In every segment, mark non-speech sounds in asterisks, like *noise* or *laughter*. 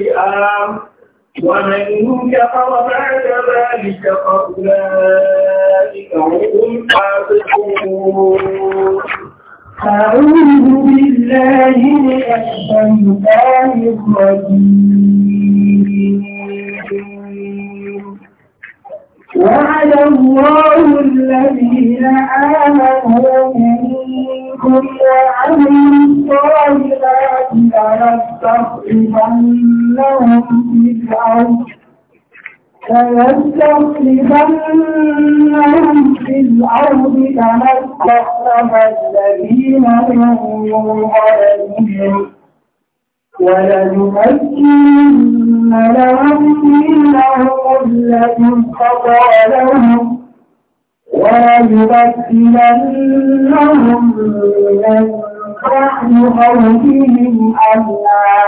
الفئام ومن كفر بعد ذلك فأولئك هم الفاسقون أعوذ بالله من الشيطان الرجيم وعلى الله الذين آمنوا وعملوا الصالحات في الأرض في الأرض كما استخلف الذين من قبلهم وليمكنن لهم دينهم الذي ارتضى لهم ولنبدلنهم من بعد خوفهم أمنا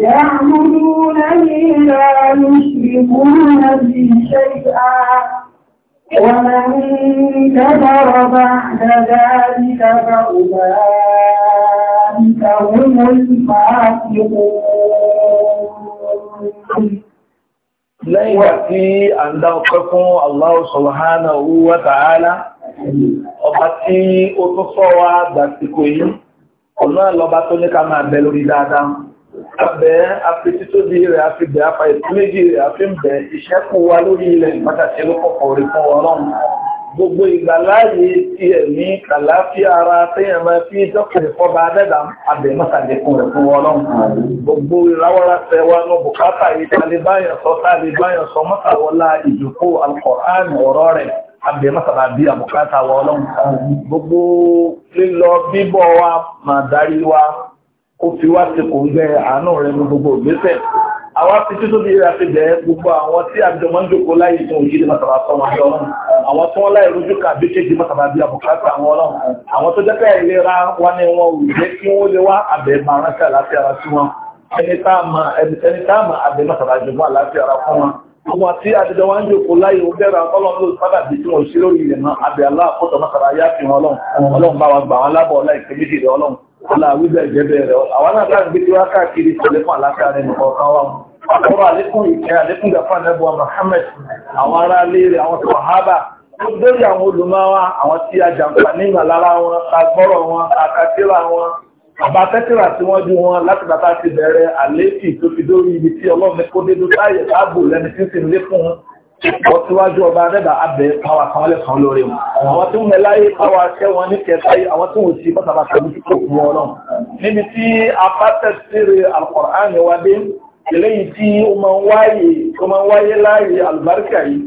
يعبدونني لا يشركون بي شيئا ومن كفر بعد ذلك فأولئك هم الفاسقون lẹ́yìn ìgbà tí a ń dá ọpẹ́ fún Allah subhanahu wa ta'ala ọba tí ó tó sọ wá gbàtíkò yìí ọ̀nà lọba tó ní ká máa bẹ lórí dáadáa abẹ́ afẹ́tí tó di rẹ̀ afẹ́bẹ̀ afa ìtúméjì rẹ̀ afẹ́bẹ̀ ìṣẹ́kù wa lórí ilẹ̀ pàtàkì kọ̀kọ̀ rí fún ọlọ́run gbogbo ìgbàláyé ti ẹ̀mí kàláfíà ara tẹ́yàn máa fi dọ́kùnrin fọ́ba adẹ́dà abẹ̀mọ́sàdékùn rẹ̀ fún ọlọ́run gbogbo ìráwọ́ra tẹwa ní bùkátà ìtàlébáyàn sọ tàlébáyàn sọ mọ́sàwọ́lá ìjòkó alkọ̀ọ́án ọ̀rọ̀ rẹ̀ abẹ̀mọ́sàdá bí àbùkátà wọ́ọ́lọ́run gbogbo lílọ bíbọ̀ wa màdárí wa ó fi wá sí kò ń gbẹ àánú rẹ̀ ní gbogbo ìgbésẹ̀ àwọn afijú tó bí ra ti bẹ̀ gbogbo àwọn tí àjọmọ́ ń jókòó láyé fún òyìnbó mọ́tàbà sọ́mọ́ ọlọ́run àwọn tí wọ́n láì rújú kà bí kéjì mọ́tàbà bí àbùkátà àwọn ọlọ́run àwọn tó jẹ́ pẹ́ ìlera wá ní wọn ò jẹ́ kí wọ́n lé wá àbẹ̀ máa ránṣẹ́ àláfíà ara sí wọn ẹni táàmà àbẹ̀ mọ́tàbà jùmọ́ àláfíà ara fún wọn àwọn tí àjọjọ wá ń jókòó láyé ó bẹ̀rẹ̀ ọlọ́run ló sábà bí tí wọ́n ṣe lórí ilẹ̀ àbẹ̀ aláàkótọ̀ mọ́tàbà yá fi wọn ọlọ́run ọlọ́run bá wa gbà wọn lábọ̀ ọlá ìpè méjì rẹ̀ ọ̀la wíbẹ̀ jẹ́bẹ̀ rẹ̀ àwọn náà gbé tí wá káàkiri tẹ̀lẹ́fún àlákà rẹ̀ nìkọ̀ọ̀kan wa ọ̀rọ̀ àlékún ìkẹ́ àlékún gàfà nẹ́bọ̀ Muhammad àwọn ará léèrè àwọn tó hábà tó bẹ́rẹ̀ àwọn olùmọ́wá àwọn tí a jàǹfà nínú lára wọn agbọ́rọ̀ wọn akátírà wọn àbátẹ́tìrà tí wọ́n ju wọn láti bàtà ti bẹ̀rẹ̀ àlékì tó fi dórí ibi tí ọlọ́run kó dé dúdú láàyè láàbò lẹ́ni tí ń sin lékún ọtíwájú ọba adẹ́dà abẹ pàwà kan lẹ́ kan lórí wọn àwọn tí wọ́n láyé pàwà tẹ́ wọn ní kẹta yìí àwọn tí wọ́n ti bọ́sàbà tàbí tí kò fún ọlọ́run níbi tí afátẹ́sírí alkọ̀rán wa dé eléyìí tí ó máa ń wáyé tó máa ń wáyé láàyè alùbáríkà yìí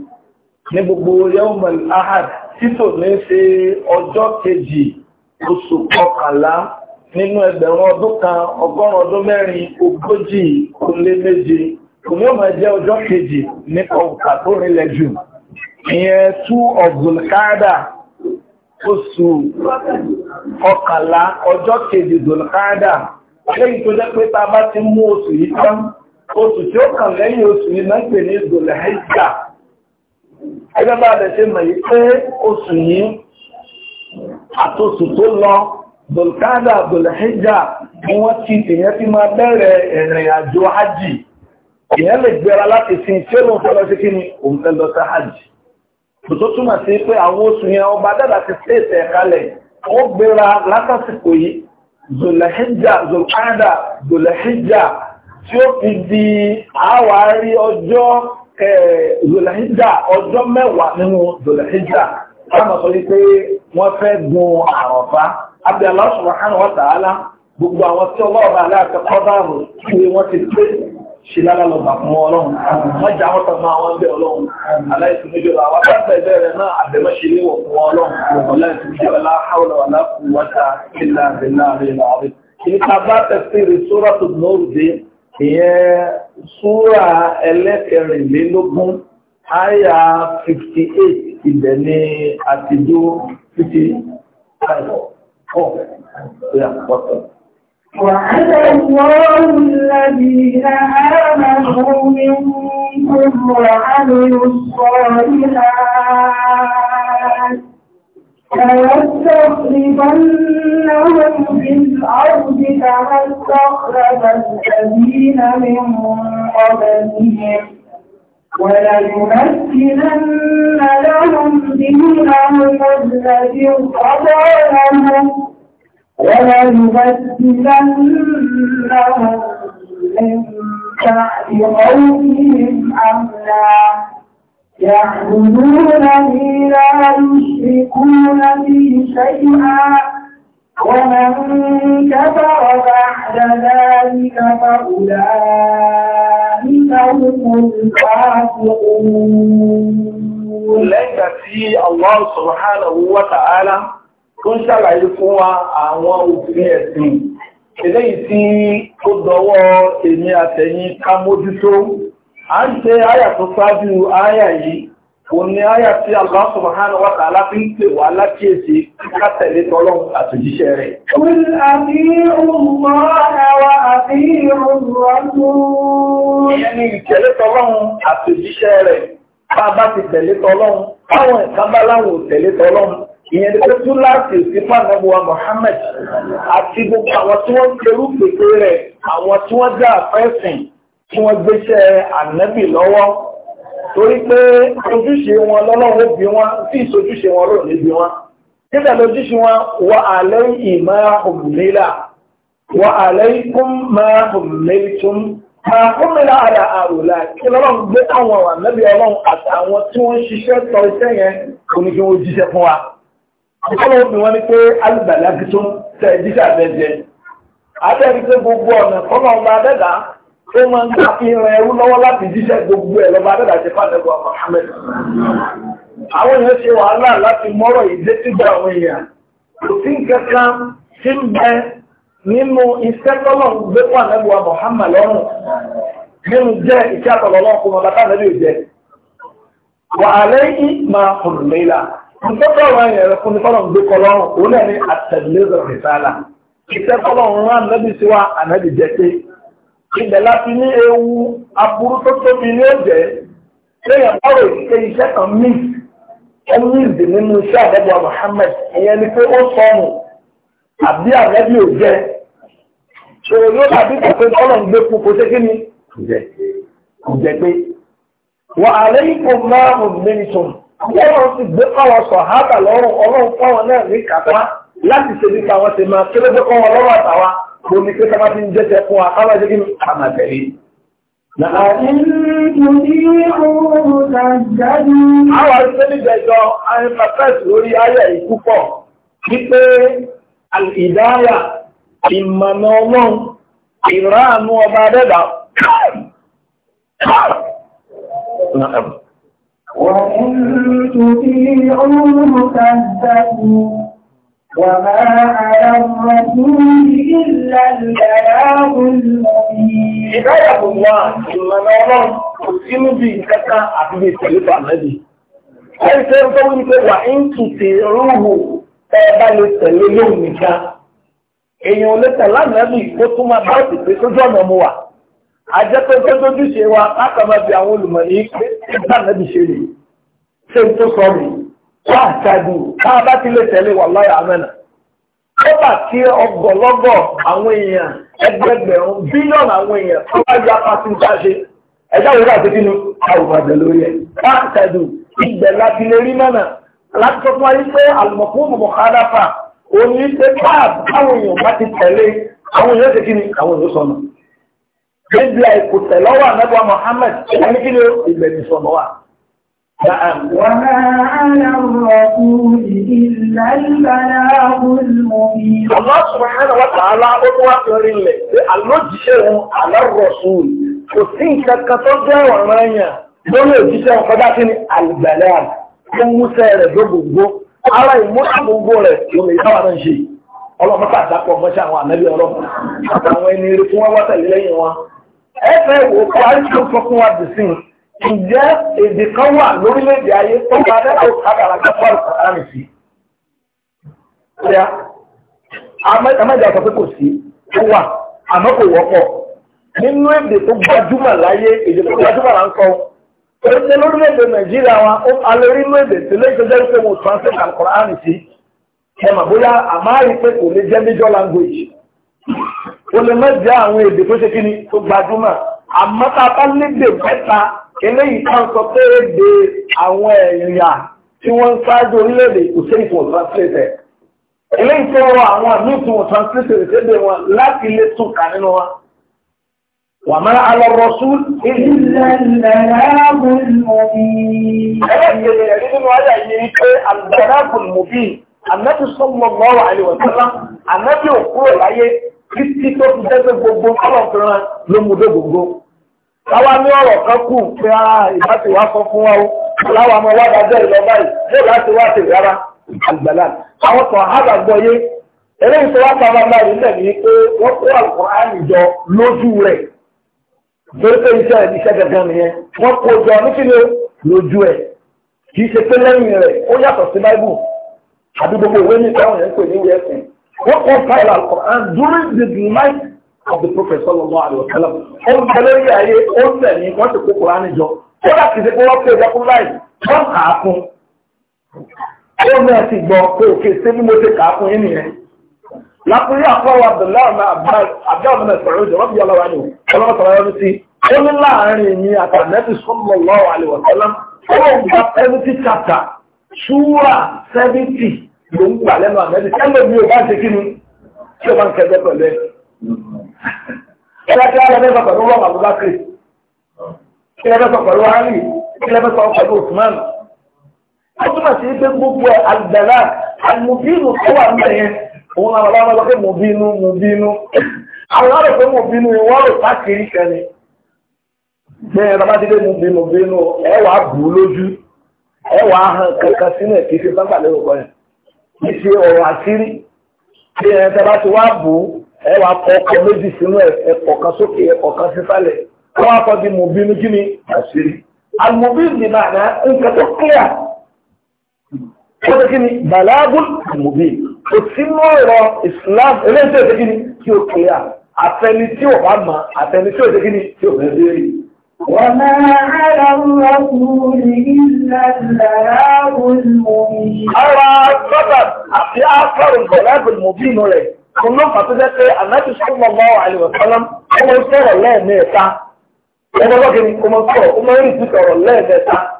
ní gbogbo yawmal ahad títò ní ṣe ọjọ́ kejì oṣù kọkànlá nínú ẹgbẹ̀rún ọdún kan ọgọ́rùn-ún ọdún mẹ́rin ogójì ó lé méje Òní ọmọ jẹ́ ọjọ́ kejì nípa ọ̀pá tó rinlẹ̀ jù. Ìyẹn tú ọ̀gùn káàdà oṣù ọkànlá ọjọ́ kejì dùnkáàdà. Lẹ́yìn tó jẹ́ pé ta bá ti mú oṣù yìí tán, oṣù tí ó kàn lẹ́yìn oṣù yìí náà pè ní Dùnhẹ́jà. Ẹgbẹ́ bá ìyẹn lè gbéra láti sin tí ó lóun fẹ́ lọ sí kí ni òun fẹ́ lọ sí hajj tòtó túmọ̀ sí pé àwọn oṣù yẹn ọba dàda ti pé ìtẹ̀ kalẹ̀ ó gbéra látàsìkò yìí zòlẹ́hìjà zòlẹ́hìjà zòlẹ́hìjà tí ó fi di àwárí ọjọ́ zòlẹ́hìjà ọjọ́ mẹ́wàá nínú zòlẹ́hìjà láwọn sọ wípé wọ́n fẹ́ gun àrọ̀fá abdulayi subhanahu wa ta'ala gbogbo àwọn tí ọlọ́ọ̀bà aláàtẹ̀kọ́ bá rò kí wọ́n ti pé ṣe lára lọ bàbá mọ ọlọ́run mọ́jà wọn tàn máa wọn bẹ ọlọ́run aláìsí méjì ọlá wa bá bẹ̀rẹ̀ rẹ̀ náà àbẹ̀mọ́ ṣe léwọ̀ fún ọlọ́run aláìsí méjì ọlá hawla wala quwwata illa billahi láàrin. nípa bá tafsiri suratul Nur dé ìyẹn súra ẹlẹ́kẹrìnlélógún àyà fifty ibẹ̀ ní àtijọ́ fifty five four. وعد الله الذين آمنوا منكم وعملوا الصالحات ليستخلفنهم في الأرض كما استخلف الذين من قبلهم وليمكنن لهم دينهم الذي ارتضى لهم ولنبدلنهم من بعد خوفهم أمنا يعبدونني لا بعد ذلك فأولئك هم الفاسقون ليس في الله سبحانه وتعالى tó ń ṣàlàyé fún wa àwọn òfin ẹ̀sìn eléyìí tí ó dọwọ́ èmi àtẹ̀yìn ká mójútó a ń ṣe àyà tó ṣáájú àyà yìí kò ní àyà tí Allah subhanahu wa fi ń pè wá lákìyèsí ká tọ́lọ́run àtòjíṣẹ́ rẹ̀. Bá bá ti tẹ̀lé tọ́lọ́run, báwọn ìkábá láwọn ò tẹ̀lé tọ́lọ́run, ìyẹn ní pé túláàsì sí fànàbùwà Muhammad àti gbogbo àwọn tí wọ́n kerú pèpè rẹ̀ àwọn tí wọ́n dá àfẹ́sìn tí wọ́n gbéṣẹ́ ànábì lọ́wọ́ torí pé ojúṣe wọn lọ́lọ́wọ́ bí wọn sí ìsojúṣe wọn lò níbi wọn nígbà lójúṣe wọn wà alẹ́ ìmọ̀ òmìnira wà alẹ́ ikún mọ̀ òmìniritún máa kúmìnira àrà àrùlà kí lọ́lọ́run gbé àwọn ànábì ọlọ́run àtàwọn tí wọ́n ṣiṣẹ́ tọ́ iṣẹ́ yẹn kò jíṣẹ́ fún wa. ọ̀pọ̀lọ̀ obìnrin ni pé alùbàlẹ̀ akitó tẹ jíṣẹ́ àbẹ́jẹ abẹ́rí gbogbo ọ̀nà kọ́nà ọba adẹ́dá ó máa ń gbà fi ẹrú lọ́wọ́ láti gbogbo ẹ̀ lọ́ba ṣe àwọn èèyàn ṣe wàhálà láti mọ́rọ̀ àwọn èèyàn ń bẹ nínú iṣẹ́ tọ́lọ̀ ń gbé fún lọ́rùn nínú jẹ́ ìṣẹ́ Ìtọ́jọ́ àwọn ẹ̀yẹ̀ rẹ̀ fún ní fọ́lọ̀ ń gbé kọ́ lọ́rùn, òun náà ní àtẹ̀lẹ́sọ̀ ìsáàlà. Ìṣẹ́ fọ́lọ̀ ń rán lẹ́bí sí wa ànábì jẹ́ pé. Ibẹ̀ láti ní ewu aburú tó tóbi ní ọ̀jẹ́. Lẹ́yìn ọ̀rọ̀ ìṣe iṣẹ́ kan míì. Ó ní ìdè nínú iṣẹ́ àdẹ́bùwà Muhammad. Ìyẹn ni pé ó sọnù àbí ànábì ò jẹ. Ṣòro yóò dàbí pé fọ́lọ̀ ń gbé fún kò kí ni? Kò jẹ pé. Wà Ọlọ́run ti gbé káwọn sọ̀hábà lọ́rùn ọlọ́run fáwọn náà ní kàtá láti ṣe bí káwọn ṣe máa kí ló kọ́ wọn lọ́wọ́ àtàwa kò ní pé sábà ti ń jẹ́jẹ́ fún wa káwọn ṣe kí ní àmàtẹ̀lé. Àwọn ìṣẹ́lẹ̀jẹ̀jọ Anifasẹ́sì lórí ayé ìkúpọ̀ wípé ìdáyà ìmọ̀nà ọlọ́run ìránú ọba adẹ́dà. *coughs* وإن تطيعوه تهتدوا وما على الرسول إلا البلاغ المبين هداية الله إنما الله قسم بإنكتا عبد السليف النبي ẹni tó ń tọ́wọ́ wípé wà ń tùtì rúhù ẹ tẹ̀lé lóhùn ajẹ́pẹ́jẹ́ tó jùṣe wa látàmà bí àwọn olùmọ̀ ní ìgbà náà bí ṣe rí ṣe ń tó sọ rí wá àtàdù tá a bá ti lè tẹ̀lé wà láyà amẹ́nà kọ́bà tí ọgọ̀lọ́gọ̀ àwọn èèyàn ẹgbẹgbẹ̀rún bílíọ̀nù àwọn èèyàn tó bá yá pàṣẹ ń ṣe ẹ̀dá òwúrọ̀ àti kínú àwòbàjẹ́ lórí ẹ̀ wá àtàdù ìgbẹ̀ láti lè rí mọ́nà láti sọ fún wa yìí pé àlùmọ̀kú mọ̀kàdáfà òní pé báà báwọn èèyàn bá ti tẹ̀lé àwọn èèyàn ṣe kí ni àwọn níbi àìkùtẹ̀ lọ́wọ́ àmẹ́bọ̀ Muhammad ẹni kí ni ó ìgbẹ̀mìsọ̀ lọ́wọ́ Allah subhanahu wa ta'ala ó tó wá lórí ilẹ̀ pé alójíṣẹ́ òun alárọ̀sùn kò sí nǹkan kan tó jẹ́ ọ̀ràn ẹ̀yàn lórí sí ni tó ń múṣẹ́ rẹ̀ lógbogbo ara ìmúṣẹ́ gbogbo ẹ̀fẹ́ wò kó àìsàn sọ fún wa dì sí i ǹjẹ́ èdè kan wà lórílẹ̀‐èdè ayé tó bá dẹ́kun kádàrà tó pọ̀ lọ́kọ̀ láàrin sí i. àmọ́jà sọ pé kò sí ó wà àmọ́ kò wọ́pọ̀ nínú èdè tó gbajúmọ̀ láyé èdè tó gbajúmọ̀ là ń kọ́ oríṣi lórílẹ̀‐èdè nàìjíríà wa ó alẹ́ rí inú èdè tí lóyún tó pé mo translate al-Qur'an sí ẹ mà bóyá àmọ́ àrí pé kò lè jẹ́ major language o lè má jẹ́ àwọn èdè tó ṣe kíni tó gbajúmọ̀ àmọ́ tá a bá lédè mẹ́ta eléyìí kan sọ pé èdè àwọn ẹ̀yà tí wọ́n ń ṣáájú orílẹ̀-èdè kò sí ìfọ̀n translate ẹ̀ eléyìí tó rọ àwọn àmì ìtumọ̀ translate rẹ̀ sédè wọn láti lè tún kà nínú wọn. وما على الرسول إلا البلاغ المبين البلاغ المبين النبي صلى الله عليه وسلم النبي يقول عليه títí tó fi jẹ́ pé gbogbo ọlọ́kùnrin ló mú dé gbogbo. Àwa ní ọ̀rọ̀ kan kù pé ah, ìbáṣe wa sọ fún wa o, aláwa ọmọ wa dájọ́ ìlọ báyìí, yóò láti wá sí rárá àgbàlá. Àwọn kan ábà gbọ́ yé, eléyìí tó wá pa ọmọ rí lẹ̀ ní pé wọ́n kó àlùkọ́ àìjọ lójú rẹ̀. Torí pé iṣẹ́ ẹ̀ iṣẹ́ gangan nìyẹn, wọ́n kó jọ nífìlẹ̀ lójú ẹ̀. Kì í ṣe pé lẹ́yìn rẹ̀ ó yàtọ̀ sí Báíbù àbí gbogbo ìwé ní ìtàwọn yẹn pè ní ìwé ẹ̀sìn. What was compiled Al-Quran during the life of the Prophet sallallahu alayhi wa sallam. Ó ń tẹ̀lé rí ayé, ó ń tẹ̀ ní wọ́n ti kó Quran jọ. Ó dà kìí ṣe pé wọ́n pè é jẹ́kú láì, wọ́n kà á fún. Ó ní ẹ̀sìn gbọ́ pé òkè ṣé bí mo ṣe kà á fún yín nìyẹn. Lápúrí àkọ́wọ́ Abdullahi ọ̀nà Abdullahi ọ̀nà Ìfẹ̀rẹ̀ òjò rọ́bì ọlọ́wà ni ọlọ́wọ́ sọ̀rọ̀ yọ́nu sí. Ó ní láàárín sallallahu alayhi wa sallam. Ó ń seventy chapter, Súwà seventy. ló ń gbà lẹ́nu àmẹ́bí tẹ́lẹ̀ mi ò bá ṣe kí ni tí o ń kẹjọ pẹ̀lú pẹ̀lú wọn pẹ̀lú gbogbo àgbẹ̀lá àmùbínú tó wà ń bẹ̀yẹn òun làwọn bá wọn lọ pé mùbínú mùbínú àwọn ọ̀rọ̀ pé mùbínú rò káàkiri bẹ́ẹ̀ ti dé mùbínú mùbínú lójú hàn kankan sínú kì í ṣe ọ̀rọ̀ àṣírí bí ẹni tẹ́ bá ti wá bù ú ẹ wà kọ ọkọ̀ méjì sínú ẹ̀kọ̀ kan sókè ẹ̀kọ̀ kan sísàlẹ̀ wọ́n wá kọ́ di mòbínú kí ni àṣírí àmòbínú ni màná nǹkan tó clear wọ́n ti kí ni bàlágùn àmòbínú kò sínú ọ̀rọ̀ Islam eléyìí tó yẹ kí ni kí o clear àtẹni tí ò bá mọ̀ àtẹni tí ò yẹ kí ni tí ò bẹ́ẹ̀ وما على الرسول إلا البلاغ المبين. أرى في أكثر البلاغ المبين ولا كنا قد النبي صلى الله عليه وسلم هو يسأل الله نيتا أنا يقول كما قال وما يذكر الله نيتا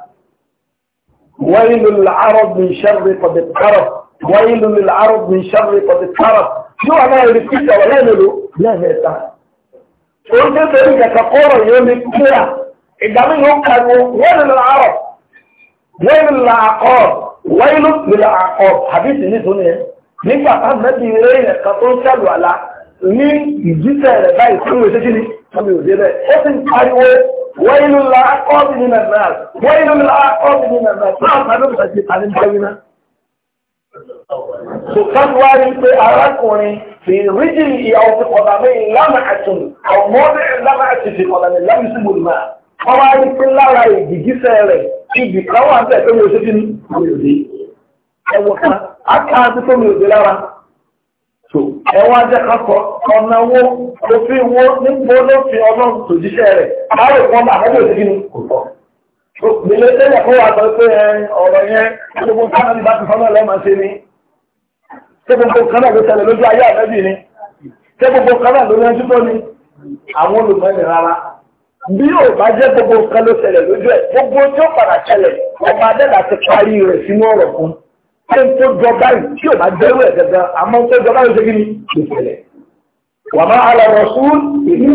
ويل العرب من شر قد اقترب ويل للعرب من شر قد اقترب شو أنا يذكر الله نيتا òun tó fẹ́ ìjẹ̀kà kọ́rọ̀ yóò lè kíra ìdáná yóò kàrò wọ́n lè àárọ̀ wọ́n lè àkọ́ wọ́n lè àkọ́ àbísí ní tóní ẹ̀ tó ń ṣàlù ní ìjísẹ̀ rẹ̀ báyìí tó wọ́n ní في رجل أو في قدمي لمعة أو موضع لمعة في قدمي لم الماء òfin wo ṣé gbogbo nǹkan náà ló ṣẹlẹ̀ lójú ayé àtẹ́bì ni ṣé gbogbo nǹkan náà ló yanjú tó ni àwọn olùmọ̀ ẹni rárá bí yóò bá jẹ́ gbogbo nǹkan ló ṣẹlẹ̀ lójú ẹ̀ gbogbo tí ó padà ṣẹlẹ̀ ọba adẹ́dà ti parí rẹ̀ sínú ọ̀rọ̀ fún ṣé n tó jọ báyìí tí ò bá jẹ́rú ẹ̀ gẹ́gẹ́ àmọ́ tó jọ báyìí ṣe kí ni kò ṣẹlẹ̀ wàmá alàrọ̀sún ìlú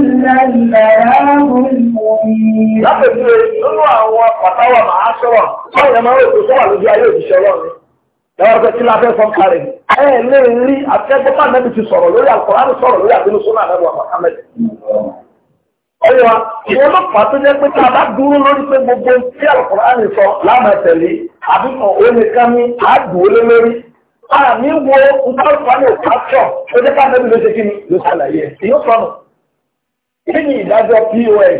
ẹwà pẹ kí la fẹ́ sọ kárẹ ẹ lè rí akẹgbẹ bá nàbì ti sọ̀rọ̀ lórí àkùránì sọ̀rọ̀ lórí àbínúsọnà àbẹwò àmàkàmẹd ọyọ wa ìwọ ọlọ́pàá tó jẹ pé tá a bá dúró lórí pé gbogbo tí àkùránì sọ láàmà tẹlẹ àbíkọ oníkan ní àdùn olé lórí àmì wo nkàlùfààní òkàtọ tó jẹ ká nàbì ló ṣe kí ni ló ṣàlàyé ìyó kí ni ìdájọ́ POS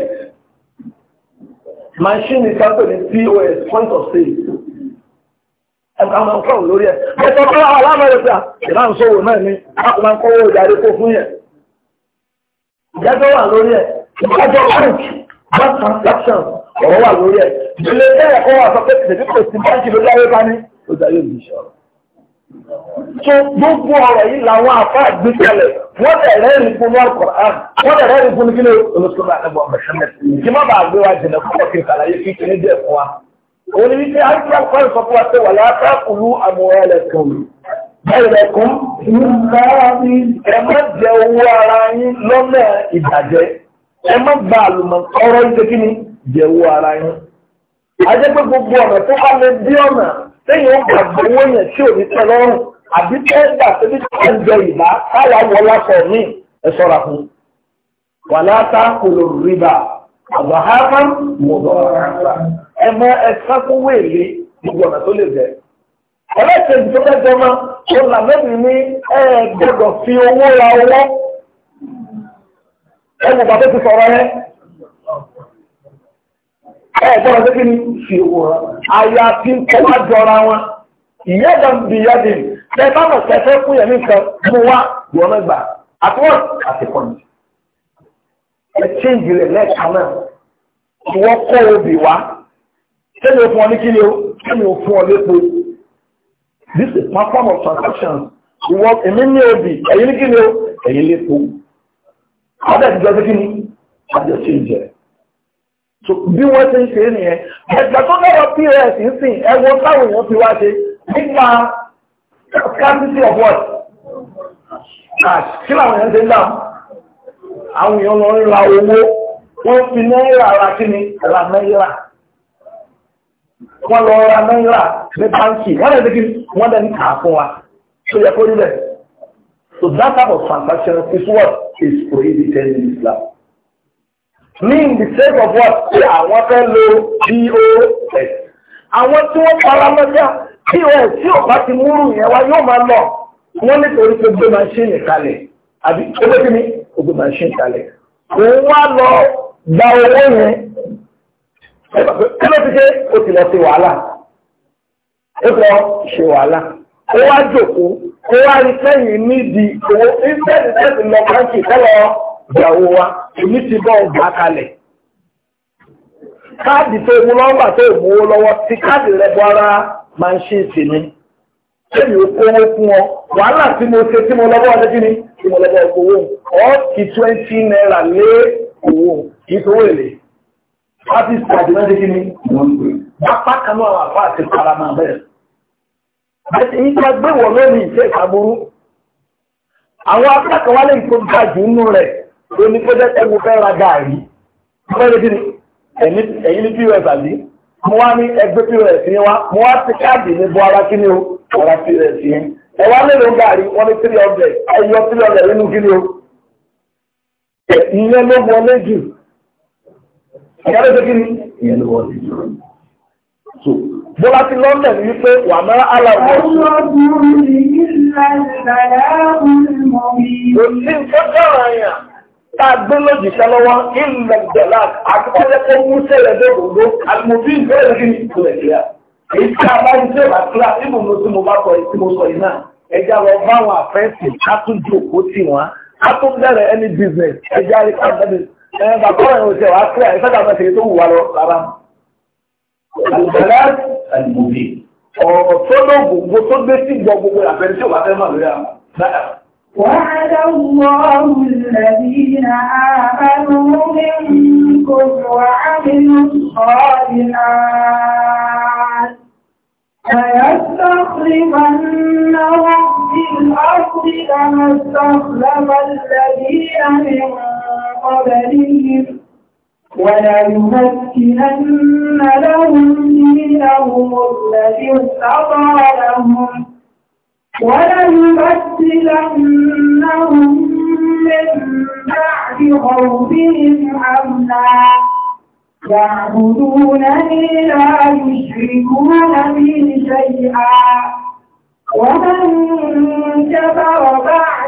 machine kan POS point of sale àwọn ọkọ̀ lórí ẹ̀. Ẹ̀tọ́ tó aláàmọ̀rẹ̀ pé ìlà ń sọ́wọ́ náà ni àkùnmá ń kọ́wọ́ ìdarí kó fún yẹn. Ìjẹ́jọ́ wà lórí ẹ̀. Ìjẹ́jọ́ bank bank transaction ọ̀rọ̀ wà lórí ẹ̀. Ilé iṣẹ́ ẹ̀kọ́ wà sọ pé tèmi kò sí báńkì ló dáwé bá ní ó darí òbí So gbogbo ọ̀rọ̀ yìí òun ni wípé alukurakurani sọ fún wa pé wàlá àtàkùlù àmúhẹ́lẹ̀kùn ẹlẹ́kùn ẹ má jẹ owó ara yín lọ́nà ìbàjẹ́ ẹ má gba àlùmọ̀kọ́rọ́ yín kí ni jẹ owó ara yín. ajẹ́ pé gbogbo ọ̀nà tó bá lè dí ọ̀nà téèyàn ó owó yẹn tí ò ní tẹ́ lọ́rùn àbí tẹ́gbà síbi tí wọ́n ń jẹ ìbá káyà wọ́n lásọ̀ míì ẹ sọ́ra fún un. wàlá àtàkùlù rìbà àbáhámà mọ̀dọ́ ẹ mọ ẹ̀ka fún wéèlé gbogbo ọ̀nà tó lè jẹ́. ẹlẹ́sìn tó fẹ́ jọmọ òun làbẹ́bí ní ẹ gbọ́dọ̀ fi owó ra owó ẹ mọ̀ bàbá ti sọ̀rọ̀ yẹn ẹ gbọ́dọ̀ tó kí ni fi owó ra àyàfi kọ́wá jọra wọn ìyáda bìyàdì ṣe bá mọ̀ kẹfẹ́ fún yẹn nìkan mú wá gbọ́nà gbà àtúwọ̀n àti pọ̀nì. ẹ chíǹgì rẹ̀ lẹ́ẹ̀kan náà wọ́n kọ́ obì wá kémi ò fún ọ ní kíni o kémi ò fún ọ lépo this is my form of transaction You èmi ní obì ẹ̀yin ní kíni o ẹ̀yin lépo ọdẹ ìjọ sí kíni ọdẹ sí ìjẹ bí wọ́n ti ń ṣe nìyẹn ẹ̀gbà tó lọ́wọ́ pọ́s ń sìn ẹ̀wọ̀n táwọn èèyàn ti wá ṣe nípa scarcity of what cash kí làwọn èèyàn ṣe ń dáhùn àwọn èèyàn lọ ń ra owó wọ́n fi náírà ra kíni ra náírà wọ́n lọ ra náírà ní báńkì wọ́n lẹ́dí kí wọ́n lẹ́ni kà á fún wa tó yẹ kó níbẹ̀. So that type of transaction is what is prohibited in Islam. Ní the sake of what ṣé àwọn fẹ́ lo POS. Àwọn tí wọ́n para mọ́já POS tí ò bá ti múrù yẹn wá yóò máa lọ. Wọ́n nítorí pé gbé máa ń ṣe ìkàlẹ̀ àbí ó gbé kí ni ó gbé máa ń ṣe ìkàlẹ̀. Òun wá lọ gba owó yẹn kí ló ti ṣe ó ti lọ ṣe wàhálà ó ti lọ ṣe wàhálà ó wá jòkó ó wá rí sẹ́yìn nídìí owó ìfẹ́ẹ̀dì tẹ́sí lọ báńkì tẹ́lọ ìyàwó wa èmi ti bọ́ ọgbà kalẹ̀ káàdì tó mú nọ́mbà tó mú owó lọ́wọ́ ti káàdì rẹ̀ bọ́ ara máa ń ṣe ìsìn ni èmi ò kó owó fún ọ wàhálà tí mo ṣe tí mo lọ́wọ́ ọdún kí ni tí mo lọ́wọ́ owó ọ́ kì twenty naira lé owó kì í sówó èlé. Baptist Àjẹ́mẹ́dé kí ni? Bápá kanú àwọn àfáà ti máa bẹ̀rẹ̀. ìjẹ́ gbé wọ̀ lórí ìṣẹ́ Àwọn wálé rẹ̀ ní pé fẹ́ ra Bẹ́ẹ̀ Ẹ̀yìn ní POS àbí? Mo wá ní ẹgbẹ́ POS ní wá. Mo wá ti káàdì ní bọ́ ara kí ni o? Ara POS yẹn. Ẹ wá lè ní three hundred. ìyálé ṣe kí ni ìyẹn ló wọlé so bọ́lá ti lọ́ndẹ̀ ní wípé wà má aláwọ̀ òsì fọ́jọ́rọ̀ yẹn tá a gbé lójìṣẹ́ lọ́wọ́ ilẹ̀ ìjọba àkọ́jọ́ tó mú sẹ́lẹ̀ dé gbogbo àlùmọ́bí ìgbẹ́rẹ̀ kí ni ìtura ìlera èyí tí a bá ń ṣe bàtúrà tí mo mú tí mo bá sọ tí mo sọ yìí náà ẹja lọ bá àwọn àfẹ́sì ká tún ju òkú tì wọ́n á tún bẹ̀rẹ̀ ẹni bísíǹsì ẹja rí ká bẹ̀rẹ̀ ẹ bàbá ọ̀rẹ́ òṣè wàá kílẹ̀ ẹ sábà máa ṣèyí tó wù wá lọ rárá. àlùbálá àlùbòbí ọ̀rọ̀ tó lóògùn tó gbé sí ìjọ gbogbo àfẹ́rí tí ò bá fẹ́ mọ̀ lórí àwọn. وعد الله الذين آمنوا منكم وعملوا الصالحات فيستخلفنهم في الأرض كما استخلف الذين من قبلهم ولا يمكنن لهم دينهم الذي ارتضى لهم ولا يبدلنهم من بعد خوفهم أمنا يعبدونني لا يشركون بي شيئا ومن كفر بعد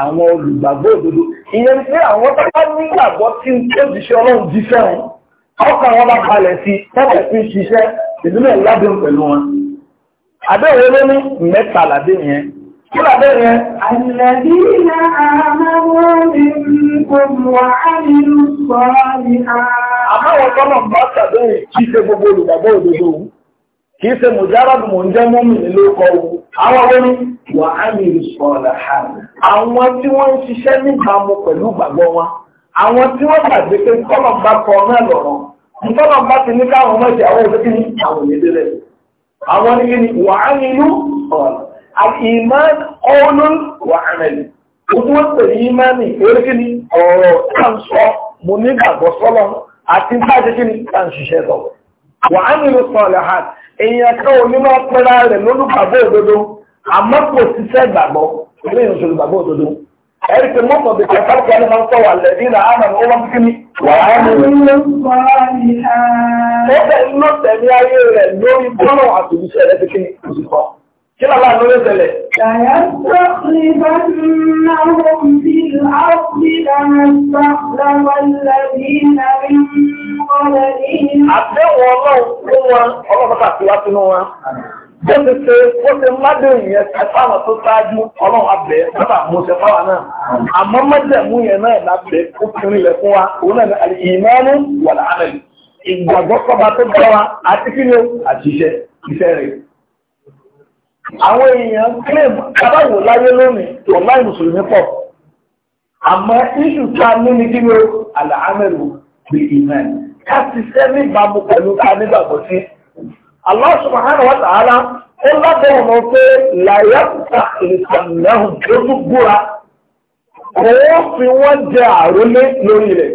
àwọn olùgbàgbọ́ òdodo ìyẹn pé àwọn tó bá nígbàgbọ́ tí ń tó ṣiṣẹ́ ọlọ́run jíṣẹ́ wọn ọkàn wọn bá balẹ̀ sí tọ́pẹ̀ sí ṣiṣẹ́ ìdílé ládùn pẹ̀lú wọn àbẹ́wò ló ní mẹ́ta làdé yẹn kí làdé yẹn. àlẹ́dínà àmọ́wọ́ mi kò mọ̀ kí ṣe gbogbo olùgbàgbọ́ àwọn ọmọdé wà á ní ìsọ̀rọ̀ ha àwọn tí wọ́n ń ṣiṣẹ́ níbàámu pẹ̀lú gbàgbọ́ wọn àwọn tí wọ́n gbàgbé pé tọ́lọ̀ bá kọ náà lọ́rọ̀ tọ́lọ̀ bá ti ní káwọn ọmọ ìṣẹ́ àwọn òṣèlú ní àwọn ìdílé rẹ̀ àwọn ní ni wà á ní ìlú ọ̀rọ̀ al-iman qawlun wa amal ojú wọn pè ní ìmánì eré kí ni ọ̀rọ̀ tá ń sọ mo ní gbàgbọ́ sọ́lọ́ àti bá èèyàn kan ò ní máa pẹ́ra rẹ̀ lólùgbàgbọ́ òdodo àmọ́ kò ṣiṣẹ́ ìgbàgbọ́ ilé ìrìnsò olùgbàgbọ́ òdodo ẹ̀rí pé mọ́tò bí kẹfà kí ẹni máa ń sọ̀wọ́ àlẹ́ ní ìlànà àmàlẹ́ ó máa ń kíni wà á mú. ó bẹ̀ ń lọ́tẹ̀ ní ayé rẹ̀ lórí bọ́lọ̀ àtòlùsẹ̀ rẹ̀ ti kíni kò sì kọ́. Kí lọ́wọ́ àtọ́lé tẹ̀lẹ̀? Ṣàyà sọ́kùnrin bá náà wọ́n bí láàpì lára sọ́kùnrin lẹ́bí náà rí mọ́lẹ̀ ní. Àtẹ́wọ̀n ọlọ́run fún wọn, ọlọ́pàá ti wá sínú wọn. Bó ti ṣe, bó ti mádé ìyẹn ẹ̀fáwọn tó ṣáájú ọlọ́run abẹ nípa àmúṣe fáwọn náà. Àmọ́ mẹ́jẹ̀mú yẹn náà lábẹ́ ó fi rinlẹ̀ fún wa, òun náà ni ìmọ̀ọ́nù wà láàárín. Ìgbàgbọ́ kọba tó bá wa àti kí ni àṣìṣe iṣẹ́ rẹ̀. àwọn èèyàn claim kábàwò láyé lónìí ọ̀láì mùsùlùmí pọ̀ àmọ́ iṣu ta ní ní kí ló àlàámẹ́rù bí ya ká ti ṣe ní pẹ̀lú ká nígbàgbọ́ sí. Allah subhanahu wa ó lábẹ́ ọ̀nà pé fi wọ́n jẹ àrólé lórí rẹ̀.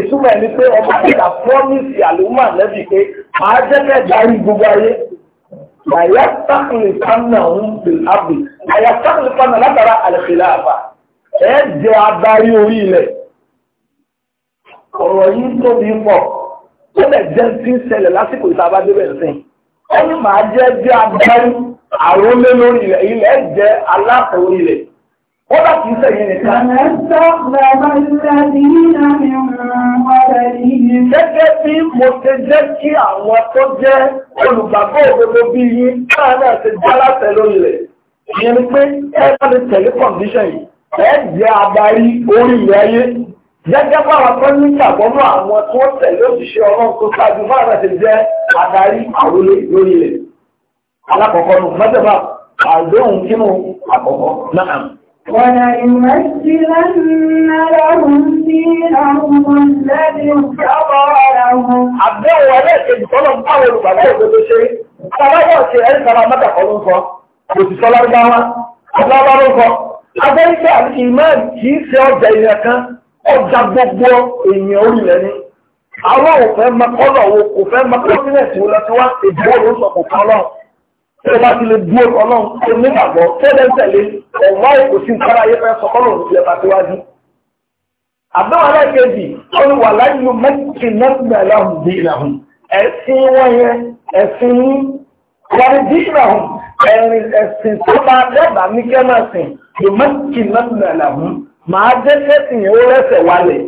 ìtumọ̀ ẹ̀ ni pé ọmọ àlùmọ̀ lẹ́bi pé màá jẹ́ gbogbo àyàtàkùnlé kánà ń bìl ábì àyàtàkùnlé kánà látara àlẹ́fẹ́láàfà ẹ jẹ́ adarí orí ilẹ̀ ọ̀rọ̀ yìí tóbi pọ̀ ó lè jẹ́ tí ń ṣẹlẹ̀ lásìkò ìtaba débẹ̀ sìn ẹni màá jẹ́ jẹ́ adarí àrólé lórí ilẹ̀ ilẹ̀ jẹ́ aláàfẹ́ orí ilẹ̀. Ọba kìí sẹ̀yìn nìkan. Ìyẹn ni pé ẹ bá tẹ̀lé kọ̀ǹdíṣàn yìí. Ẹ jẹ́ orí ilẹ̀ ayé. Gẹ́gẹ́ bá àwọn tó ní ìgbàgbọ́nú àwọn tó tẹ̀lé òṣìṣẹ́ ọlọ́run tó ṣáájú bá àwọn jẹ́ adarí àrólé lórí ilẹ̀. Alákọ̀ọ́kọ́ nù, mọ́tẹ́fà, ولنمثلن لهم دينهم الذي ارتضى لهم. àbẹ̀wò ẹlẹ́ẹ̀kejì tọ́lọ̀ ń báwo lù bàbá òdodo ṣe aláwọ̀ ṣe ẹ̀ ń sara mẹ́ta kọ́ ló ń fọ́ kò sì sọ lárúbáwá àwọn òfẹ́ mọ́kọ́lọ̀ wo kò fẹ́ tí ó lọ sí wá ìdíwọ́ ló ń sọ tí o bá ti lè dúró ọlọ́run tó nígbàgbọ́ tó lẹ́ń tẹ̀lé ọ̀wá èkó sí nǹkan ayé fẹ́ sọ́kọ́lọ̀ ní ìjọba síwájú. àbẹ̀wò aláìkejì ó ní wà láyé ló mẹ́tì náà láhùn bí ìlàhùn ẹ̀sìn wọn yẹn ẹ̀sìn wọn ní bí ìlàhùn ẹ̀rìn ẹ̀sìn tó máa dẹ́gbà ní kẹ́mẹ́sìn ló mẹ́tì náà láhùn máa jẹ́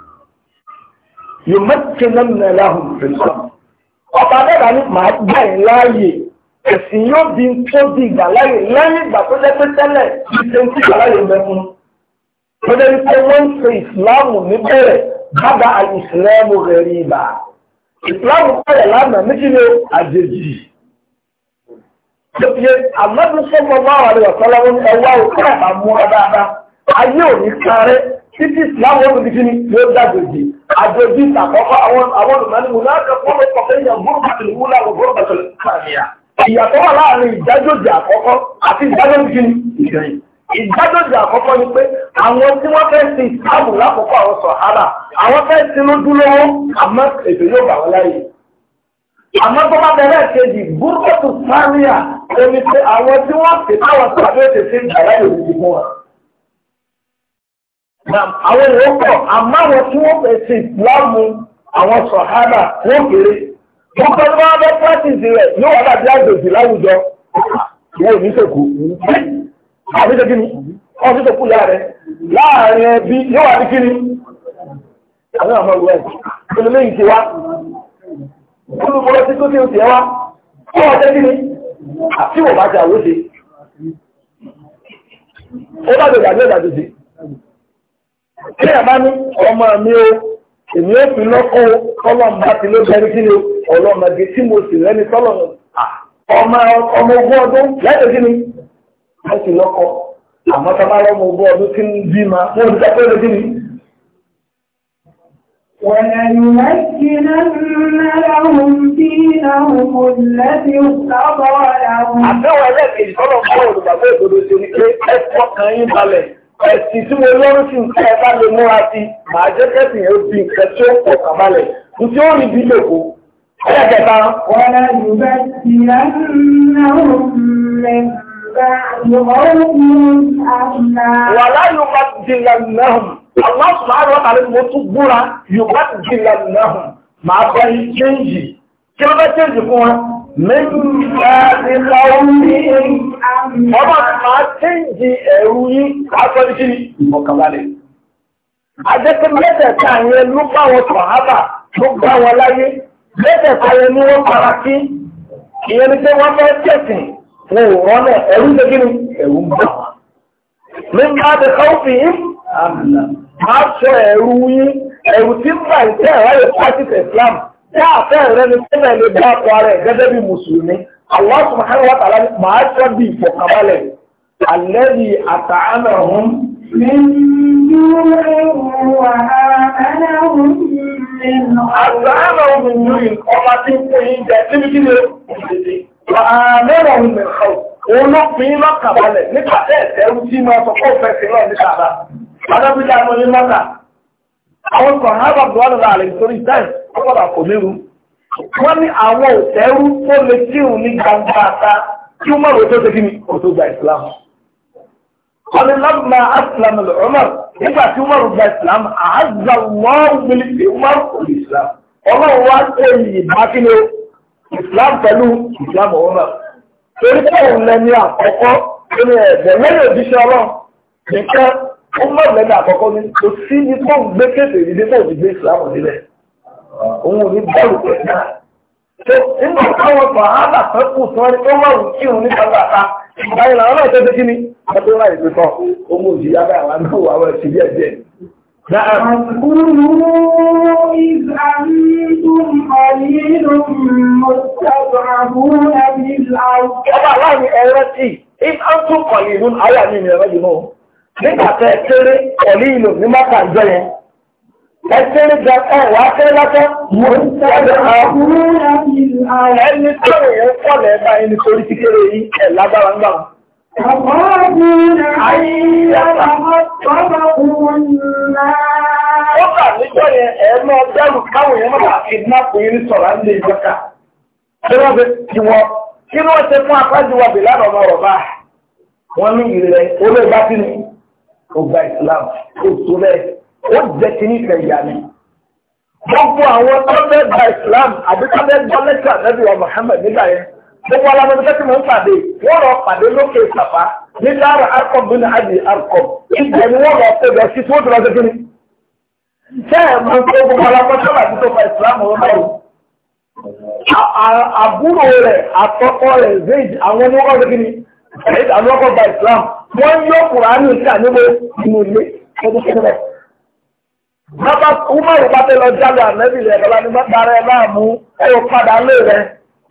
yóò mẹ́tẹ̀ lẹ́mìnà láhùn fìlà ọba dẹ́gbà ní màá gbà ẹ̀ láàyè ẹ̀sìn yóò di tó di ìgbà láàyè lẹ́yìn ìgbà tó jẹ́ pé tẹ́lẹ̀ ṣe ń tí ìgbà láàyè mẹ́fún tó dẹ́ wípé wọ́n ń ṣe ìsìláàmù níbẹ̀rẹ̀ bàbá àìsìláàmù rẹ̀ rí ibà ìsìláàmù bẹ̀rẹ̀ lánàá méjì ní àjèjì lóye àmọ́dún sọ́kọ̀ọ́ bá wà ní ọ̀sán lọ́wọ́ ẹ̀wá òkú àtàmúra dáadáa ayé òní kárẹ́ títí ìsìláwọ̀ ọdún bíi kíni yóò dàgbèjì àjòjì ìtàkọ́kọ́ àwọn àwọn olùmọ̀ọ́nìmù láti fọ́nà kọ̀kẹ́yà gbọ́dọ̀tẹ̀lẹ̀ wúlà gbọ́dọ̀tẹ̀lẹ̀ kàníyà. ìyàtọ̀ wà láàrin ìdájọ́jì àkọ́kọ́ àti ìdájọ́jì kíni ìgbẹ̀yìn. ìdájọ́jì àkọ́kọ́ ni pé àwọn tí wọ́n fẹ́ sin ìsìláàmù lákòókò àwọn sọ̀hárà àwọn fẹ́ sin lójúlówó àmọ́ ètò yóò bà wọ́n láàyè. àmọ́ tó bá bẹ̀rẹ̀ kejì gbúrúkọ̀tù sáríà ẹni pé àwọn tí wọ́n fi táwọn sọ̀rọ̀ àwọn èèyàn pọ̀ àmọ́ àwọn tí wọ́n fẹ́ sí ìsìláàmù àwọn sọ̀hánà wọ́n kéré wọ́n pẹ́ bá bẹ́ pàtìsì rẹ̀ yóò wà láti àjòjì láwùjọ ìwọ ìníṣòkù àbíṣe kí ni wọ́n ti tòkú láàrẹ láàrin ẹbí yóò wà ní kí ni àwọn àmọ́ ìwọ ẹ̀ kí ni lẹ́yìn ti wá olùmọ̀lọ́sí tó ti ń tiẹ̀ wá kí wọ́n tẹ́ kí ni àti wọ́n bá ti àwòṣe ó bá gbẹ̀gbẹ̀ àjọ ìdàjọ́sí Tí a bá ní ọmọ mi o, èmi ò fi lọ́kọ́ o, tọ́lọ́mù bá ti ló bẹ̀rẹ̀ kí ni o, ọlọ́mọdé tí mo sì rẹ́ni tọ́lọ́mù. Ọmọ ọmọ ogún ọdún lẹ́yìn kí ni? Wọ́n ti lọ́kọ́. Àmọ́ tá a bá lọ́mọ ogún ọdún tí ń bí ma, wọ́n ti dákọ́ lé kí ni? وَلَيُمَكِّنَنَّ لَهُمْ دِينَهُمُ الَّذِي ارْتَضَىٰ لَهُمْ. Àbẹ́wọ̀ ẹlẹ́gbẹ̀ẹ́ ìtọ́lọ̀ fún olùgbàgbọ́ ìgbòdo ṣe ni pé ẹ ẹ̀sì tí mo lọ́rùn sí nǹkan ẹ̀ká lè múra sí màá jẹ́ kẹ́sì yẹn bí nǹkan tí ó pọ̀ kàmálẹ̀ ní tí ó rí bí lòkó. ẹlẹ́kẹta. wọ́n á yóò bá ti rà nínú Wà láyò bá jìnlẹ̀ náà. Àwọn àṣùmárọ̀ àrẹ mo tún gbúra yóò bá jìnlẹ̀ náà. Màá bá yí chéǹjì. Kí ló bá chéǹjì fún wa? Mẹ́rin bá ti lọ rí ọba máa tẹ́ǹdì ẹ̀rù yí aṣọ́dí kí ni ìmọ̀kànbalẹ̀. Adékè mẹ́tẹ̀ẹ̀ta yẹn ló bá wọn sàhábà ló bá wọn láyé. Mẹ́tẹ̀ẹ̀ta yẹn ni wọ́n para sí. Ìyẹn ni pé wọ́n fẹ́ tẹ̀sìn wọn ò rọ́lẹ̀ ẹ̀rù ń gbẹ́gínú ẹ̀rù ń bà wá. Mi máa bẹ káwọ́fì yín. Máa sọ ẹ̀rù yín ẹ̀rù tí ń bà ń tẹ̀ ẹ̀rọ yẹn pàṣẹ Islam. Táà fẹ́ rẹ ni sẹ́fẹ̀ lè bá ọkọ rẹ̀ gẹ́gẹ́ bí Mùsùlùmí. Allah subhanahu wa ta'ala máa sọ bí ìfọ̀kànbalẹ̀ alẹ́bí àtàánà hún. Àtàánà hún ní ọmọ tí ń fún yín jẹ níbi kí ni àmẹ́rọ̀ hún mẹ́ kọ́. Olófin lọ́kànbalẹ̀ nípa ẹ̀ẹ́dẹ́ tí máa sọ fún òfẹ́ sí náà ní kàbá. Adábíjà ló ní mọ́ta. Àwọn kan hábà bọ́ọ̀lù àlè sórí táì, ó gbọ́dọ̀ kò léwu wọ́n ní àwọn òtẹ́rú tó lè tíhùn ní gbangba ta kí ó mọ̀rọ̀ tó ṣe kí ni kò tó gba ìsìlámù. wọ́n ní lábùmá aslam al-Umar nígbà tí Umar gba ìsìlámù àhàzà wọ́n gbélé sí Umar kò lè ìsìlámù. ọlọ́run wá ṣe ìyìnbá kí ni ìsìlámù pẹ̀lú ìsìlámù Umar. torí pé òun lẹni àkọ́kọ́ tó ní ẹ̀bẹ̀ lẹ́yìn òjíṣẹ́ ọlọ́run nìkan Umar lẹni àkọ́kọ́ ni kò sí ní kó gbé kéde òun ò ní bẹ́ẹ̀rù pẹ̀lú náà. tó nígbà táwọn sàhábà kan kù tí wọ́n ní tó wọ́n kí òun ní bàbá báyìí làwọn náà tẹ́tẹ́ kí ni wọ́n tó ráyè pípọ̀ òun ò sì yá bá àwọn náà wà wọ́n sì bí ẹ̀jẹ̀. واذكروا إذ أنتم قليل مستضعفون في الأرض. Ọba láàrin ẹ̀rọ tí, if أنتم قليل, ayé àmì ìrìnàjò náà, nígbà tẹ́ kéré, قليل ní Mákà ń yẹn. Ẹgbẹ́rẹ́ gba ẹ̀wọ̀ akẹ́rẹ́ lásán. Mo ń sáré àwọn ẹni tó rẹ̀ ń pọ̀ lẹ́ẹ̀bá ẹni torí kékeré yìí ẹ̀ lágbára ń gbà wọn. Ó kà níjọ́ yẹn ẹ̀ máa dẹ́rù káwọn yẹn máa kidnap yín sọ̀rọ̀ ní ìjọka. Ṣé wọ́n fi ti wọ́n? Kí ni wọ́n ṣe fún apájú wa bèlá ọmọ ọ̀rọ̀ bá? Wọ́n ní ìrẹ̀ olóògbá sínú. Ó gba ìsìlámù. Ó tó bẹ́ẹ̀. ó jẹ́ kínní kẹ̀yà ni. gbogbo àwọn tọ́lẹ̀ gba Islam àbí tọ́lẹ̀ gba lẹ́tà wa Muhammad nígbà yẹn gbogbo alamọdé tí mo ń pàdé wọ́n lọ pàdé lókè sàfà ní ni wọ́n lọ pé sí tí wọ́n lọ sí ṣé gbogbo tí tó fa wọn àbúrò rẹ̀ àtọ́kọ́ rẹ̀ zayd àwọn ọkọ̀ wọ́n Umaru bá tẹ lọ jáde ànẹ́bì rẹ̀ lọ́la ní má dára ẹ máa mú ẹ̀rọ padà lé rẹ̀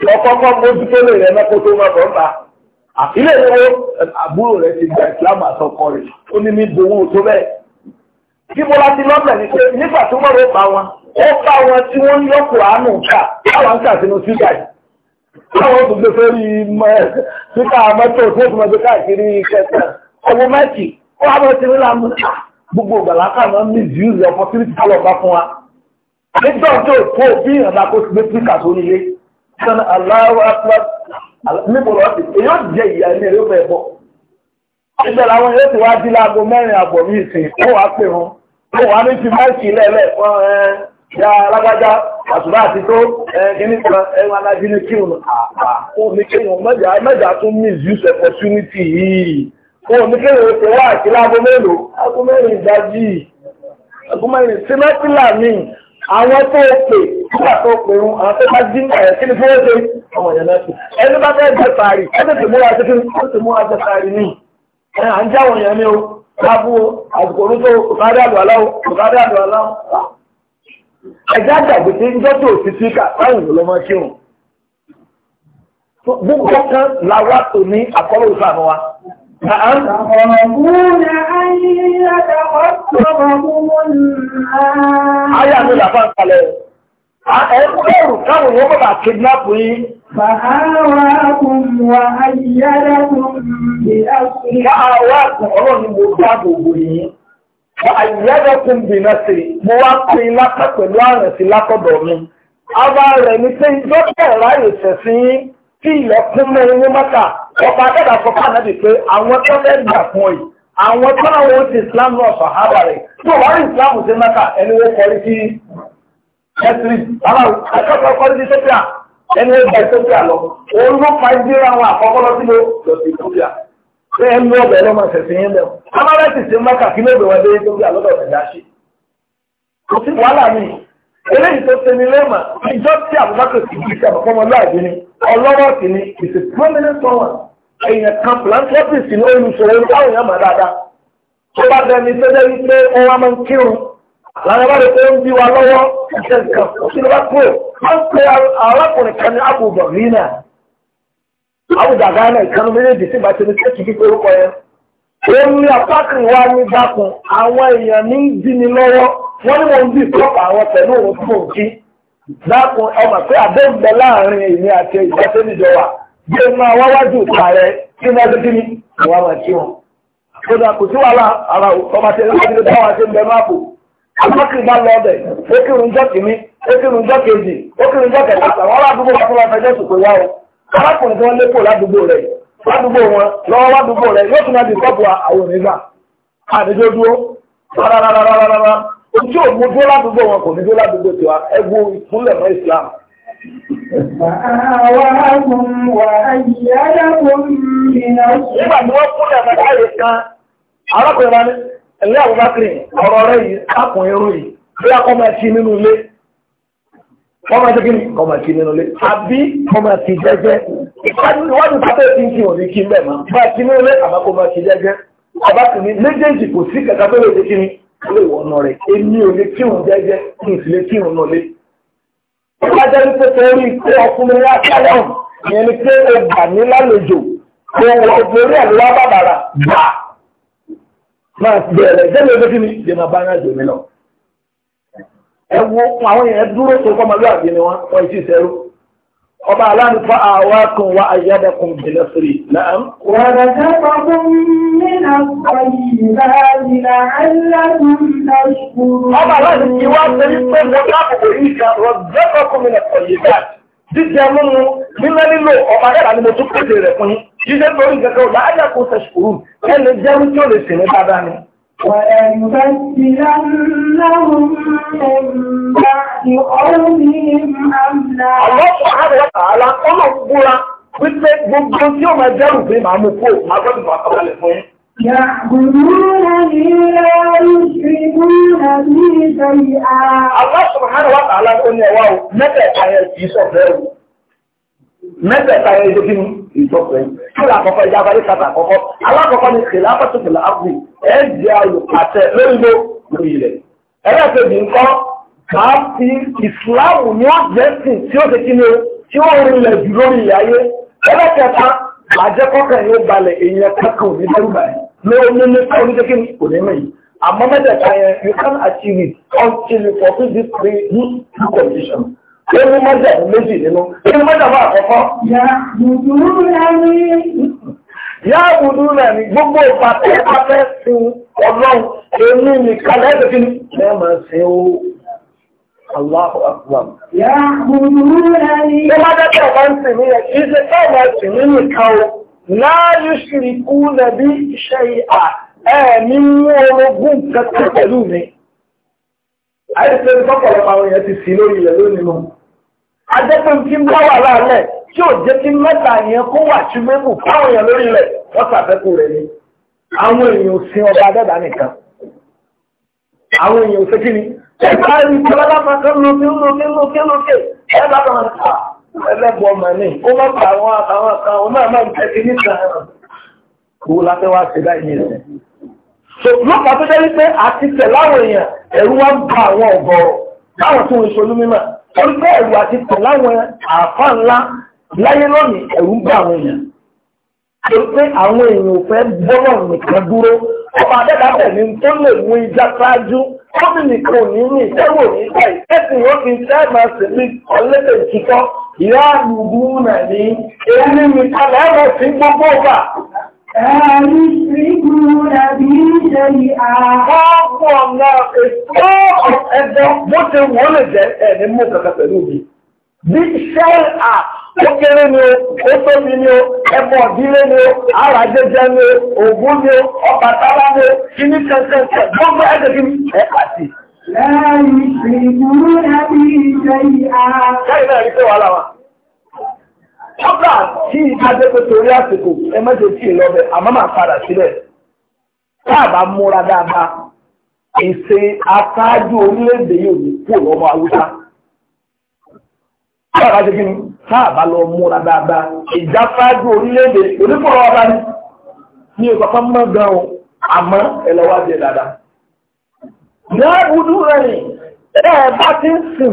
lọ kọ́kọ́ mójú tó lè rẹ̀ mẹ́kọ́ tó mọ̀ bọ́ bá. Ilé ìwé àbúrò rẹ̀ ti gba ìsìlámù àtọkọ rẹ̀ ó ní mi dòwó tó bẹ́ẹ̀. Bíbo la ti lọ́bẹ̀ ni pé nígbà tí Umaru bá wọn, ó bá wọn tí wọ́n ń yọkọ̀ àánú ká káwọn ń kà sínú síkà yìí. Káwọn tó gbé sórí síkà mọ́tò tó mọ́tò gbogbo ìgbàlákà náà misuse opportunity tó lọ bá fún wa nígbà tó tó bí ìrànlá kó gbé píkà sórí ilé sọ́nà aláwọ̀ níbo lọ́wọ́ sí èyí ó jẹ ìyá ẹni ẹ̀rọ fẹ́ bọ́ ìgbà làwọn yóò ti wá dí láago mẹ́rin àbọ̀ mí ìsìn ó wàá pè wọn ó wàá ní ti máìkì lẹ́lẹ̀ fún ẹ ya alágbájá àtúbà àti tó ẹ kíní kan ẹ wọn alájí ní kírun ó ní kírun mẹ́jà tún misuse opportunity yìí wọn ò ní kéwòn ó ti wá àti láago mélòó aago mẹ́rin ìdájí aago mẹ́rin sinapila mi àwọn tó pè nígbà tó pè ń àwọn tó bá dín ẹ̀yẹ kí ni fún oṣù ọmọ ìyá náà sí ẹni bá fẹ́ jẹ sàárì ẹni tó múra jẹ kí ó ti múra jẹ sàárì ni ẹ ń já wọn yẹn ni o láàbù àsìkò o òkàdé tó ti sí تخافون أن يتخطفهم الناس آية من الأفان قالوا ẹ̀rù káwọn yóò bàbà kìdínápù yìí. Fàáwàkùn wà ayyádàkùn bí ásìrì. Fàáwàkùn ọlọ́ni mo dáàbòbò yìí. Wà ayyádàkùn bí násìrì. Mo wá pín in lápá pẹ̀lú àrùn sí lákọ̀dọ̀ mi. Ara rẹ̀ ni pé ìjọ bẹ̀rẹ̀ ráyè sẹ̀sìn tí ilẹ̀kùn mẹ́rin ní Mọ́kà ọba akẹ́dà sọ fún ànábì pé àwọn tó fẹ́ gbà fún ọ yìí àwọn tó náà wọ́n ti islam náà sọ hábà rẹ̀ tó wọ́n rí islam sí mẹ́ta ẹni wọ́n kọrí sí ẹtìrì bàbá akẹ́kọ̀ọ́ kọrí sí sọ́fíà ẹni wọ́n gba sọ́fíà lọ òun ló pa ibi àwọn àkọ́kọ́ lọ sí lọ sí sọ́fíà pé ẹni wọ́n bẹ̀rẹ̀ lọ́mọ ṣẹ̀ṣẹ̀ yẹn lẹ́wọ̀ amárẹ́tì sí mẹ́ta kí ló bẹ̀rẹ̀ dé sọ́fíà lọ́dọ̀ nàìjíríà kò sí wàhálà mi eléyìí tó ṣe ní lẹ́mà ìjọ tí àbúrò kò sí ìgbésẹ̀ àbúkọ́mọlúwàbí ni ọlọ́wọ́ sí ni ìsèpọ́nmẹ́lẹ́sọ̀wọ̀n èèyàn kan philanthropist ní olùsọ̀rọ̀ ẹni táwọn èèyàn mọ̀ dáadáa tó bá dẹni tó dẹ́ wípé ó wá máa ń kírun lára bá rẹ pé ó ń bí wa lọ́wọ́ ìṣe nǹkan kí ló bá kúrò máa ń pe arákùnrin kan ní Abu Barina Abu Dagana ìkànnì méjèèjì sí ìgbà tí mo tẹ́tù bí orúkọ yẹn ó ní apá kan wá ní dákun àwọn èèyàn ní dí mi lọ́wọ́ wọ́n ní wọ́n ń bí ìkọ́pọ̀ àwọn pẹ̀lú òun tó ń kí dákun ọmọ pé àdéhùn bẹ láàrin èmi àti ìgbà tó gbé máa wáwájú ààrẹ tí wọ́n ti kí ni wọ́n á máa kí wọn. kódà kò sí wàhálà ara ọmọ àti ẹlẹ́wọ̀n ti dáwọ́ àti ẹgbẹ́ máa bò. akọ́kùnrin bá lọ ọbẹ̀ ó kírun jọ́ kìíní ó kírun jọ́ kejì ó kírun jọ́ kẹta àwọn aládùúgbò wọn tó wọn fẹjọ́ wá o. arákùnrin tí wọ́n lé ládùúgbò rẹ̀ ládùúgbò wọn lọ́wọ́ ládùúgbò rẹ̀ Nígbà tí wọ́n kúrẹ̀ mẹ́ta lè kan, arákùnrin wa ní ẹ̀lẹ́ àwọn bákìrì ọ̀rọ̀ rẹ̀ yìí kápùn irú yìí, bí a kọ́ máa ti nínú ilé. Wọ́n máa ti kí ni kọ́ máa ti nínú ilé. Àbí kọ́ máa ti jẹ́jẹ́. Ìwádìí pátá ti ń kí wọ̀n ní kí bẹ́ẹ̀ máa. Máa ti nínú ilé ìwájẹ́ ní pé torí pé ọkùnrin wá kálọ̀ ìyẹn ni pé o gbà ní lálejò o wọ orí ẹ̀ lọ́wọ́ bàbàrà gbà máa bẹ̀rẹ̀ jẹ́mi ojú kíni lè máa bá ara jò lọ. ẹ wo àwọn yẹn dúró tó kọ́ ọmọlúwàbí ni wọ́n ti sẹ́rú ọba aláǹfà àwákùn wa ayyadakum bìnẹ́sìrì náà. wàrà sábàbùn nínà pàyìláàrí làálàkùn lọ́ṣùkúrú. ọba aláǹfà wá sẹ́yí pé wọ́n láàbùkù ìkà rọ̀jẹ́kọ̀kùn nínà pàyìláàrí. jíjẹ múmu nílẹ̀ nílò ọba dára ni mo tún pèsè rẹ̀ fún yín. jíjẹ torí nǹkan kan láàyàkùn tẹ̀sùkúrú ẹni jẹ́rú tí ó lè sìn ní dáadáa ni. وَلَيُبَدِّلَنَّهُمْ مِنْ بَعْدِ خَوْفِهِمْ أَمْنًا Àwọn ṣàhárẹ̀ wàtàálá ọmọ gbúra wípé gbogbo tí ó máa jẹ́rù pé màá mú kó máa gbọ́dọ̀ máa kọ́lẹ̀ fún yín. يعبدون إلا يشركون به شيئا. الله سبحانه وتعالى ó ní ẹwà o, mẹ́tẹ̀ẹ̀ta yẹn kì í sọ̀rọ̀ mẹ́tẹ̀ẹ̀ta yẹn ṣe kínú ìjọpẹ́ kí ló àkọ́kọ́ ìjà abalẹ̀ kàtà àkọ́kọ́ alákọ̀ọ́kọ́ ni kìlá pàṣẹpẹ̀lẹ̀ àbùn ẹ̀ jẹ́ ayò àtẹ lórí ló lórí rẹ̀ ẹlẹ́sẹ̀bì ńkọ́ kà á fi ìsìláàmù ní ọ̀jẹ̀sìn tí ó ṣe kínú tí ó rinlẹ̀ jù lórí ilẹ̀ ayé ẹlẹ́kẹta àjẹkọ́kẹ́ yóò balẹ̀ èèyàn kẹ́kọ̀ọ́ òní dẹ́rùbà lórí ní kọ́ oníṣẹ́ kínú òní mẹ́yìn àmọ́ mẹ́tẹ̀ẹ̀ta yẹn you can achieve it until you fulfill these three good conditions. Ewu mọ́jà méjì nínú. Ewu mọ́jà bá àkọ́kọ́. Yá bùdú lẹ́ni. Yá bùdú lẹ́ni gbogbo ìpàtẹ́ afẹ́ sí ọlọ́run. Èmi nìkan lẹ́sẹ̀ kí ni? Bẹ́ẹ̀ máa ṣe o. Allahu akbar. Yá bùdú lẹ́ni. Ṣé máa dẹ́kẹ̀ ọ̀gá ń sìn mí yẹn? Kì í máa sìn mí nìkan o. Láàyè ṣìrìkú nàbí iṣẹ́ ìhà. Ẹ̀ẹ̀mí mú orogún kankan pẹ̀lú mi. Àìsí ẹni tọ́pọ̀lọpọ̀ àwọn èèyàn ti sí lórí ilẹ̀ lónìí náà adẹ́pẹ́ tí ń bá wà láàlẹ̀ tí ò jẹ́ kí mẹ́ta yẹn kó wà tí mẹ́bù fáwọn èèyàn lórí ilẹ̀ wọ́n ṣàfẹ́kù rẹ̀ ni àwọn èèyàn sin ọba adẹ́dà nìkan àwọn èèyàn ṣe kí ni ẹ̀ka rí tí wọ́n lápá kan lókè lókè lókè lókè ẹ̀ bá bá wọn ká ẹlẹ́bù ọmọ ní ó má pa àwọn àtàwọn kan ó má má ń tẹ́ sí níta kó lápẹ́ wá ṣe báyìí ní ìsìn. lọ́pàá tó jẹ́ wípé àti tẹ̀ láwọn èèyàn ẹ̀rú wá ń ba àwọn ọ̀gọ̀rọ̀ láwọn tó ń ṣolú mímọ́ orúkọ ẹ̀rù àti tẹ̀láwọn àfá ńlá láyé lónìí ẹ̀rù ń bá àwọn èèyàn torí pé àwọn èèyàn ò fẹ́ bọ́lọ̀ nìkan dúró ọba adẹ́dàbẹ̀ ni tó lè mú ìjà ṣáájú tóbi nìkan ò ní ní ìtẹ́wò ní ìgbà ìtẹ́sì yóò fi tẹ́ máa sì ní ọlẹ́dẹ̀ ìtútọ́ ìyá àlùbù náà ní èyí mi kalẹ̀ ẹ̀rọ sí gbogbo ọgbà لا يشركون به شيئا ọ̀nà ìfọ́ọ̀kọ̀ ẹgbẹ́ bó ti wọlé jẹ ẹni mú kankan pẹ̀lú mi. Bí ṣẹ́ẹ̀ à ó kéré ni o, ó tóbi ni o, ẹbọ ìdílé ni o, ara jẹjẹ ni o, ògún ni o, Ọbàtálá ni o, kíní kẹ̀kẹ́ gbogbo ẹgbẹ́ kí ẹ pàtì. Láàrín ìgbìmọ̀ àbí ìṣẹ́ ìhà. Káyọ̀ kọ́bà tí ìdájọ́ torí àsìkò ẹ má ṣe tí ì lọ́bẹ̀ àmọ́ máa padà sílẹ̀ káàbà múra dáadáa èsè aṣáájú orílẹ̀-èdè yóò ní kú lọ́mọ haúsá káàbà ṣe kí ni káàbà lọ múra dáadáa ìjáfáájú orílẹ̀-èdè onífọ̀rọ̀ ọba ni ní ìpapá mọ́ gan-an àmọ́ ẹ lọ́wọ́ àjẹ dáadáa. ní àbúdú rẹ̀ ẹ̀ bá ti ń sìn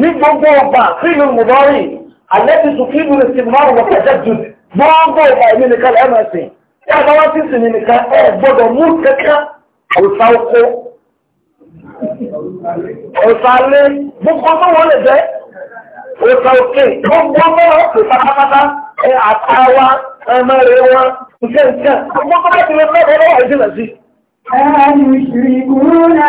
ní gbogbo ọgbà sínú mùbọ́rìn الذي تقيم الاستمرار والتجدد gbogbo ọba ìlú nìkan lẹ́mọ̀ ẹ̀sìn tí a bá wá sí ìsìn nìkan ẹ gbọ́dọ̀ mú kẹ́kẹ́ òsà oko òsà lé gbogbo ọmọ wọn lè jẹ́ òsà òkè gbogbo ọmọ òsà pátápátá ẹ àtàwà ẹmẹ́rẹ̀ wọn nǹkan nǹkan لا يشركون بي شيئا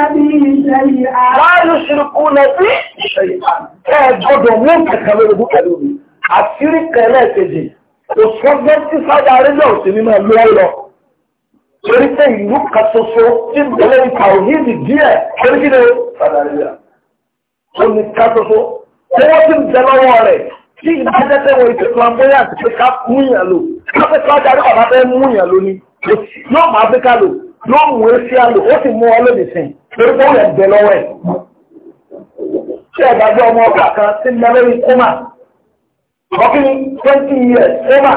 لا يشركون بي شيئا ẹgbọ́dọ̀ mú kẹkẹrẹ ogun pẹ̀lú mi àṣírí kẹlẹ́ẹ̀kejì òṣùwọ́n tí sáájà àríjọ òsì nínú ẹ̀lú ọ̀rọ̀ torí pé ìlú kan ṣoṣo tí ń bẹ̀rẹ̀ ní tàwíìdì díẹ̀ torí kí ni sáájà àríjọ ó ní ká ṣoṣo owó tí ń bẹ lọ́wọ́ rẹ̀ tí ìdájẹ́ tẹ́ wọ ìṣètò àbóyá àti pé ká mú yàn lò ká fẹ́ sáájà àríjọ bàbá fẹ́ mú yàn lóní yóò máa fi ká lò yóò mú esi àlò ó sì mú ọ lónìí sìn lórí pé ó yẹ bẹ lọ́wọ́ ẹ̀. ṣé ìdájọ́ ọmọ ọgbà kan ti ń lọ ọkùnrin twenty years kọ́mà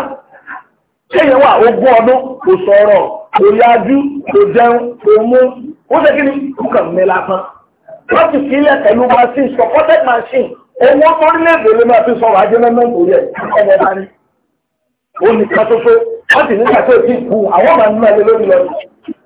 ṣé ìyẹn wà ogún ọdún kò sọ̀rọ̀ kò yájú kò jẹun kò mú ó ṣe kí ni kúkà mi lásán. wọ́n ti sílẹ̀ pẹ̀lú machine supported machine owó orílẹ̀-èdè ló máa fi sọ̀rọ̀ ajé mẹ́mẹ́ nítorí ẹ̀ ọmọ ọba ni. ó ní ká ṣoṣo wọ́n sì ní kàtó ìdí ìkú àwọn máa ń ná ẹ lórí lọ́dún.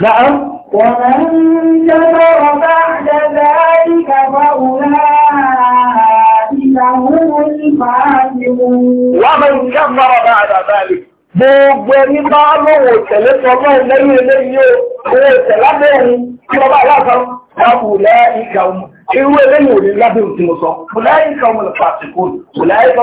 نعم ومن كفر Gbogbo ẹni bá lọ́wọ́ tẹ̀lé sọmọ́ lẹ́yìn eléyìí owó tẹ̀lábẹ̀rin tí ọba aláàtọ́ láàbù lẹ́ẹ̀ẹ́kà ọmọ. Irú eléyìí ò ní lábẹ̀rin mo sọ. Kùláyíkà ọmọ ìfàsìkò, kùláyíkà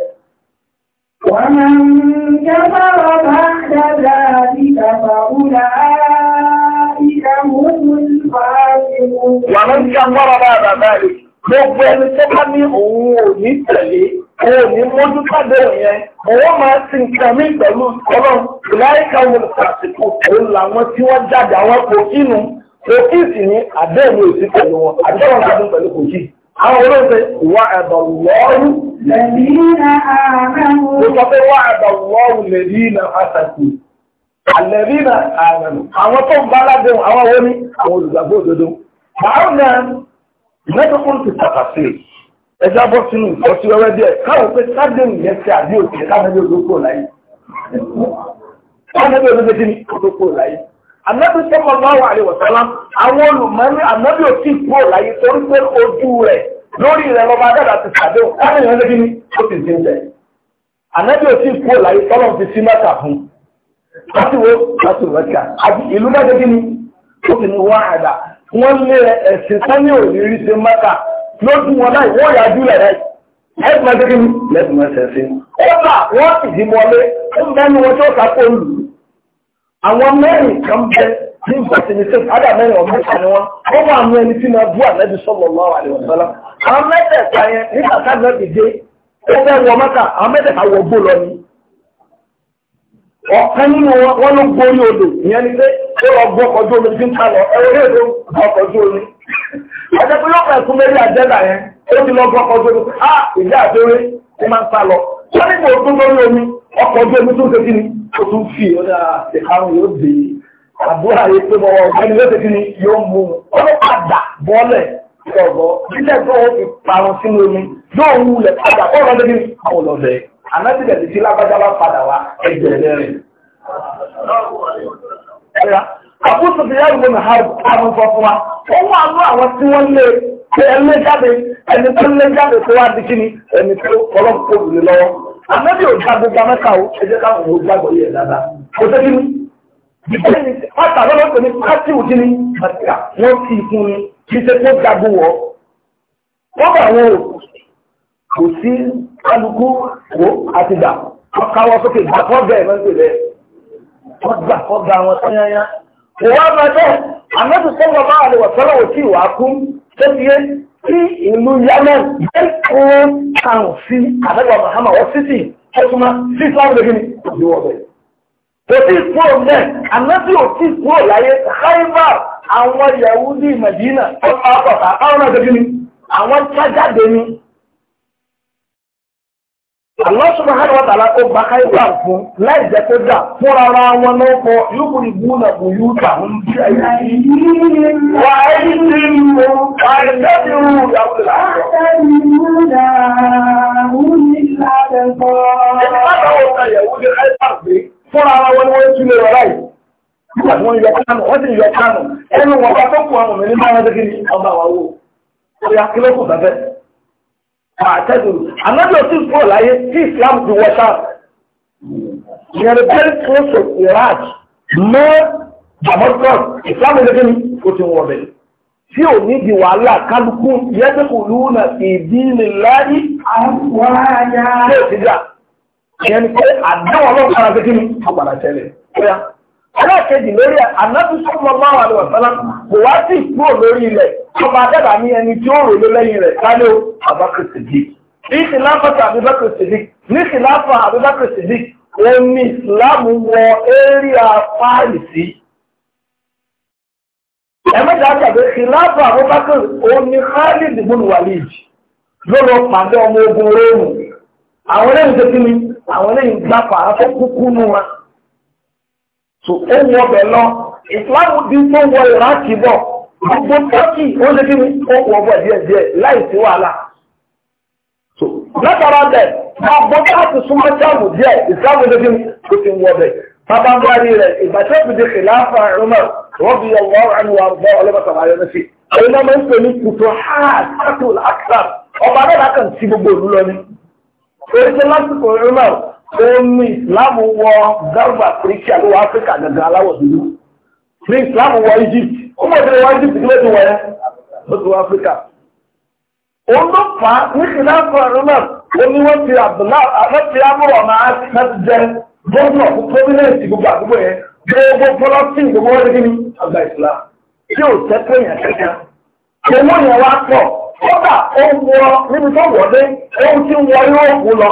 ومن كفر بعد ذلك فأولئك هم الفاسقون ومن كفر بعد ذلك Gbogbo ẹni tó bá ní òun ò ní tẹ̀lé, òun ní mójú pàdé òyìn, òun máa ti nǹkan mí pẹ̀lú ọlọ́run, ìláìka wọn sàtìkù, òun làwọn tí wọ́n jáde àwọn kò kínú, kò kí sì ní àdéhùn òsì pẹ̀lú wọn, àdéhùn àdéhùn pẹ̀lú kò kí. Àwọn olóòfẹ́ wà ẹ̀bọ̀ lọ́rù lẹ́bí na àtàkù. Àlẹ́bí na àrẹ̀mù. Àwọn tó ń bá ládé àwọn owó ní àwọn olùgbàgbọ́ òdodo. Báwọn náà, mẹ́tọ́kùn ti tàkàfẹ́. Ẹja bọ́ sínú ìfọ́sí wẹ́wẹ́ díẹ̀. Káwọn Ànábì sallallahu alaihi wasallam àwọn olùmọ́ní ànábì ò tí kúrò láyé torí pé ojú rẹ̀ lórí rẹ̀ lọ́ba dàda ti sàdé ò káàrin rẹ̀ lẹ́bí ní ó ti ti ń tẹ̀. Ànábì ò tí kúrò láyé tọ́lọ̀ ti sí mẹ́ta fún. Láti wo láti rẹ̀ka àti ìlú mẹ́ta kí ni ó ti ní wọ́n àdá. Wọ́n lé ẹ̀sìn sani òrírí ṣe mẹ́ta lójú wọn láì wọ́n yájú rẹ̀ láì. Ẹ̀sìn mẹ́ta àwọn mẹ́rin kan bẹ ní ìgbàsínisẹ́ ádà mẹ́rin ọ̀mọ́ ìsàní wọn wọ́n ẹni tí máa bú àwọn mẹ́tẹ̀ẹ̀ta yẹn dé ó wọ àwọn mẹ́tẹ̀ẹ̀ta wọ gbó lọ ni. ọ̀kan nínú wọn ló gorí odò ìyẹn ni pé ó lọ gbọ́ omi tí ń ta lọ ẹ̀rọ ilé ìlú gbọ́ omi ah, ó tún fi ọ̀dà ìkarùn yóò dé àbúrà yìí pé bọ́wọ́ ọ̀gbẹ́ni ló ti kí ni yóò mú ọlọ́pàá bọ́ọ̀lẹ̀ ìṣọ̀gbọ́ nílẹ̀ tó o fi parun sínú omi yóò wú lẹ̀ padà kọ́ ọ̀rọ̀ lẹ́gbẹ̀ẹ́ àwọn ọlọ́dẹ anábìlẹ̀ ti fi lágbájá bá padà wá ẹgbẹ̀rẹ̀ rẹ̀. àkóso ti yára ìwọ̀n ha àrùn sọ fún wa òun àánú àwọn tí wọ́n lé ẹlẹ́jáde ẹni tó lé tó wá di kí ni ẹni tó kọlọ́ ànábì ò gba gbogbo amẹ́ka o ẹ jẹ́ káwọn ò gbàgbọ́ yẹ dáadáa kò tẹ́ kí ni pátá lọ́wọ́ pé ní pátí òkí ni pátá wọ́n fi fún ni kí ṣe kó gbàgbó wọ́ wọ́n bá wọn o kò sí kálukú wo àti gbà wọ́n káwọ́ sókè gbà kọ́ bẹ́ẹ̀ lọ́n gbé bẹ́ẹ̀ wọ́n gbà kọ́ gba wọn tányányá òwò àmọ́ bẹ́ẹ̀ àmọ́ sọ́wọ́ bá àlè wọ̀ sọ́lọ́wọ́ sí ìlú yemen bẹ́ẹ̀ kó kàn sí àbẹ́gbà Muhammad wọ́n títì ẹ̀tùmá sí islam lókè ní ìlú ọ̀bẹ̀. kò sí kúrò náà ànábì ò sí kúrò láyé haifa àwọn Yahudi Madina ọ̀pọ̀ àpọ̀ta àwọn ọ̀nà lókè ní àwọn jájáde ní Allah subhanahu wa ta'ala ó bá káyọ̀ fún láì jẹ́ kó dà fún ara wọn náà kọ yóò kúrò ìgbóhùn àpò yóò tà wọn bí ayé. Wà á yí sí ìwò àìsẹ́bí rú ìyàwó láàárọ̀. ìyàwó lè ráyé pàgbé fún ara wọ́n tún lè rọ̀ láì. Nígbà tí wọ́n yọ kánù, wọ́n sì yọ kánù. Ẹnu wọn bá tó kù àwọn òmìnir àtẹ́gùn anábì ò tí ń kúrò láyé tí Islam ti wọ́ṣà ìyẹn rẹ̀ very close to Iraq mọ́ àmọ́tọ́ Islam ò lẹ́gbẹ̀ẹ́ ni ó ti wọ̀ bẹ̀rẹ̀ tí ò ní di wàhálà kálukú yẹ́dẹ́kù lúúnà ìdí ni láyé àwọn àyà. ṣé ìdíjà ìyẹn ni pé àdáwọ̀ ọlọ́run kára pé kí ni ó padà tẹ̀lé ẹlẹ́ẹ̀kejì lórí ànábì sọ́mọ máa wà lọ́wọ́ sọ́lá kò wá sí kúrò lórí ilẹ̀ ọba adẹ́bà ní ẹni tí ó rò ló lẹ́yìn rẹ̀ sáré o Abubakar Siddiq ní ìsìláfà tí Abubakar Siddiq ní ìsìláfà Abubakar Siddiq òun ni ìsìláàmù wọ éríà fáàlì sí. ẹ̀mẹ́ta àgbàdo ìsìláfà Abubakar òun ni Khalid ibn Walid ló lọ pàdé ọmọ ogun róòmù àwọn eléyìí tó kí ni àwọn eléyìí gbà pàrọ̀ fún so ó wọ ọbẹ̀ lọ ìsìláàmù di tó wọ ìrákì bọ̀ gbogbo tọ́kì ó ṣe kí ni ó wọ ọbẹ̀ díẹ̀ díẹ̀ láì sí wàhálà so látara bẹ̀ máa bọ́ láti súnmọ́ sáàmù díẹ̀ ìsìláàmù ṣe kí ni ó ti wọ ọbẹ̀ bàbá ń bá rí rẹ̀ ìgbà tó fi di kìláàfà Umar rọ́bì ọ̀wọ́ àánú wa bọ́ ọlọ́bàtà ayọ́ ní sí èyí náà máa ń pè ní kùtù hàásàtò àkàrà ọba náà kàn sí gbogbo òlú lọ ní. èyí tó lásìkò Umar omi ìsìláàmù wọ garba christian ló wọ áfíríkà gangan aláwọ̀ dúdú ní ìsìláàmù wọ egypt ó mọ̀ sí wọ egypt kí ló ti wọ ẹ́ ó ti wọ áfíríkà òun ló fà á ní ìsìláàmù ọ̀rọ̀ náà ó ní wọ́n ti àbùlá àti àbúrò ọ̀nà láti jẹ gómìnà fún prominent gbogbo àdúgbò yẹn gbogbo pọlọ́tì gbogbo wọn ní kíni àgbà ìsìláàmù tí ò tẹ́tẹ́ yẹn kẹ́kẹ́ owó yẹn wá pọ̀ kódà ó wọ níbi tó wọlé ohun tí ń wọ yóò kú lọ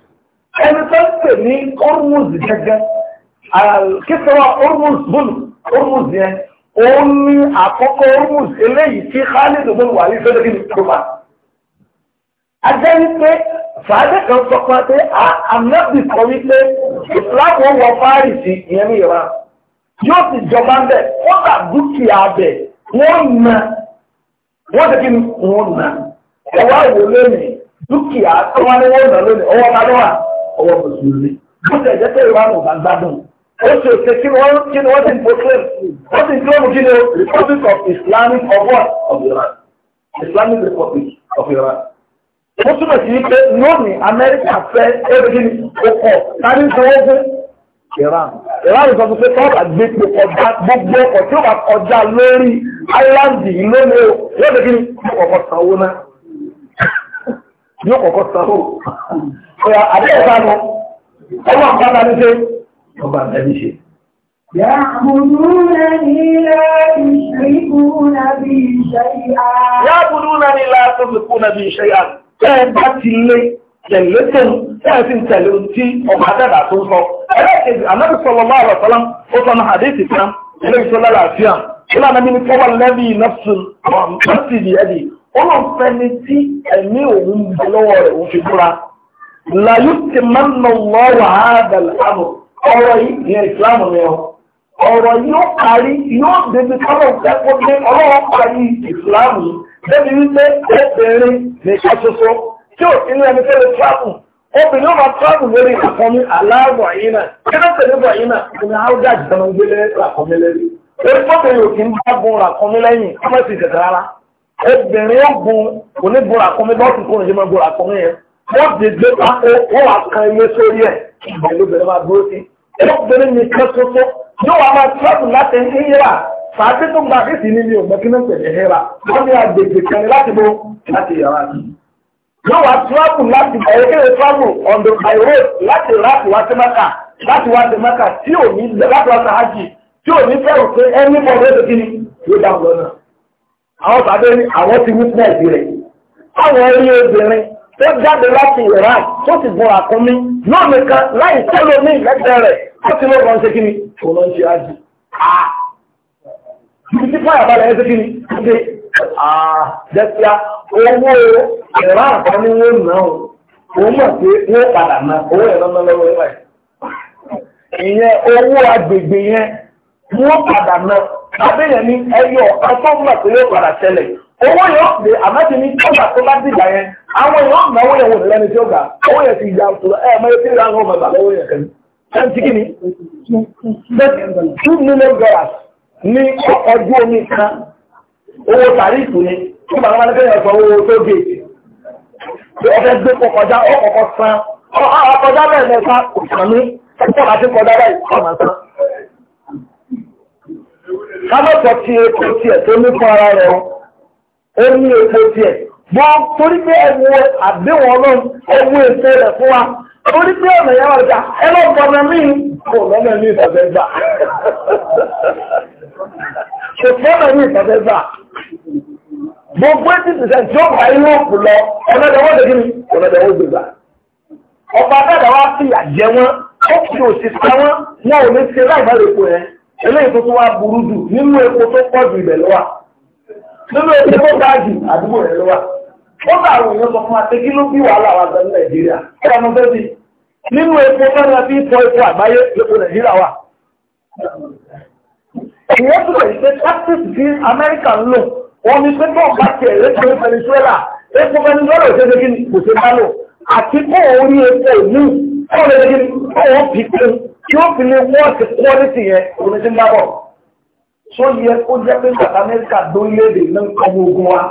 ẹni tó ń pè ní Hormuz gẹ́gẹ́ kíkọ́wà Hormuz bùnú Hormuz yẹn ó ní àkọ́kọ́ Hormuz eléyìí tí Khalid bin Walid fẹ́ lórí ìjọba. Ajẹ́ wípé fàájẹ́ kan sọ pé pé àmọ́bì kan wípé ìsìláàmù wọ Fáàrìsì ìyẹn ní ìran yóò sì jọba ń bẹ̀ kọ́tà dúkìá bẹ̀ wọ́n na wọ́n ti kí wọ́n na ẹ̀wá ìwòlẹ́nì dúkìá tó wá ní wọ́n na lónìí ọwọ́ ta ló wà ọwọ́ mùsùlùmí bó ṣe jẹ́ pé ìwà àwọn gbádùn ó ṣe ṣe kí wọ́n kí ni wọ́n ti proclaim wọ́n ti claim kí ni republic of islamic of what of Iran islamic republic of Iran ó túnbọ̀ sí pé lónìí amẹ́ríkà fẹ́ ẹ̀rí ọkọ̀ kárí sanwó fún Iran Iran sọ fún pé tọ́ọ̀bà gbé pé ọjà gbogbo ọkọ̀ tí ó bá kọjá lórí áìláńdì lónìí ó lónìí kí ni ọkọ̀ sanwó náà yóò kọ̀kọ́ sanwó ọ̀yà àdéhùn sanu ọwọ́ àpáta ní ṣe ọba àtẹ́bí ṣe. يعبدون لا يشركون به شيئا يعبدون لا يشركون به شيئا ẹ bá ti lé tẹ̀lẹ́tẹ̀lú ẹ̀sìn tẹ̀lé tí ọba àdàdà tó ìlànà mi ni lẹ́bí nọ́ọ̀sì ọ̀hún nọ́ọ̀sì ìdí ẹ̀dì ọlọ́fẹ́ ni tí ẹ̀mí òun ń bẹ lọ́wọ́ rẹ̀ òun fi búra làyú ti máa ń nà lọ́wọ́ àádàlẹ̀ àmọ̀ ọ̀rọ̀ yìí ní ìsìlámù ni ọ ọ̀rọ̀ yóò parí yóò débi káwọn òkẹ́kọ̀ọ́ dé ọlọ́wọ́ parí ìsìlámù débi wípé obìnrin ní aṣoṣo tí ò sí ní ẹni tó lè tíráàmù obìnrin yóò máa tíráàmù lórí àkọ́mí aláàbọ̀ yìí náà kí ló tẹ̀lé bọ̀ yìí náà ìpinnu áwùjá ìjọba ń gbélé àkọ́mí lẹ́yìn orí tó bẹ̀rẹ̀ òkè ń bá gun àkọ́mí lẹ́yìn ọmọ ìsìn ìjẹ̀dá rárá obìnrin ó gun onígun àkọ́mí lọ́ọ̀tún kó nìyẹn máa gun àkọ́mí yẹn wọ́n ti gbé pákó wọ́n wà kan ilé sórí ẹ̀ ìgbẹ́ lóbìnrin máa dúró sí obìnrin nìkan ṣoṣo yóò wá máa tọ́jú láti híra fàájì tó gba àkẹ́sì ní mi ò mọ́ kí ní pẹ̀lú híra wọ́n ní agbègbè kan láti bó láti yàrá mi yóò wá travel láti ẹ̀yẹ́kẹ́rẹ́ travel on the high road láti láti wá sí mẹ́ka láti wá sí mẹ́ka tí ò ní láti wá sí hajj tí ò ní fẹ́ràn pé ẹni mọ̀ lóde àwọn bàbá ní àwọn ti witness rẹ̀. Àwọn orí obìnrin tó jáde láti Iran tó sì gun àkúnmí náà nìkan láì tẹ́lò ní ìlẹ́gbẹ̀ẹ́ rẹ̀ ó ti lọ́gbọ̀n ṣe kíni kò lọ́n ṣe ájì. Ibi tí fún àbálẹ̀ ẹ ṣe kíni ṣe àjẹsíá owó Iran kan ní wọ́n náà òun mọ̀ pé wọ́n padà ná owó ẹ̀rọ náà lọ́wọ́ ẹ̀rọ ìyẹn owó agbègbè yẹn wọ́n padà lọ abéyàn ní ẹyọ ọ̀kan mọ̀ pé yóò padà ṣẹlẹ̀ owó yóò pè àmọ́tí ní tọ́gbà tó bá dìgbà yẹn àwọn èèyàn ọ̀nà owó yẹn wò tí ó owó yẹn ti ya ọ̀tọ̀ ẹ̀ ọmọ ìgbà lọ́wọ́ yẹn kẹ́lí. ṣẹ́ńtì ni two million dollars ní ọjọ́ omi kan owó tàríìfù ni tí bàbá owó tó gé gbé kọkọjá san ọkọjá kò sàn kámọ́tọ̀ ti epo tiẹ̀ tó ní fún ara rẹ̀ ó ní epo tiẹ̀ bọ́ torí pé ẹwu àdéhùn ọlọ́run ẹwu èso rẹ̀ fún wa torí pé ọ̀nà yàrá ọjà ẹ lọ gbọ́nà mí kò lọ́nà ní ìfẹ̀fẹ́ gbà kò lọ́nà ní ìfẹ̀fẹ́ gbà gbogbo eighty percent yóò gba yúròpù lọ ọ̀nàdàwọ̀ dèjì ni ọ̀nàdàwọ̀ gbègbà ọ̀pá àtàdàwọ̀ á fi àjẹ wọn ó kì í òṣìṣẹ́ wọn wọn ò ní ṣe láì má lè eléyìí tó tó wá burú jù nínú epo tó pọ̀ jù ibẹ̀ ló nínú epo tó ga jù àdúgbò rẹ̀ wa kí ló bí wàhálà ní nàìjíríà fẹ́ bí nínú epo mẹ́rin àti ipò epo àgbáyé epo nàìjíríà wà. ìyẹn tó lè ṣe tactics bí amẹ́ríkà ń lò wọ́n ní pé bọ́ọ̀ bá tiẹ̀ epo venezuela epo venezuela ò ṣe kí ni kò ṣe bá lò àti kó epo kó tí ó fi lè wọ́ọ̀sì quality yẹn òun ti ń dábọ̀. Ṣó yẹ kó jẹ́ pé South America lórílẹ̀-èdè náà ń kọ́ ogun wa?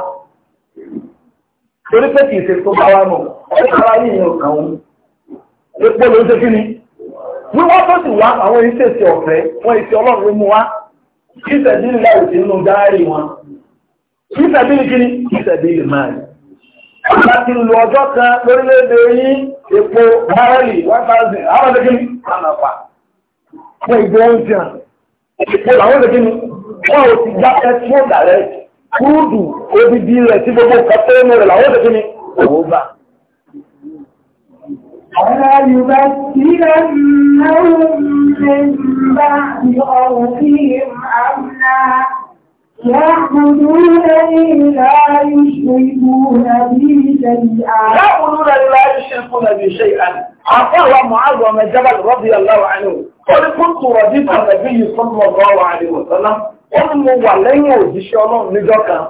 Torí pé kì í ṣe tó bá wa mọ̀, ọ̀rẹ́ ara yìí yẹn ò kàn wọ́n. Epo ló ń ṣe kí ni? Wíwá tó sì wá àwọn iṣẹ́ ìṣe ọ̀fẹ́, wọ́n ìṣe ọlọ́run ló mú wá. Kí ìṣẹ̀bí ni láì sí nínú dáárì wọn? Kí ìṣẹ̀bí ni kí ni? Kí ìṣẹ̀bí ni máa ní. Àgbà ti lu ọjọ́ kan lórílẹ̀-èdè yìí epo one bárẹ́lì 1000 àwọn ọ̀dẹ́kí ní ànàfà fún ìgbé oúnjẹ epo làwọn ọ̀dẹ́kí ní wọ́n ò ti já ẹtún dàrẹ́ kúrúdù odidi rẹ̀ tí gbogbo kẹtẹ́rẹ́mù rẹ̀ làwọn ọ̀dẹ́kí ní òwò bá. Àyùbá يعبدون لا يشركون به شيئا يعبدون لا يشركون به شيئا عقل معاذ بن جبل رضي الله عنه قال كنت رديف النبي صلى الله عليه وسلم قل mo wà lẹ́yìn òjíṣẹ́ ọlọ́run níjọ́ kan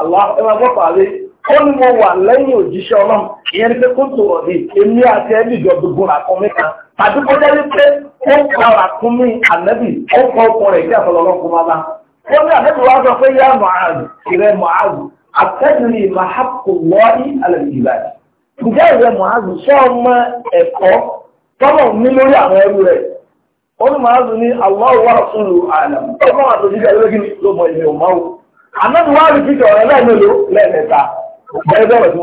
Allah ẹ̀ma gbọ́pọ̀ àlẹ́ ó ní mo wà lẹ́yìn òjíṣẹ́ ọlọ́run ìyẹn ni pé kó tó ọ̀dẹ èmi àti ẹbí ìjọ gbogbo ràkúnmí kan tàbí kó jẹ́ wípé ó pa ràkúnmí ànábì ó pa ọkùnrin kí àtọ̀lọ́lọ́kùn máa bá ó ní àlejò sọ pé yá mọ̀áàzù ìrẹ́ mọ̀áàzù àtẹ́jùrì màhápù wọ́ọ̀ì alẹ́bìbàdì ǹjẹ́ ìrẹ́ mọ̀áàzù sọ ọmọ ẹ̀kọ́ tọ́lọ̀ ní lórí àwọn ẹrú rẹ̀ ó ní mọ̀áàzù ní wa ọmọ àtòjíṣẹ́ lórí ló mọ ìmì òmáwò ànábi wá rí fíjọ rẹ̀ lẹ́ẹ̀mẹ́lò lẹ́ẹ̀mẹ́ta ẹgbẹ́rẹ̀ tí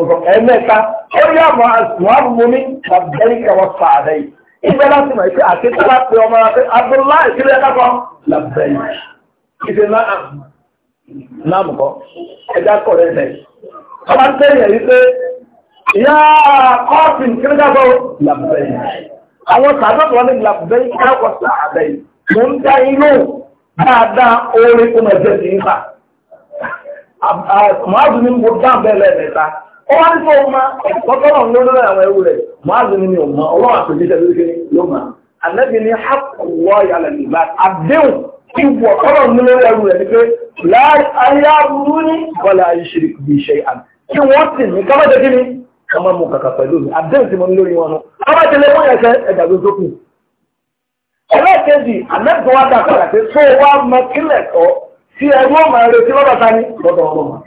mo sọ ó ìdè láàmù ah, láàmù kọ́ ẹja ọba ń tẹ̀yẹ̀ yìí pé ìyá kọ́ọ̀tì kíríkàtọ̀ làbẹ̀yìn àwọn sàdọ̀tọ̀ wọn ní làbẹ̀yìn káwọ̀ sàbẹ̀yìn mò ń dá inú dáadáa orí kó sí ń fà. ni mo dá bẹ́ẹ̀ lẹ́ẹ̀mẹ́ta ó wá ní náà ló àwọn ẹrú rẹ̀ ni àtòjíṣẹ́ ìwọ̀ ọ̀rọ̀ mi lórí ẹrù rẹ̀ ni pé láyé aburú ní wàlá ìṣirí bí iṣẹ́ àmì kí wọ́n sì ní ká má jẹ́ kí ni ká má mú kàkà pẹ̀lú mi àdéhùn tí mo ní lórí wọn nù ká má jẹ́ lẹ́wọ́n yẹn kẹ́ ẹ̀dà ló dókun. ẹlẹ́kẹ̀jì àmẹ́tọ́ wa dà padà pé tó wá mọ kílẹ̀ tọ́ tí ẹrú ọmọ rẹ tí lọ́dọ̀ ta ni lọ́dọ̀ ọ̀rọ̀ mọ́.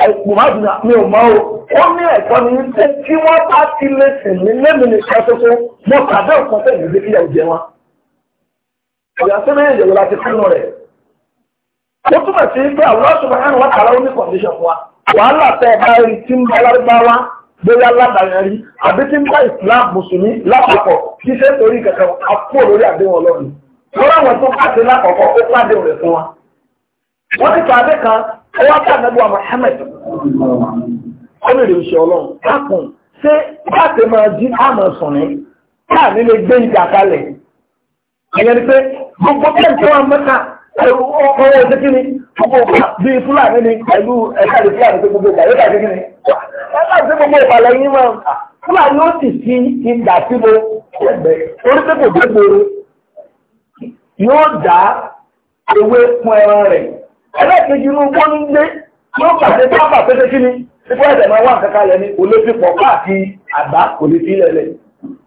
àìpò má dùn mí ò máa o ó ní ẹ̀kọ́ ni pé tí wọ́n bá ti lè sìn mí lẹ́mìnì kan tó tó mo tàbí ọ̀kan tẹ̀lé ìyàsí méjèèjì wò láti fún rẹ̀. ó túmọ̀ sí pé Allah subhanahu wa ta'ala ní condition wa wàhálà tẹ ẹ bá rí tí ń bá lárúbáwá bóyá ládàáyàn rí àbí tí ń bá Islam mùsùlùmí lápapọ̀ kí ṣe torí kankan àpò lórí àdéhùn ọlọ́run lọ́wọ́ àwọn tó pàṣẹ lákọ̀ọ́kọ́ ó pàdé rẹ̀ fún wa. wọ́n ti pàdé kan ó wá bá nàbọ̀ Muhammad ó lè rí oṣù ọlọ́run dákun ṣé báàtì máa jí àmọ̀ sùn ní káà nílé gbé ìjà kalẹ̀ ẹ̀yẹ́ni pé gbogbo bẹ́ẹ̀ tí wọ́n mẹ́ta ọwọ́ ẹ̀ṣẹ́ kí ni gbogbo bíi fúlàní ni pẹ̀lú ẹ̀ka lè fúlàní tó gbogbo ìgbà yóò dàbí kí ni ẹ̀ka lè gbogbo ìpàlẹ̀ yín máa fúlàní ó sì fi ìgbà sí mo ẹgbẹ́ orí pé kò gbé gbòòrò yóò dá ewé fún ẹran rẹ̀ ẹlẹ́ẹ̀kejì inú gbóngbé yóò pàṣẹ bá bàtẹ́sẹ́ kí ni ipò ẹ̀sẹ̀ máa wà kankan lẹ́ni olóṣèpọ̀ káàkiri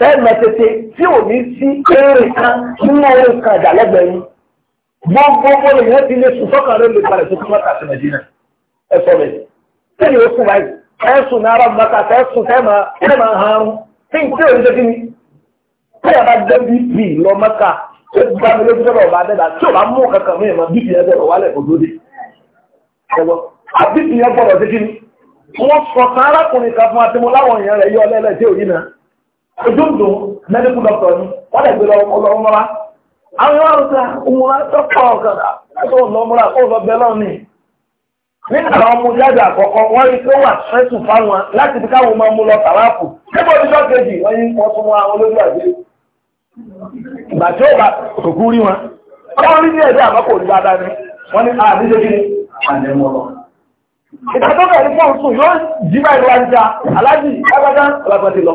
tẹ́ẹ̀mẹ̀ tètè tí ò ní sí eré kan nínú orí kan ìdálẹ́gbẹ̀ẹ́ yín gbogbo bọ́ọ̀lù yẹn ti lè sùn sọ́kàn rẹ̀ lè balẹ̀ tó kí mọ́tà sí nàìjíríà ẹ sọ bẹ́ẹ̀ tẹ́lẹ̀ ó sùn báyìí ẹ sùn náírà mọ́tà tẹ́ sùn tẹ́ẹ̀mà tẹ́ẹ̀mà harun tí tí ò ní ṣe kí ni tẹ́ẹ̀ bá dé bp lọ mọ́tà tó gbá mi lójú sọ́dọ̀ ọba dẹ́dà tí ò bá mú kankan mí ìmọ̀ bp yẹn bọ̀rọ̀ wálẹ̀ kò lóde ẹ̀wọ̀n àbí ti yẹn bọ̀rọ̀ ṣe kí ni wọ́n sọ òjòjò mẹ́díkù dọ́kítọ̀ ni wọ́n lè gbé lọ ọlọ́mọ́ra àwọn ìwà òsà òmùra tọ́pọ̀ ọ̀kadà láti ọlọ́mọ́ra ọlọ́ bẹ́ẹ̀ lọ́ọ̀ ni nígbà àwọn ọmọ jáde àkọ́kọ́ wọ́n rí pé wà sẹ́tù fáwọn láti fi káwọn máa mú lọ tàwáàpù nígbà oníṣọ́ kejì wọ́n yí wọ́n tún wọn àwọn olójú àgbé ìgbà tí ó bá òkú rí wọn wọ́n rí ní ẹ̀dẹ́ àmọ́kò ní dáadáa ni wọ́n ní àdíjé kí ni àdẹ́mọ́ lọ ìgbà tó bẹ̀rẹ̀ fún òṣù yóò jí báyìí wá aláàjì lágbájá ọlágbàdì lọ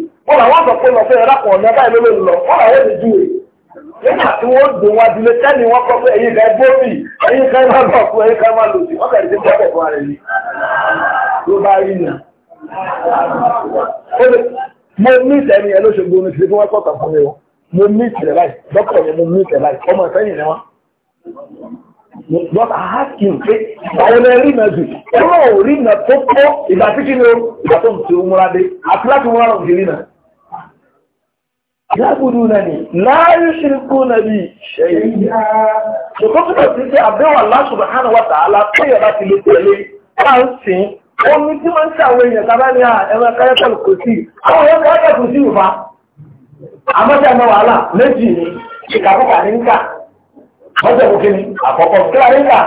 wọ́n làwọn sọ pé lọ fẹ́ ẹ̀rọ àpọ̀ ọ̀nà báyìí ló lọ wọ́n làwọn èdè júwe nígbà tí wọ́n dò wọn adìlẹ̀ tẹ́lẹ̀ wọn kọ́ pé ẹ̀yin kan gbó bì ẹ̀yin kan máa bọ̀ fún ẹ̀yin kan máa lò sí wọ́n kàn ti bọ́ bọ̀ fún ara ẹni ló bá rí nà. mo ní ìtẹ̀ni ẹ̀ lóṣogbo ní ti fi wọ́n sọ̀tà fún mi o mo ní ìtẹ̀lẹ̀ láì dọ́kítọ̀ ni mo ní ìtẹ̀lẹ̀ láì ọmọ ìfẹ́yìn ni wọ́n. but I ask you pé àwọn ẹ̀ rí nà jù ẹ̀rọ ò rí nà tó kọ́ ìgbà tí kí ni o ìgbà tó ń ti múra dé àti láti múra ò yabudunani la yushrikuna bi shay'a ṣùgbọ́n tó ti ṣe àbẹ̀wò Allah subhanahu wa ta'ala tó láti lè tẹ̀lé bá omi tí wọ́n ń ṣe àwọn èèyàn tábà ní ẹ̀rọ káyọ̀tà kò sí àwọn ẹ̀rọ káyọ̀tà kò sí ìfà àmọ́tí àmọ́ wàhálà méjì ni ìkàkùkà ní nkà mọ́tò ẹ̀kọ́ kìíní àkọ́kọ́ kíra ní nkà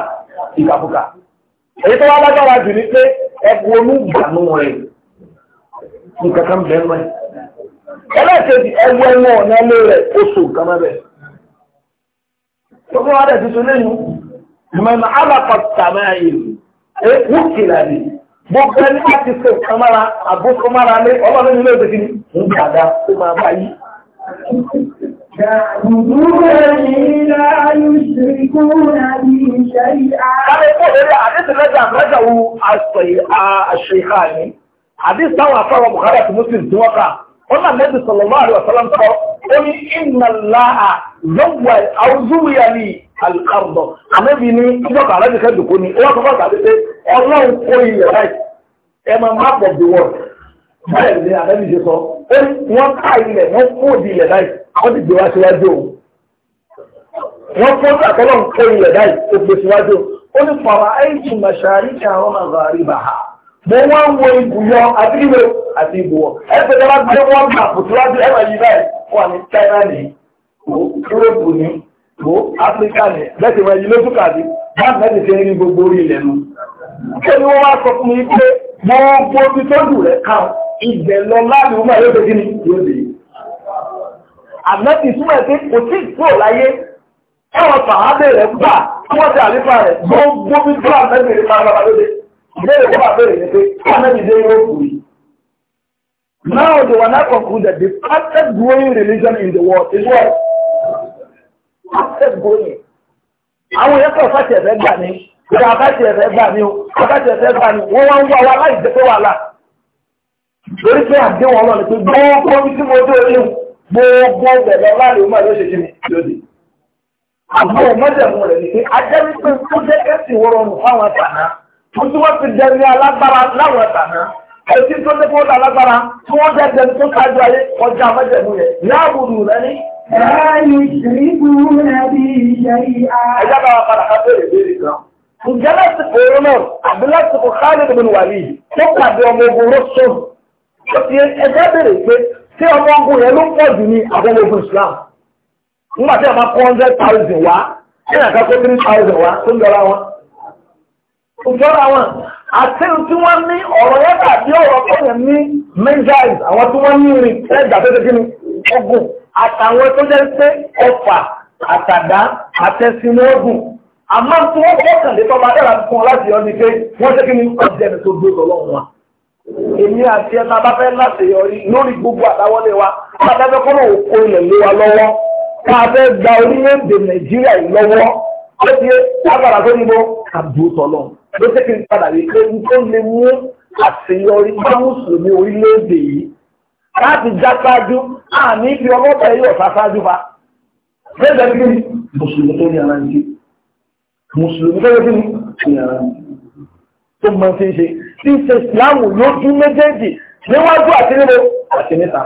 ìkàkùkà èyí tó wá jù ní pé ẹlẹ́kẹ̀ẹ́dì ẹwọ́ ẹwọ́ ọ̀nà ilé rẹ̀ oṣù nǹkan mẹ́bẹ̀. tọ́gbọ́n adẹ̀ tuntun lẹ́nu ìmọ̀nà alápàtà máa yẹ ẹ wúkì làbí gbogbo ẹni láti ṣe nǹkan mára àbúkọ mára lé ọlọ́run nílé òde kìíní ń gbàdá ó máa bá yí. Kálí kò lórí àdéhùnlẹ́jà àgbẹ́jà wo àṣèkà ni, àdéhùn táwọn afárọ̀ Bùkárà àti Mùsùlùmí tí wọ́n kà ọ̀nà nẹ́bí sallallahu alaihi wasallam sọ ó ní inna Allaha lọ́wọ́ àwùjúwìyà ní àlùkàrùdọ̀ àmẹ́bí ní ìjọba àrẹ́bí kẹ́dùkú ni wọ́n kọ́kọ́ tàbí pé ọlọ́run kó ilẹ̀ láì ẹ máa má pọ̀ bí wọ́n bẹ́ẹ̀ ni àrẹ́bí ṣe sọ wọ́n ká ilẹ̀ wọ́n kó di ilẹ̀ láì wọ́n ti gbé wá síwájú òun wọ́n fọ́ àtọ́lọ́run kó ilẹ̀ láì ó gbé síwájú ó ní fara mo wá wo ibùyọ àti ìwé àti ìbùwọ̀ ẹgbẹ́ tó bá gbé wọ́n gbà kò tó wá bí ẹ̀rọ yìí báyìí wà ní China ní kò Europe ní kò Africa ní bẹ́ẹ̀ tí wọ́n yí lójú kàdé báńkì náà ti ṣe ní gbogbo orí ilẹ̀ nu. ṣé ni wọ́n wá sọ fún mi pé gbogbo ibi tó jù rẹ̀ kàn ìgbẹ̀ lọ láàrin wọn yóò dégbé ní yóò dé. àmọ́ ti túmọ̀ pé kò tí ì kúrò láyé ẹ̀wọ̀n sàhábẹ̀ rẹ̀ gbà tí wọ́n ti àlífà rẹ̀ gbogbo ibi tó àmẹ́bẹ̀rẹ̀ ìbéèrè tó bá béèrè ni pé anábìdé yóò Now they were not concluded. The fastest growing religion in the world is what? Fastest growing. Àwọn yẹn o. ẹ̀fẹ́ gbà ní. Wọ́n wá ń wa láì wàhálà. Lórí pé pé gbogbo tí mo dé orí gbogbo bẹ̀rẹ̀ láàrin mo tí wọ́n ti dẹ̀rẹ̀ alágbára láwọn ẹ̀tàná ẹ̀sìn tó dé fún alágbára tí wọ́n jẹ́ dẹ̀rẹ̀ tó kájú ayé ọjà mẹ́jẹ̀mú yẹn láàbùdù rẹ ní. láàyè ìṣèlú nàbí ìṣe ìhà. ẹ jábọ̀ àwọn padà ká bèrè bèrè kan. ǹjẹ́ lásìkò oró náà àbí lásìkò Khalid bin Walid tó pàdé ọmọ ogun rọ́ṣọ́n ó ti ẹjẹ́ bèrè pé tí ọmọ ogun yẹn ló pọ̀ jù ní àwọn ogun Islam nígbà tí a máa kọ́ hundred thousand wá ẹ̀yà kan kó three thousand wá tó ń dọ́ra wọn òjọ́ra wọn àti tí wọ́n ní ọ̀rọ̀ yẹn tàbí ọ̀rọ̀ tó yẹn ní mẹ́jáìs àwọn tí wọ́n ní rìn ẹgbà tó ṣe kí ni ogun àtàwọn tó jẹ́ pé ọfà àtàdá àtẹ̀sínú ogun àmọ́ tí wọ́n kọ́kàn lé tọ́ba dára fún wọn láti yọ ní pé wọ́n ṣe ni ọjọ́ ẹni tó gbé ọlọ́run wa. èmi àti ẹta bá fẹ́ láti yọrí lórí gbogbo àtàwọlé wa wọn àtàfẹ́ kọ́ mọ̀ òkú ilẹ̀ lé wa lọ́wọ́ ká fẹ́ gba orílẹ̀-èdè nàìjíríà yìí lọ́wọ́ ó ti agbára ló jẹ́ kí n padà rí pé n tó lè mú àṣeyọrí bá mùsùlùmí orílẹ̀-èdè yìí láti já sáájú àní ibi ọlọ́pàá yóò sá sáájú fa. bẹ́ẹ̀ bẹ́ẹ̀ bí mùsùlùmí tó ní ara ń mùsùlùmí tó ní ara ń tó mọ ń ṣe tí ń ṣe ìsìláàmù lójú méjèèjì níwájú àti nínú àti níta.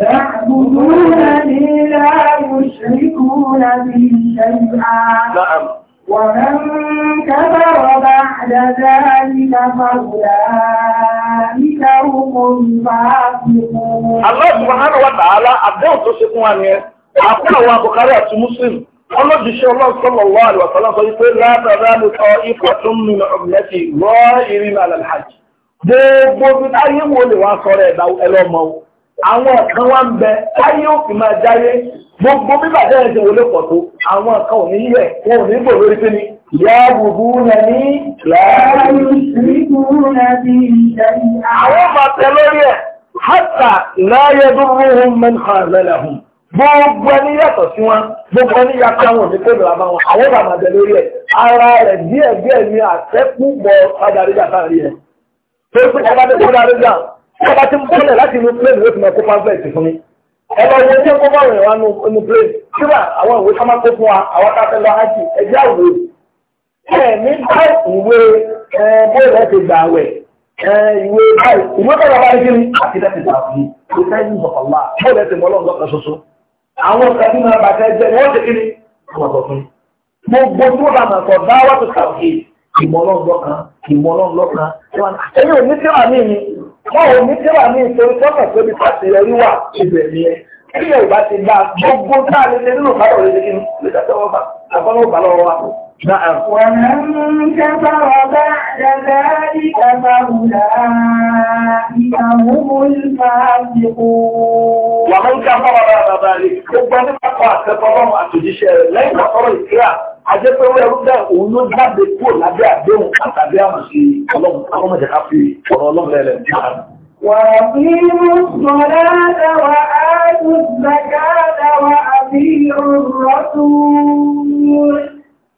Yàgùdúrà ní láàrú ṣe kúrò ní ṣẹ́yà. ومن كفر بعد ذلك فأولئك هم الفاسقون الله سبحانه وتعالى àdéhùn tó ṣe fún wa ni àpá àwọn Bukhari àti Muslim ọlọ́dìṣẹ́ ọlọ́sọ́lọ́wọ́ àlùwàsọ́lá sọ wípé látara ló tọ́ ikọ̀ ala ń mìnà ọ̀mìnẹ́tì ìrìnà àlàlhàjì gbogbo bí táyé wo lè wá sọ ẹ̀lọ́mọ́ àwọn kan wá ń bẹ láyé òfin máa jáyé gbogbo bíbàjẹ́ ẹ̀jẹ̀ wọlé pọ̀ tó àwọn kan ò ní yẹ wọn ò ní bò lórí pé ní ìyá gbogbo nà ní láàárín àwọn máa tẹ lórí ẹ̀ hátà láyé dúró mẹ́ta lẹ́lẹ̀ hùn gbogbo ẹni yàtọ̀ sí wọn gbogbo ẹni yàtọ̀ àwọn òní pé bàbá wọn àwọn bàbá bẹ lórí ẹ̀ ara rẹ̀ díẹ̀ díẹ̀ ni àtẹ́kù padà rí tí ọba ti ń bọ́lẹ̀ láti inú plane ló ti máa kó pamphlet fún mi ẹ lọ wo ní ẹ̀kọ́ bọ́ọ̀rù wa nínú plane síbà àwọn ìwé ká máa kó fún wa àwọn ká fẹ́ lọ ájì ẹjẹ́ àwò ẹ̀ ní bá ìwé bóòlù ẹ̀ ti gbà wẹ̀ ìwé báyìí ìwé bọ́ọ̀lù wa ní kíni àti dẹ́sẹ̀ gbà fún mi kò sẹ́yìn ìbọ̀kànlá bóòlù ẹ̀ ti mọ́ lọ́nà ṣoṣo àwọn kàbí máa bàtẹ́ jẹ́ wọ́n ti kíni gbogbo tí wọ́n bá máa sọ dáwọ́ tó kàwé ìmọ̀ ọlọ́run lọ́kàn ìmọ̀ ọlọ́run lọ́kàn ẹ̀yìn òní tí wà ní Báwo ní Tíwà ní ìṣòro sọ́kàn pé bí sàṣeyọrí wà ibẹ̀ ni ẹ? Kí ni ìbá ti gbà gbogbo táà lè nínú ìbára òde kí ni? Lè ṣàtẹ́wọ́ bá àbọ̀lọ́wọ́ bá lọ́wọ́ wa. نعم ومن كفر بعد ذلك فأولئك هم الفاسقون ومن كفر بعد ذلك gbogbo nípa kọ àtẹ́fọ́lọ́mù àtòjíṣẹ́ rẹ̀ lẹ́yìn àtọ́rọ̀ ìkíra ajẹ́pẹ́wé ẹrúgbà òun ló jáde kúrò lábẹ́ àdéhùn àtàbí àmàṣe ọlọ́run akọ́mọ̀jẹ̀ká fi ọ̀rọ̀ ọlọ́run lẹ́lẹ̀ nígbà وأقيموا الصلاة وآتوا الزكاة وأطيعوا الرسول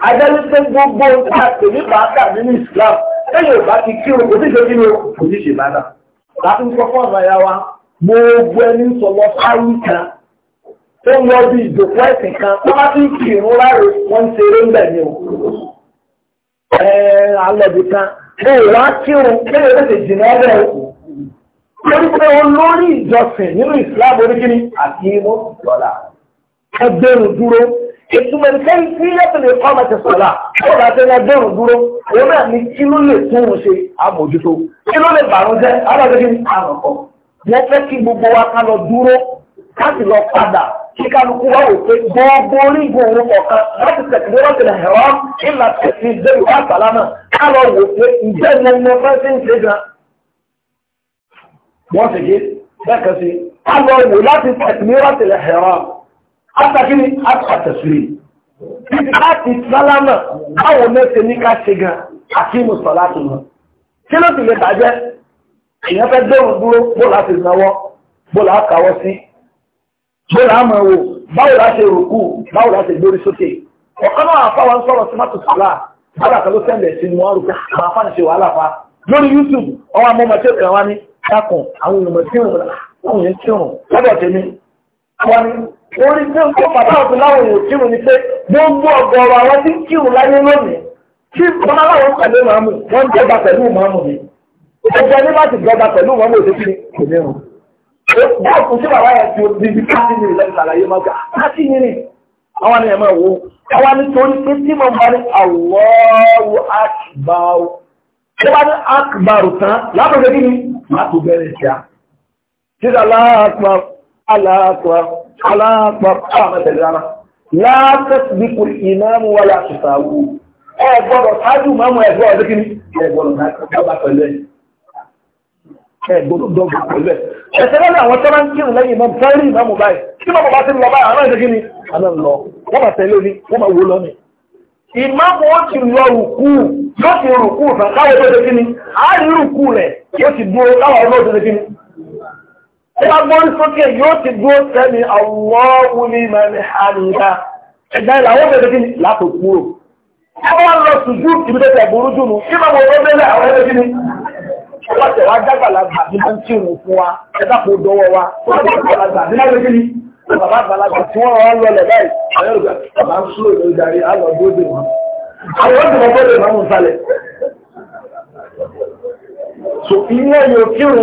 adájọ́ pé gbogbo nǹkan àtẹ̀lé bàákà nínú Islam lẹ́yìn ọ̀bá ti kí òun kò sí ìṣòkí ni kò sí ìṣèbádà láti ń sọ fún ọ̀nà ya wa gbogbo ẹni sọ lọ sáárù kan tó ń lọ bí ìjòkó ẹ̀sìn kan tó bá ti ń kì í ráre wọ́n ń ṣeré ń bẹ̀ ni o. alẹ́bí kan ó wá kí òun kéde tètè jìnnà ọ̀rẹ́ o. lórí pé olórí ìjọsìn nínú Islam orí kíni àti imú ìjọba ẹgbẹ́rún e dúró ìtumọ̀ nǹkan tí yàtọ̀ lè kọ́ àmàtẹ̀ sọ̀lá ó bá tẹ́lẹ̀ bẹ́rù dúró òun náà ní kí ló lè tún un ṣe àmójútó kí ló lè bàrún jẹ́ alágbègbè ní àrùnkọ́ wọ́n fẹ́ kí gbogbo wa ká lọ dúró ká sì lọ padà kí kálukú wá wò pé gbogbo orígun òun kọ̀ọ̀kan láti tẹ̀síwé láti lè hẹ̀rọ ìlà tẹ̀sí ìdẹ́rù wá sàlámà ká lọ wò pé ìjẹ́ ìnàmú ọ̀fẹ́ wọ́n sì gé bẹ́ẹ̀ kan sí ká lọ wò láti tẹ̀síwé láti lè hẹ̀rọ àtàkìní àtàtàsírí láti sálámà báwo mẹ́sẹ̀ ní ká ṣe gan àti ìmùsọ̀ láti mọ̀ kí ló sì lè bàjẹ́ èèyàn fẹ́ dẹ́rùn dúró bó láti náwọ́ bó láà káwọ́ sí bó láà mọ̀ wò báwo láà ṣe rùkú báwo láà ṣe gbórí sókè ọ̀kan náà àfáwọn sọ̀rọ̀ sí mọ́tò sọ̀lá bàbá kan ló sẹ́ndẹ̀ sí ni wọ́n rú pé àwọn afáàní ṣe wàhálà fa lórí YouTube ọwọ́ amọ́mọ́tò kan wá ní dákùn àwọn èèyàn tí òun láwọn ah, èèyàn tí òun lọ́dọ̀ tèmi orí tí ó kọ́ bàbá òfin láwọn èèyàn kírun ni pé gbogbo ọ̀gọ̀ọ̀rọ̀ àwọn tí ń kírun láyé lónìí tí wọn aláwọ̀ ń pẹ̀lú màmú wọn ń jẹba pẹ̀lú màmú mi ẹgbẹ́ ní láti jọba pẹ̀lú màmú òde kí kò ní rùn. báwo kò sí bàbá yẹn tí o di ibi káàdì mi lẹ́nu àlàyé máa gbà káàdì mi ni àwọn ni ẹ̀ máa wo àwa nítorí pé tí mo bá ní àwọ̀wọ̀ àkìbáwò tó bá ní àkìbáwò tán lábẹ́ aláàpàpàmọ̀tẹ̀lára látẹ́sìbíkù ìmáàmù wà látìsàwò ẹgbọ́dọ̀ sáájú mọ́mù ẹgbọ́ ọdún ẹgbọ́dọ̀ dọ́gbà pẹ̀lú ẹ̀ ẹ̀sẹ̀ lọ́nà àwọn tọ́lá ń kírun lẹ́yìn mọ́mù sáárí ìmáàmù báyìí tí mọ́mù bá ti lọ báyìí àwọn ẹ̀sẹ̀ kíni àná lọ wọ́n bá ó ti lọ rùkú yóò ti rùkú fún káwọn ọdún kíni rí rùkú rẹ̀ yóò ti dúró káwọn ọdún ẹgbà gbọ́n sókè yóò ti gbó sẹ́mi Allahu liman hamida ẹgbà ìlàwọ́ bẹ̀rẹ̀ kí látò kúrò ẹgbà lọ sùjú ibi tó jùlọ kí máa wọ́n bẹ́lẹ̀ àwọn ẹgbẹ́ kí ni wọ́n tẹ̀ wá jágbàlagbà bí wọ́n tí òun fún wa ẹgbà dọwọ́ wa wọ́n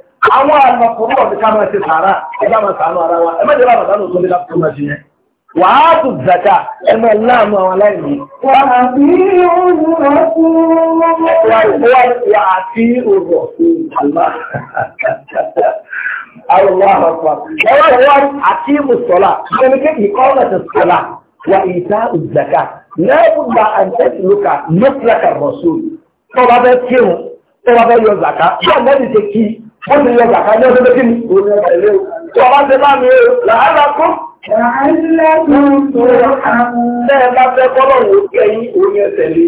àwọn àlọ́kùnrin ọ̀dí ká máa ṣe sàárà ẹgbẹ́ àwọn sàánú ara wa ẹgbẹ́ ìjọba àbàdánù tó ní lápò máa ṣe yẹn wàá tù zàkà ẹnu láàánú àwọn aláìní. wà á bí òun rẹ̀ fún wà á fi òrò àti ìmùsọ̀lá ẹni pé ìkọ́lẹ̀ ti wà ìta zàkà lẹ́bùgbà àǹtẹ̀sì lókà lókàkà rọ̀ sóòlù tó kírun tó bá yọ zàkà yóò ó ti yọ kàkà ní ọdún lókè ní o tí ọba ti bá mi o làálà kó. làálà kó tó àwọn. ṣé ẹ bá fẹ́ kọ́ lọ́wọ́ kẹ́yìn òun yẹn tẹ̀lé.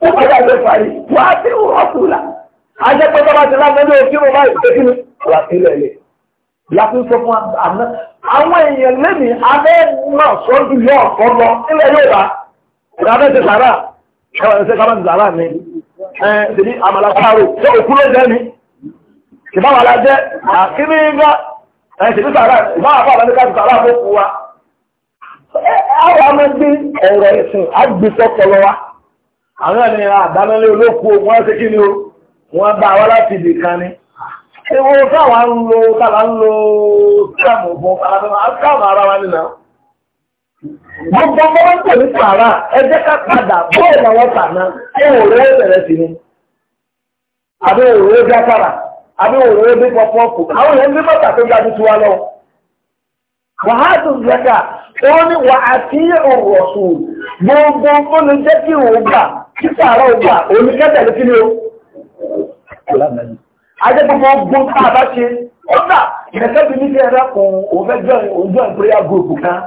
ó padà ṣe fàyè wá sí ọ̀pù là. a jẹ́ pé bàbá ti láti ẹgbẹ́ òkè wọn báyìí tẹ́kí ni wà sí ilẹ̀ ilẹ̀. láti sọ fún àná àwọn èèyàn lẹ́nu abẹ́ náà sọ́dún yọ ọ̀kọ́ lọ ilẹ̀ yóò bá ṣe kábàtì ṣìbáwà alájẹ́ àkíní ńgá ẹ̀ṣìbí sàárà ìbáwà fún wa ni o wọn láti ń lo ń lo fún ara wa gbogbo ọmọ ní sàárà ká padà bẹ̀rẹ̀ sí ni àbí òun ẹgbẹ́ pọ̀pọ̀ kù àwọn èèyàn gbé bàtà tó ga tuntun wa lọ. wàhálà zaka wọn ni wà á sí ọ̀rọ̀ sùn gbogbo tó lè jẹ́ kí òun gbà kí sàárà òun gbà òun ní kẹ́tẹ̀ ní kíni o. ajẹ́ gbogbo gbogbo tá a bá ṣe ọ̀dà ìrẹsẹ́ bí ní kí ẹ̀rọ kan òun fẹ́ jọ ìjọ ìpéyà gúrùpù kan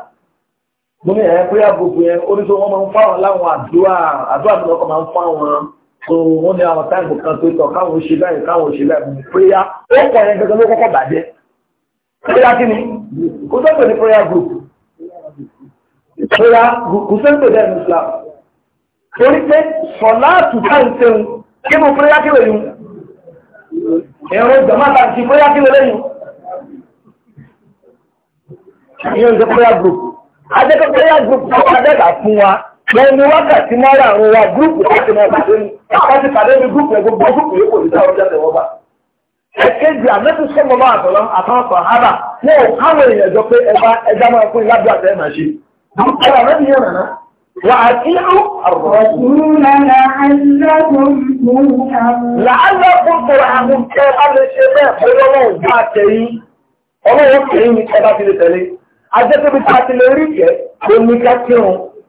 mo ní ẹ̀rẹ́ péyà gúrùpù yẹn oníṣòwò wọn máa ń fáwọn láwọn àdúrà àdúrà tó lọ́kọ̀ máa ń fáwọn so wọ́n ní àwọn táìpù kan tó tọ̀ káwọn ṣe báyìí káwọn ṣe báyìí prayer ó kọ̀ yẹn gẹ́gẹ́ ló kọ́kọ́ bàjẹ́ prayer kí ni kò sẹ́ńpè ní prayer group prayer group kò sẹ́ńpè dẹ́ ní Islam torí pé sọ̀lá àtúntà ń sẹ́wọ̀n kí mo prayer kí lóyún ẹ̀rọ ìjọba ta ti prayer kí lóyún ìyẹn ìjọ prayer group adẹ́kọ̀ prayer group tó adẹ́gbà fún wa lẹ́nu wákàtí mara àrùn wa gúrùpù láti máa pàdé ní láti pàdé ní gúrùpù ẹ̀ gbogbo gúrùpù yìí kò ní sáwọn ọjọ́ tẹ̀wọ́ bá. ẹ̀kejì àmẹ́tí sọ́mọ́ máa tọ̀lọ́ àtàwọn kan ábà wọn ò káwọn èèyàn jọ pé ẹja ẹja máa fún ilábí àtẹ ẹ̀ máa ṣe. ẹ̀rọ àmẹ́tí yẹn nàná. wà á kí ó àrùn. làálẹ̀ fún tòrò àmì kẹ́ a lè ṣe bẹ́ẹ̀ fún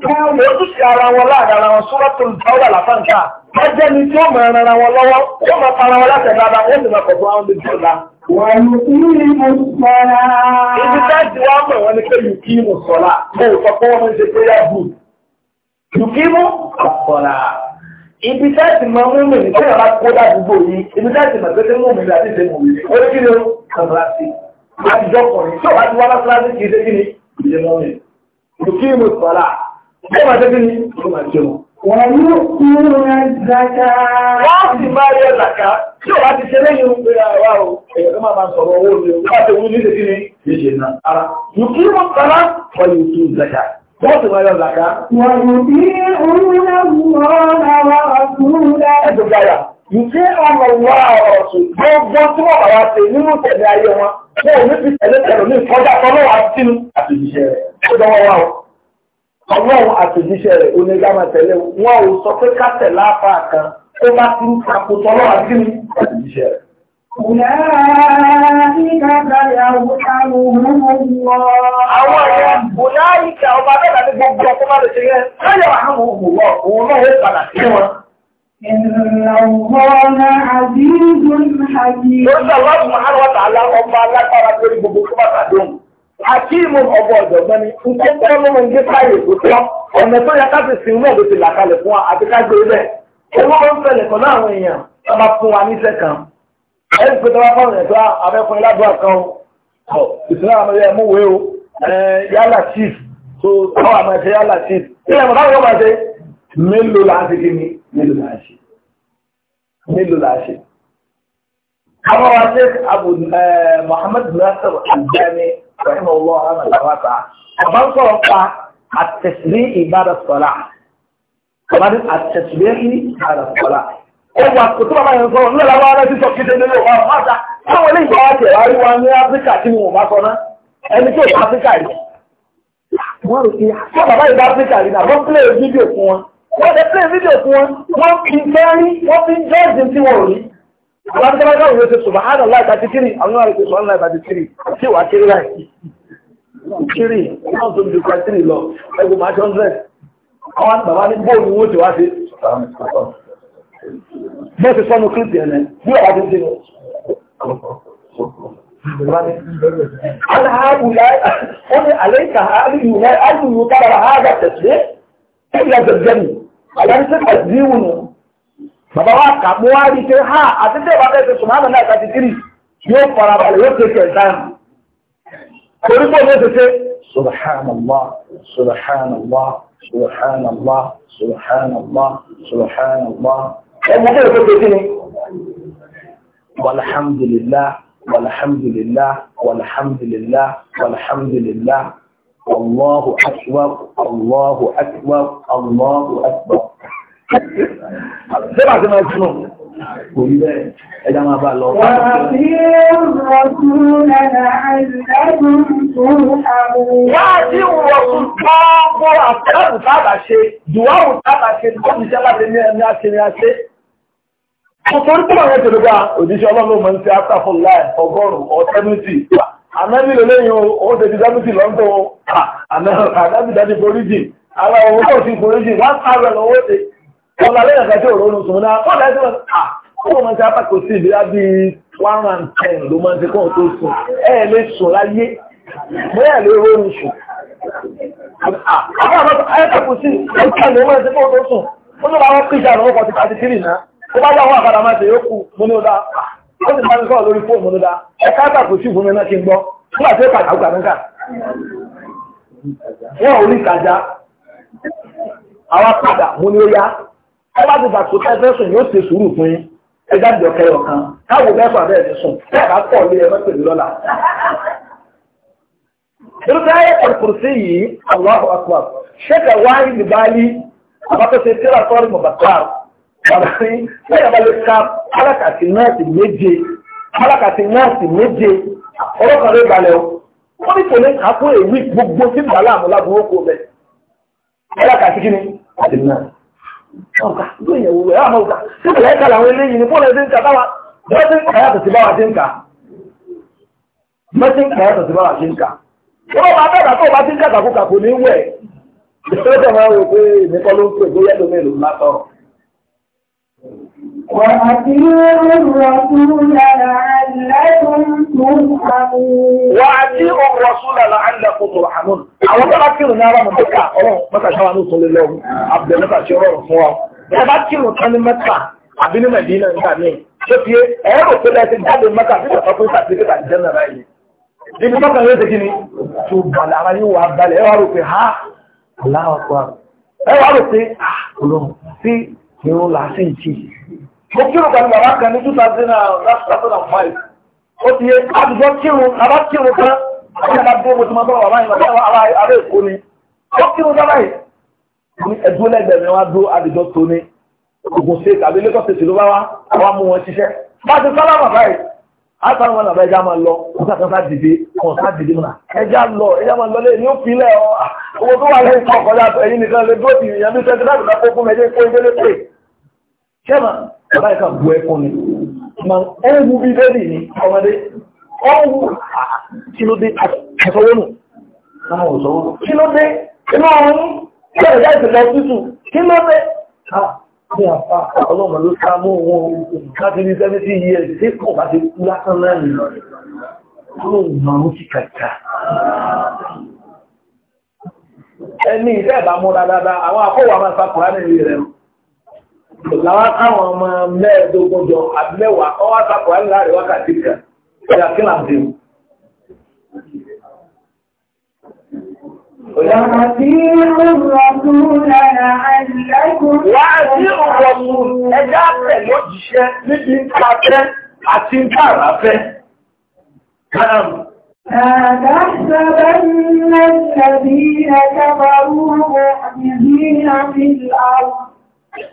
kí wọ́n lè túnṣe ara wọn láàdára wọn Suratul Baqara làfáǹkà má jẹ́ ni tí ó máa rara wọn lọ́wọ́ ó máa fara wọn láti ẹ̀dáadáa wọ́n sì máa pọ̀ fún àwọn olùdíje ọ̀la. Ibi táàtì wa mọ̀ wọn ni pé yùkí mo sọ̀la. Mo sọ pé wọ́n ṣe pé yá bù. Yùkí mo sọ̀la. Ibi táàtì máa mú Wọ́n sì máa yẹ làkà tí ó bá ti ṣe lẹ́yìn ohun pé àwá o, ẹ̀rọ máa máa sọ̀rọ̀ owó ni o, bá ti wú nílé kíni, méjì náà. Ara, yìí kí wọ́n tọ́lá, wọ́n yìí kí ìzàkà. Wọ́n sì máa yọ làkà. Wọ́n yìí kí orúnà wọ́n ọlọ́run àtòjíṣẹ́ rẹ̀ onígbàmà tẹ̀lé wọn ò sọ pé kásẹ̀ láàpá kan tó bá tún tako tọ́lọ́ àti ní àtòjíṣẹ́ rẹ̀. Àwọn ẹ̀yà bùnà ìkà ọba mẹ́ta ní gbogbo ọkọ̀ máa lè ṣe yẹn, láyọ̀ àwọn òmùwọ̀ òun náà ó padà sí wọn. Ìrìnà akíìmù ọgbọ ọ̀jọ̀gbọ́n ni nǹkan tó ń mú ní káyè tó tọ́ ọ̀nà tó yẹ ká ti sìn náà ló ti là kalẹ̀ fún wa àti ká gbé bẹ́ẹ̀ owó ló ń fẹlẹ̀ pẹ̀lú àwọn èèyàn tó bá fún wa níṣẹ́ kan ẹ̀rí pé tó bá fún àwọn ẹ̀tọ́ abẹ́kùnrin ládùúgbò kan o ìsúná àwọn ẹ̀yẹ mú wé o yálà chief tó tọ́ àwọn ẹ̀fẹ́ yálà chief ilẹ̀ mọ̀ táwọn ọmọ ṣe mélòó là ń ṣe kí ni mélòó là ń ṣe mélòó là ń ṣe. àwọn wa ṣe Abu Muhammad Nasir al رحمه الله رحمه الله تعالى ومن صرف التسبيح بعد الصلاة ومن التسبيح بعد الصلاة ẹwà kò tó bàbá yẹn sọ̀rọ̀ nílẹ̀ làwọn ará ti sọ kéde nílé ọba ọba ta táwọn ilé ìgbà wákẹ wà rí wa ní áfíríkà tí mo bá sọ náà ẹni tí ò bá áfíríkà yìí wọn rò sí sọ bàbá yìí bá áfíríkà yìí náà wọn pílẹ̀ fídíò fún wọn wọn lè pílẹ̀ fídíò fún wọn wọn fi fẹ́ wọn fi jọ́ọ̀dì tí wọn ò rí àwọn tó bá ká òun ṣe subahana láì tàbí kiri àwọn náà ṣe subahana láì tàbí kiri tí wàá kiri láì kiri náà tó ju kiri lọ ẹgbẹ́ máa hundred àwọn bàbá ní bóòlù owó tí wàá ṣe. bí o ti sọnù kírísì ẹ̀nẹ́ bí o wàá ti ṣe lọ. Alhaabu ya ó ní àlẹ́kà alùyù kára àádọ́ tẹ̀sílẹ̀ ẹ̀yà zẹ̀zẹ̀ mi. Àyà ń ṣe tẹ̀sílẹ̀ wù nù. bàbá wa kà mú wá rí pé ha àti tí ìbá bẹ́ẹ̀ sùmánà náà thirty three yóò fara balẹ̀ yóò tẹ̀sẹ̀ ìdáhùn torí pé òun ṣe ṣe subhanallah subhanallah subhanallah subhanallah subhanallah ẹ̀mú tó ìfẹ́ tẹ̀sí ni walhamdulillah walhamdulillah walhamdulillah walhamdulillah Allahu akbar Allahu akbar Allahu akbar. Sébà tí máa túnmọ̀, kò rí bẹ́ẹ̀, ẹja máa bá lọ. Wà bí rọ̀tún lẹ́nà àìlẹ́gùn tó àwọn. Wà tí àtẹ́rù tábà ṣe, dùwáwù tábà ṣe, lọ́dìṣẹ́ láti ní ẹni àti ní àṣẹ. Mo torí tí wọ́n yẹn tó dùgbà, ọlọ́run mọ̀ ń ṣe after láì ọgọ́rùn-ún ọ̀tẹ́mìtì. Ànábì lélẹ́yìn ó ṣe ti dábìtì lọ́ńtọ́ ànábì dájú foríjì, ara òun ti foríjì, wọ́n á sáré lọ́wọ́ ọmọ alẹ́ ẹ̀ka tí òróró sùn náà wọ́n dá sí wọn à kókò máa ń ṣe sí ìlera bíi one and ten ló máa ń ṣe kóhùn tó sùn ẹ̀ lè sùn láyé bóyá lè rórun sùn. àwọn àbá ẹ̀ka kò sí ló máa ń ṣe sùn ó píjà lọ́wọ́ ti kiri náà ó bá yàwó máa ṣe yókù ó sì máa ń lórí fóònù ẹ bá ti dàtò tẹ́ fẹ́ sùn yóò ti sùúrù fún yín ẹ jáde ọ̀kẹ́ ọ̀kan káwọ mẹ́fà bẹ́ẹ̀ ti sùn bẹ́ẹ̀ bá pọ̀ lé ẹ mẹ́fà lọ́la. irúfẹ́ ẹ̀kùrùsí yìí Allahu akbar ṣẹ́kẹ̀ wáyé nìbálí àbátọ́sẹ̀ tíra sọ́ọ́rì mọ̀bàtà bàbá sí bẹ́ẹ̀ bá lè ka alákàtì nọ́ọ̀sì méje alákàtì nọ́ọ̀sì méje ọlọ́kàn ló balẹ̀ o wọ́n ní kò ní kakó èwì gbogbo tí bàlá àmúlá burúkú bẹ́ẹ̀ alákàtì kí ni àdìmọ́ọ̀sì ọ̀gá ló yẹ̀ wò ẹ̀ àmọ́ ọ̀gá tí kò lẹ́ẹ̀ka làwọn eléyìí ni bọ́ọ̀lù ẹ̀dẹ́ ń ka táwa wọ́n ti ń kà yàtọ̀ sí báwa ti ń kà wọ́n ti ń kà yàtọ̀ sí báwa ti ń kà wọ́n bá وأطيعوا الرسول لعلكم ترحمون وأطيعوا الرسول لعلكم ترحمون àwọn tó bá kírun ní ara mọ̀ mẹ́ta ọlọ́run mẹ́ta ṣáwá ló sọ lélẹ́ ohun àbẹ̀ mẹ́ta ṣe ọlọ́run fún wa ẹ bá kírun tán ní mẹ́ta àbí ní mẹ́dínà nígbà míì ṣé fi ẹ̀rọ tó lẹ́ ti jáde mẹ́ta mo kírun pẹ̀lú bàbá kan ní two thousand and five ó ti yé àtijọ́ kírun bàbá kírun kan àwọn ọ̀gá dé mo ti máa bọ́ bàbá yìí bàbá àwọn ará èkó ni ó kírun bàbá yìí ní ẹ̀dúró lẹ́gbẹ̀ẹ́ mi wá dúró àtijọ́ tó ní Ògùn state àbí Lagos state ló bá wá àwọn amú wọn ṣiṣẹ́ bá ti sábà bàbá yìí àtàwọn ọmọ nàbẹ ẹja máa lọ kọsàkọsà sá dìde kọsà dìde múna ẹja lọ ẹja máa lọ lẹ́yìn ní òpinlẹ ọ owó tó wà lẹ́yìn kọkọjá ẹ̀yin nìkan lè dúró tì yẹn bí sẹńtítà tó dákó fún mi ẹjẹ kó ẹjẹ lè pè kẹ́mà bàbá ìka bu ẹkùn ni ma ẹ̀hù bí bẹ́ẹ̀lì ni ọmọdé ọ̀hù kílódé àtọwọ́nù láwọn òṣòwò kílódé inú ọ̀hún kílódé láti lọ tútù kílódé ní àpá ọlọ́mọ ló sá mú wọn láti ní sẹ́mítì yíyẹ sí kò bá ti kú lásán náà nì lọ́rọ̀ ìmọ̀rún ti kàkà ẹni ìfẹ́ ìbámu dáadáa àwọn akọ́wà máa sa kùránì rẹ̀ rẹ̀ làwọn káwọn ọmọ mẹ́ẹ̀ẹ́dógún jọ àbí ọwọ́ àtàkùn àìlá wákàtí kan ọ̀yà kí làǹdì. Wà á sí ìrọ̀sùn ẹjá níbi ń pàtẹ́ àti ń pàràfẹ́. أتحسبن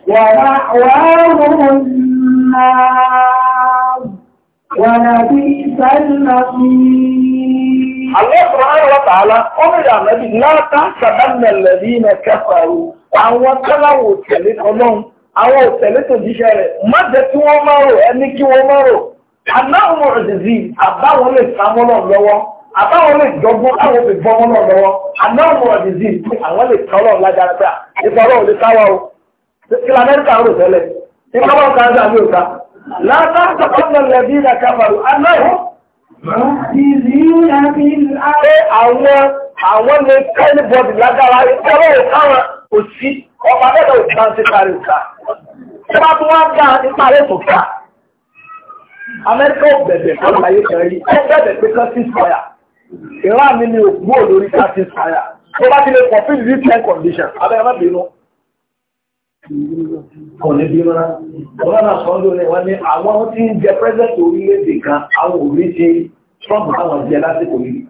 ومأواهم àwọn tẹ̀lé ọlọ́run àwọn òtẹ̀lé tó jíṣẹ́ rẹ̀ má kí wọ́n rò ẹni kí wọ́n rò àdáwọn ọmọ àbáwọn lè lọ́wọ́ àbáwọn lè lọ́wọ́ àdáwọn ọmọ àwọn lè kí lamẹ́ríkà rò tẹ́lẹ̀ kí káwọn kan sí àbí òkà látàkà ọ̀nà lẹ́bí ìdá káfàrú aláìwọ́. ṣé àwọn àwọn ní kẹ́líbọ̀dì lágbára ìjọba òkáwọn òsì ọba mẹ́ta òkà ń síta rè ká. ṣé bá tún wá dá nípa rẹ̀ tó ká. Amẹ́ríkà ò bẹ̀bẹ̀ fún àlàyé kan rí ẹ bẹ̀bẹ̀ pé kan sí fire. Ìran mi ni ògbó lórí ká sí fire. Tó bá ti lè kọ̀ fún ìdí ten condition, abẹ́rẹ́ má bínú. Ọ̀nà bí mọ́ra. Ọlọ́nà sọ́ọ́dọ̀ rẹ̀ wọ́n ní àwọn tí ń jẹ pẹ́sẹ̀tì orílẹ̀-èdè kan àwọn òbí ti Trump àwọn jẹ lásìkò yìí.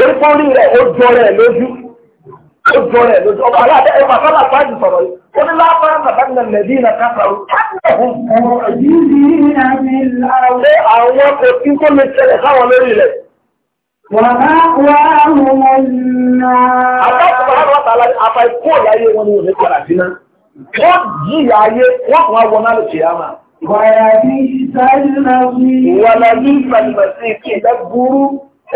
Orúkọ orí rẹ̀ ó jọ rẹ̀ lójú. Ó jọ rẹ̀ lójú. Ọba aláàbẹ̀ ẹ̀ bàbá làbájì sọ̀rọ̀ yìí. Ó ní lábára bàbá nà lẹ̀bí nà káfàrú. Ṣé àwọn kò kí kó lè ṣẹlẹ̀ sáwọn lórí rẹ̀? Wàhálà wọn mọ̀ nà. Àbá wọ́n jìyà ayé wọ́n kàn wá wọná lè kìyàmà. Wàlàbí sálùmí. Wàlàbí sálùmí sí ìpínlẹ̀ burú.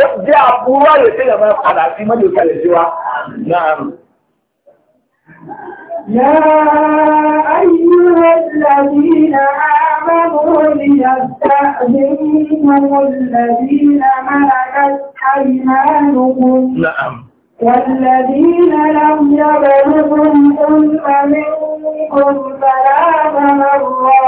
Ó jẹ́ àbúrò àyè tí ìyàmá padà sí mọ́lẹ̀ ìkàlẹ̀ sí wa. يا أيها الذين آمنوا ليستأذنكم الذين ملكت أيمانكم نعم والذين لم يبلغوا الحلم منكم ثلاث مرات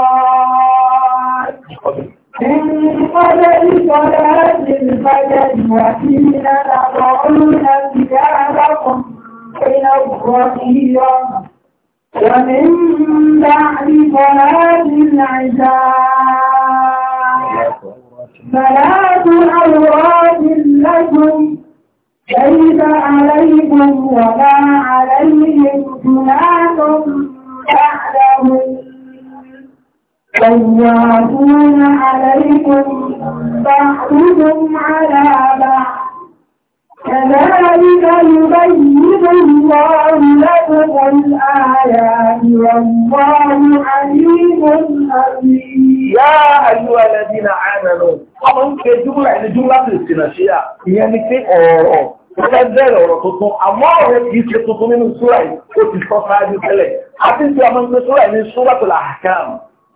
من قبل صلاة الفجر وحين تضعون ثيابكم إلى الظهيرة ومن بعد صلاة العشاء ثلاث أوراق لكم ليس عليكم ولا عليهم جناح بعدهم طوافون عليكم بعضهم على بعض كذلك يبين الله لكم الآيات والله عليم حكيم يا أيها الذين آمنوا أمام كجملة جملة الاستناشية يعني في أورو ó fẹ́ bẹ̀rẹ̀ ọ̀rọ̀ tuntun àmọ́ ọ̀rẹ́ kìí ṣe tuntun nínú súrà yìí ó ti sọ sáájú tẹ́lẹ̀ àti ti àwọn ìgbé súrà yìí ní súrà tó làákàm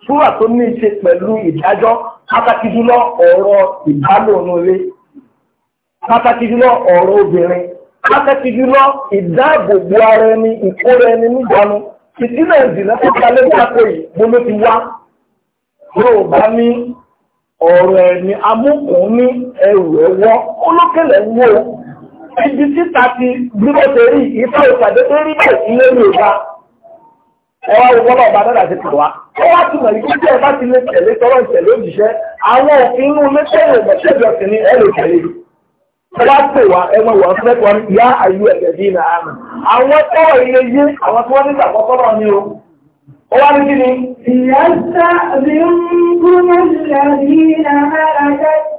súrà tó ní í ṣe pẹ̀lú ìdájọ́ pàtàkì jùlọ ọ̀rọ̀ ìbálòmọlé pàtàkì jùlọ ọ̀rọ̀ obìnrin pàtàkì jùlọ ìdáàbòbò ara ẹni ìkóra ẹni níjànú ìdílé ìdìlẹ tó kalẹ̀ kápẹ́ ní ọ̀rọ̀ ẹni amúkùn ní ẹrù ẹ̀wọ́ olókèlè wó ibi títa ti gburugburu torí ìfẹ́ òṣàdé tó rí bẹ́ẹ̀ ilé mi ò ẹwà ọba náà ti tù wá ó wá ẹ bá ti lè tẹ̀lé tọ́lọ́ ìtẹ̀lé òjíṣẹ́ àwọn òfin inú sí ni ẹ lè tẹ̀lé ẹ wá pè wá ẹmọ ìwà ìyá àyù bíi nà ámì àwọn ilé yé àwọn tí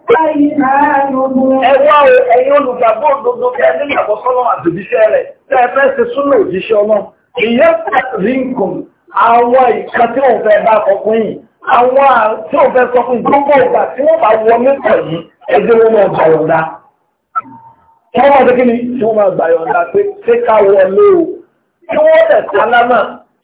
Ẹwà ẹ̀yin olùgbàgbọ́ òdodo kẹ́ nígbàgbọ́ sọ́nà àtòjíṣẹ́ rẹ̀ tẹ́ ẹ fẹ́ ṣe súnmọ́ òjíṣẹ́ ọlọ́. Ìyẹ́ rínkùn àwọn ìka tí wọ́n fẹ́ bá ọkùn yìí, àwọn tí wọ́n fẹ́ sọ fún gbogbo ìgbà tí wọ́n bá wọ mẹ́ta yìí, ẹgbẹ́ wọn máa gbà Wọ́n máa dé kí ni tí wọ́n máa gbà yọ̀ǹda ká wọlé o. Kí wọ́n tẹ̀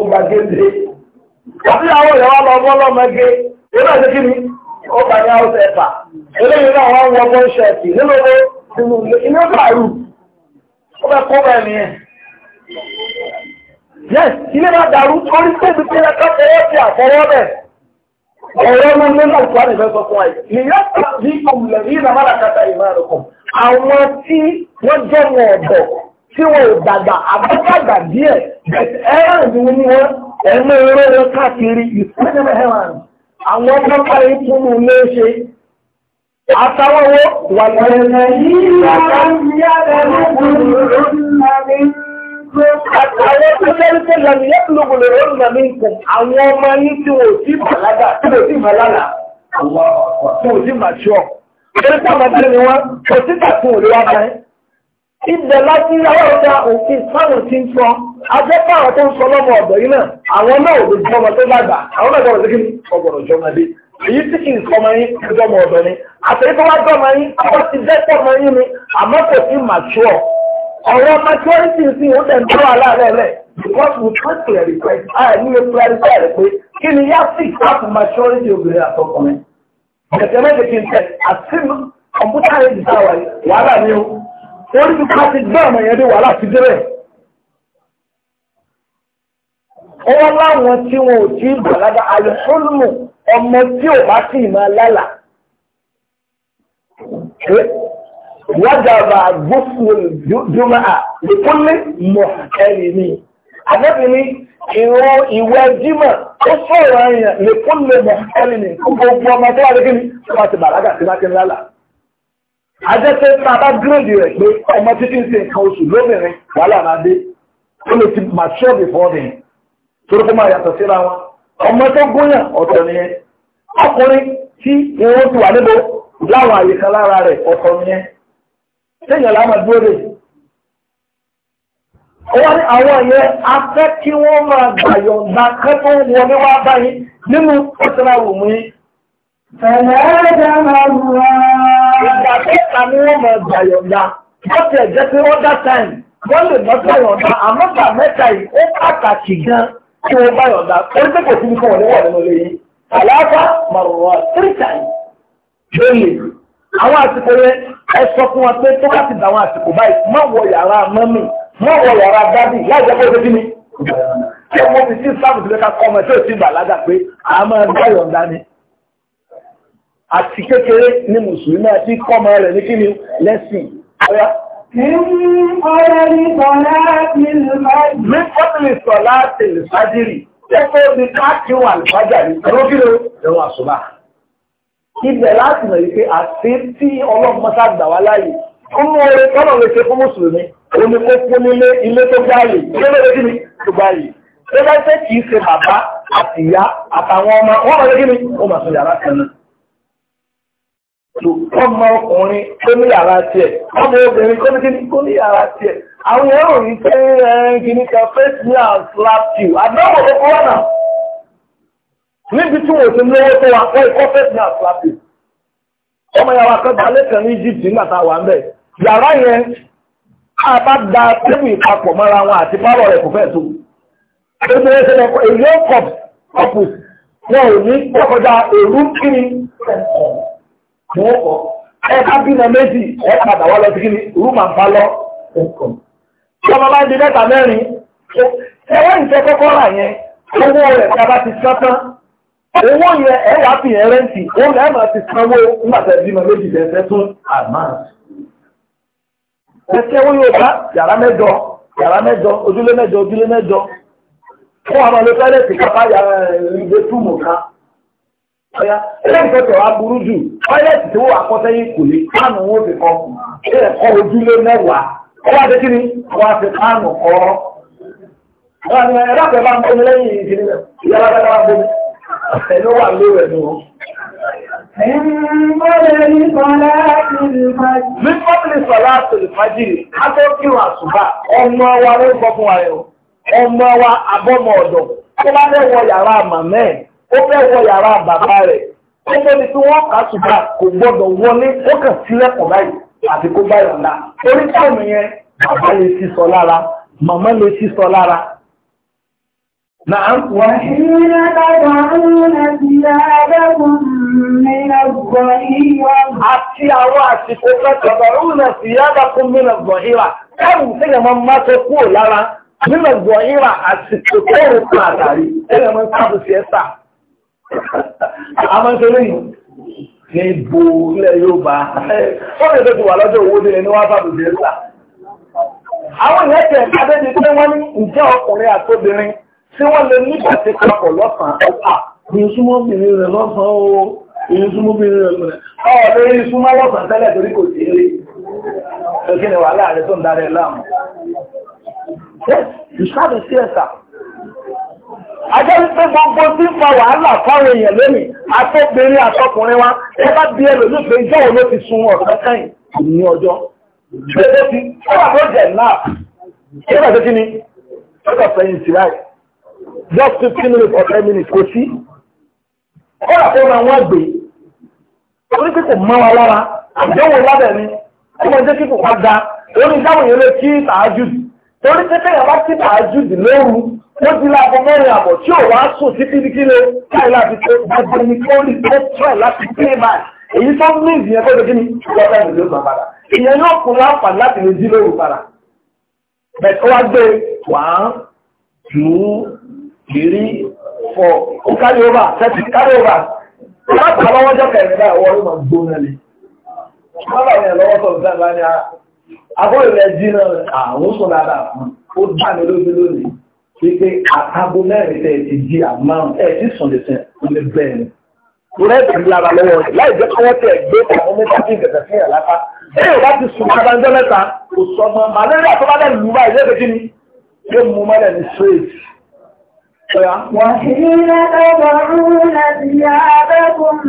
ó bá géńdé àti àwọn ìyàwó lọ bọ́ lọ́mọge ìlú àti kí ni ó bá ní àwọn ẹ̀fà eléyìí náà wọ́n wọ bọ́ ṣẹ̀tì nínú inú inú bàárù ó bẹ kó bẹ́ẹ̀ nìyẹn. yes ilé máa dàrú torí pé ibi tí ẹ̀ka fọwọ́ sí àfọwọ́ bẹ̀ ọ̀rọ̀ ló ní náà tó àdìfẹ́ sọ fún wa yìí nìyẹn tàbí òmùlẹ̀ yìí nàmàlà kàtà ìmọ̀ àrùkùn àwọn tí wọ́n jẹ́ wọn ọ̀dọ̀ tí wọn ò dàgbà àbúgbàgbà díẹ̀ ẹ̀rọ ni wọ́n ní wọ́n ẹ̀mọ eré wọn káàkiri ìpínlẹ̀ ẹ̀rọ̀n àwọn pápá ìkúnnù ló ṣe àtàwọ̀wọ́ wà lẹ́yìn yìí yàrá yàrá Àtàwọn tó tó lọ yẹ́pù lóògùn lè rọ́nà mí nǹkan, àwọn ọmọ yín tí wò sí bàlágà, tí wò sí bàlágà, tí wò sí màṣọ́. Eré pàmò ni wọ́n, kò sí tàkùn òlúwa bẹ́ẹ̀ ibẹ̀ láti ráwọ́ ọ̀dà òfin fáwọn tí ń sọ ajẹ́pọ̀ àwọn tó ń sọ lọ́mọ ọ̀dọ̀ yìí náà àwọn náà òbí jọmọ tó dàgbà àwọn náà gbọ́dọ̀ síkì ọgbọ̀dọ̀ jọmọdé èyí tí kì í sọmọ yín kí jọmọ ọ̀dọ̀ ni àtẹ̀yí tó wá jọmọ yín àwọn ti dẹ́pọ̀ mọ yín ni àmọ́ kò sí màtúọ̀ ọ̀rọ̀ maturity sí ó dẹ̀ ń bọ́ aláàlẹ́lẹ̀ because we can't clarify ẹ̀ ní o clarify rẹ̀ pé kí ni yá sí ìtàkùn maturity obìnrin àtọkùnrin ẹ̀sẹ̀ mẹ́tẹ̀ẹ̀kì ń tẹ̀ àti kọ̀mpútà rẹ̀ ìdáwà wàhálà ni ó orí bí ká ti gbé ọmọ yẹn dé wà láti dé bẹ́ẹ̀. ó wá láwọn tí wọn ò tí ì bàlágà àlùfólùmù ọmọ tí ò bá sì máa lálà. wájàbà gbósùn jùmọ̀ à lèkúnlé mọ̀ ẹ̀rì ni. àbẹ́bìnrin ìran ìwé jímọ̀ ó sọ̀rọ̀ ẹ̀yàn lèkúnlé mọ̀ ẹ̀rì ni gbogbo ọmọ tó wà lókè ní wọ́n ti bàlágà sí máa ti ajẹ́pẹ́ tá a bá gírèdì rẹ̀ pé ọmọ títí ń ṣe nǹkan oṣù lóbìnrin wàhálà máa dé ó lè ti mature before then torí kó máa yàtọ̀ síra wọn ọmọ tó gúnyàn ọ̀tọ̀ nìyẹn ọkùnrin tí irun ti wà níbo láwọn àyè lára rẹ̀ ọ̀tọ̀ nìyẹn téèyàn láwọn dúró lè. wọ́n ní àwọn yẹn a fẹ́ kí wọ́n máa gbàyọ̀ǹda kẹ́tọ́ wọlé wá báyìí nínú ó ti ra wù mí. Fẹ̀lẹ́ dàgbà wá àkẹ́kà ni wọ́n mọ̀ gbàyọ̀ǹda wọ́n ti ẹ̀jẹ̀ pé ọ́dà táìm wọ́n lè mọ́ gbàyọ̀ǹda àmọ́ gbà mẹ́ta yìí ó pàtàkì gan kí wọ́n gbàyọ̀ǹda torí pé kò sí ní fọwọ́n níwọ̀n nínú lẹ́yìn àlàáfà màrùwà tíríkà yìí lóye àwọn àsìkò yẹn ẹ sọ fún wa pé tó bá ti dà àwọn àsìkò báyìí má wọ yàrá mọ́mì má mọ́ àti kékeré ní mùsùlùmí àti kọ́mọ rẹ̀ ní kíni lẹ́sìn ara. Ní fọ́tìlì sọ̀lá tèlè fájìrì, tẹ́kọ́ ní káàkiri wà lùfájà ní ẹ̀rọ́kìlẹ̀ ẹ̀rọ àṣùbà. Ibẹ̀ láti mọ̀ wípé àti tí ọlọ́mọta gbà wá láàyè, fún oore tọ́lọ̀ lè ṣe fún mùsùlùmí, òun ni kó fún nílé ilé tó gbáyè, ilé lóde kí ni tó gbáyè. Ṣé bá jẹ́ kìí ṣe bàbá àtìyá àtàwọn ọmọ, wọ́n máa lé kí ni? Ó máa sọ yàrá kan náà ọmọ ọkùnrin tó ní yàrá tiẹ̀ ọmọ obìnrin kó ní kí ní kó ní yàrá tiẹ̀ àwọn èèyàn ò rí pé ẹ̀ẹ́n kì ní kan face me and slap you àdánwò tó kọ́ wọ́nà níbi tí wọ́n ti lówó tó wà pé kọ́ face me and slap you ọmọ yàrá kan balẹ̀ kan ní Egypt nígbà tá a wà ń bẹ̀ yàrá yẹn a bá da tébù ìpapọ̀ mọ́ra wọn àti pálọ̀ rẹ̀ kò fẹ́ tó gbogbo ẹsẹ̀ lọ́kọ̀ èyí ó kọ̀ ọ̀pù wọn ò ní kọkọjá èrú kiri ẹ̀kọ́ mọ́ọ̀kọ́ ẹ bá bímọ méjì ẹ padà wá lọ sí kí ni rúmà ń bá lọ ẹ̀kọ́. bá di mẹ́ta mẹ́rin ẹwọ́ ìfẹ́ kọ́kọ́ rà yẹn owó rẹ̀ tí a bá ti sán tán owó yẹn ẹ wàá fi yẹn rẹ́ǹtì òun máa ti sanwó nígbà tẹ̀ méjì tún ẹsẹ̀ ọ̀yá ẹlẹ́gbẹ̀tọ̀ aburú jù ọ́yẹ́tì tí ó wà kọ́ sẹ́yìn kò lè pánù wọn fi kọ́ ẹ̀ ojúlé mẹ́wàá ọwọ́ àti kíni wọ́n fi pánù kọ́ ẹ̀rọ̀pẹ̀ bá ń bomi lẹ́yìn ìdílé ìyára bá ń bomi ẹ̀lú wà lóore nù. Mímọ́lẹ̀ sọ̀lá tòlùfájì Adókìrò ọmọ wa ló ń gbọ́ fún wa rẹ̀ o. Ọmọ wa abọ́mọ ọ̀dọ̀ tó bá lẹ́wọ̀ yàrá màmẹ́ ó fẹ́ wọ bàbá rẹ̀ ó tó tí wọ́n kà ṣùgbọ́n kò gbọ́dọ̀ wọlé ó kàn sílẹ̀kùn báyìí àti kó báyìí ọ̀la torí táwọn yẹn bàbá lè sísọ lára màmá lè sísọ lára نعم وحين تدعون ثيابكم من الظهيرة àti àwọn àsìkò تدعون ثيابكم من الظهيرة àmọ́ ìṣẹ́lẹ̀ yìí ní ìbò ilẹ̀ yóò bá wọ́n lè tẹ́tù wà lọ́jọ́ owó délé ní wọ́n fàbí délé là. àwọn ìyẹn tẹ̀ adéjì pé wọ́n ní ìjẹ́ ọkùnrin àtòbìnrin tí wọ́n lè ní ìbàtí papọ̀ lọ́sàn-án ọ̀pá. ìyẹn súnmọ́ obìnrin rẹ̀ lọ́sàn-án o ìyẹn súnmọ́ obìnrin rẹ̀ lọ́sàn-án. ọ̀ lórí súnmọ́ lọ́sàn-án tẹ́lẹ̀ torí kò sí eré. òkè ni wàhálà rẹ̀ tó ń darẹ̀ láàmú. yes you start to see it ajẹ́ wípé gbogbo tí ń fa wàhálà fáwọn èèyàn lónìí atọ́bìnrin àtọkùnrin wa ẹ bá bí ẹlòmíì pé ìjọ wo ló ti sun ọ̀sán kẹ́yìn ní ọjọ́ gbogbo ti kọ́lá tó jẹ̀ náà kí ló ṣe kí ni lọ́dọ̀ fẹ̀yìn sí láì just fifteen minutes or ten minutes kò sí kọ́lá tó máa wọ́n gbé orí pé kò mọ́ wa lára àdéhùn lábẹ́ ni kí wọ́n jẹ́ kí kò wá da orí dáhùn yẹn lè kí tàájú torí pé kẹ́yìn bá kí tàájú lóru ó ti láàbọ̀ mẹ́rin àbọ̀ tí ò wá sùn sí kíndìkíndì káì láti tó gbogbo ní kí ó rí tó tẹ̀ láti pé báyìí èyí tó ní ìdíyẹn tó dókí ní ìjọba ìlú ìgbà padà ìyẹn yóò kún láǹfà láti lè jí lóru padà bẹ́ẹ̀ tó wá gbé wàá jù ú kiri fọ ó kárí ova tẹ́tí kárí ova láti àwọn ọjọ́ kẹrin báyìí wọ́n máa gbóná lé wọ́n bá yẹn lọ́wọ́ sọ̀rọ̀ sáà bá ní àbọ̀ ìrẹ́jì náà àwọn sọ̀rọ̀ àdá ó dá mi lójú lónìí wípé àtàbò mẹ́rin tẹ́ ti di àmàrùn ẹ̀ tí sùn lè sìn ní bẹ́ẹ̀ ni. Ìrẹ́ ìbẹ̀rù lára lọ́wọ́ rẹ̀ láì jẹ́ kí wọ́n tẹ̀ gbé àwọn mẹ́ta bí ìgbẹ̀fẹ̀ fún yàrá ká. Ẹ̀yọ̀ bá ti sùn kábà ń mẹ́ta kò sọ ọmọ màlẹ́rì àtọ́bá dẹ̀ lù bá ìlé ìbẹ̀jì ni. Yóò mú mọ́lẹ̀ ní straight. وحين تضعون ثيابكم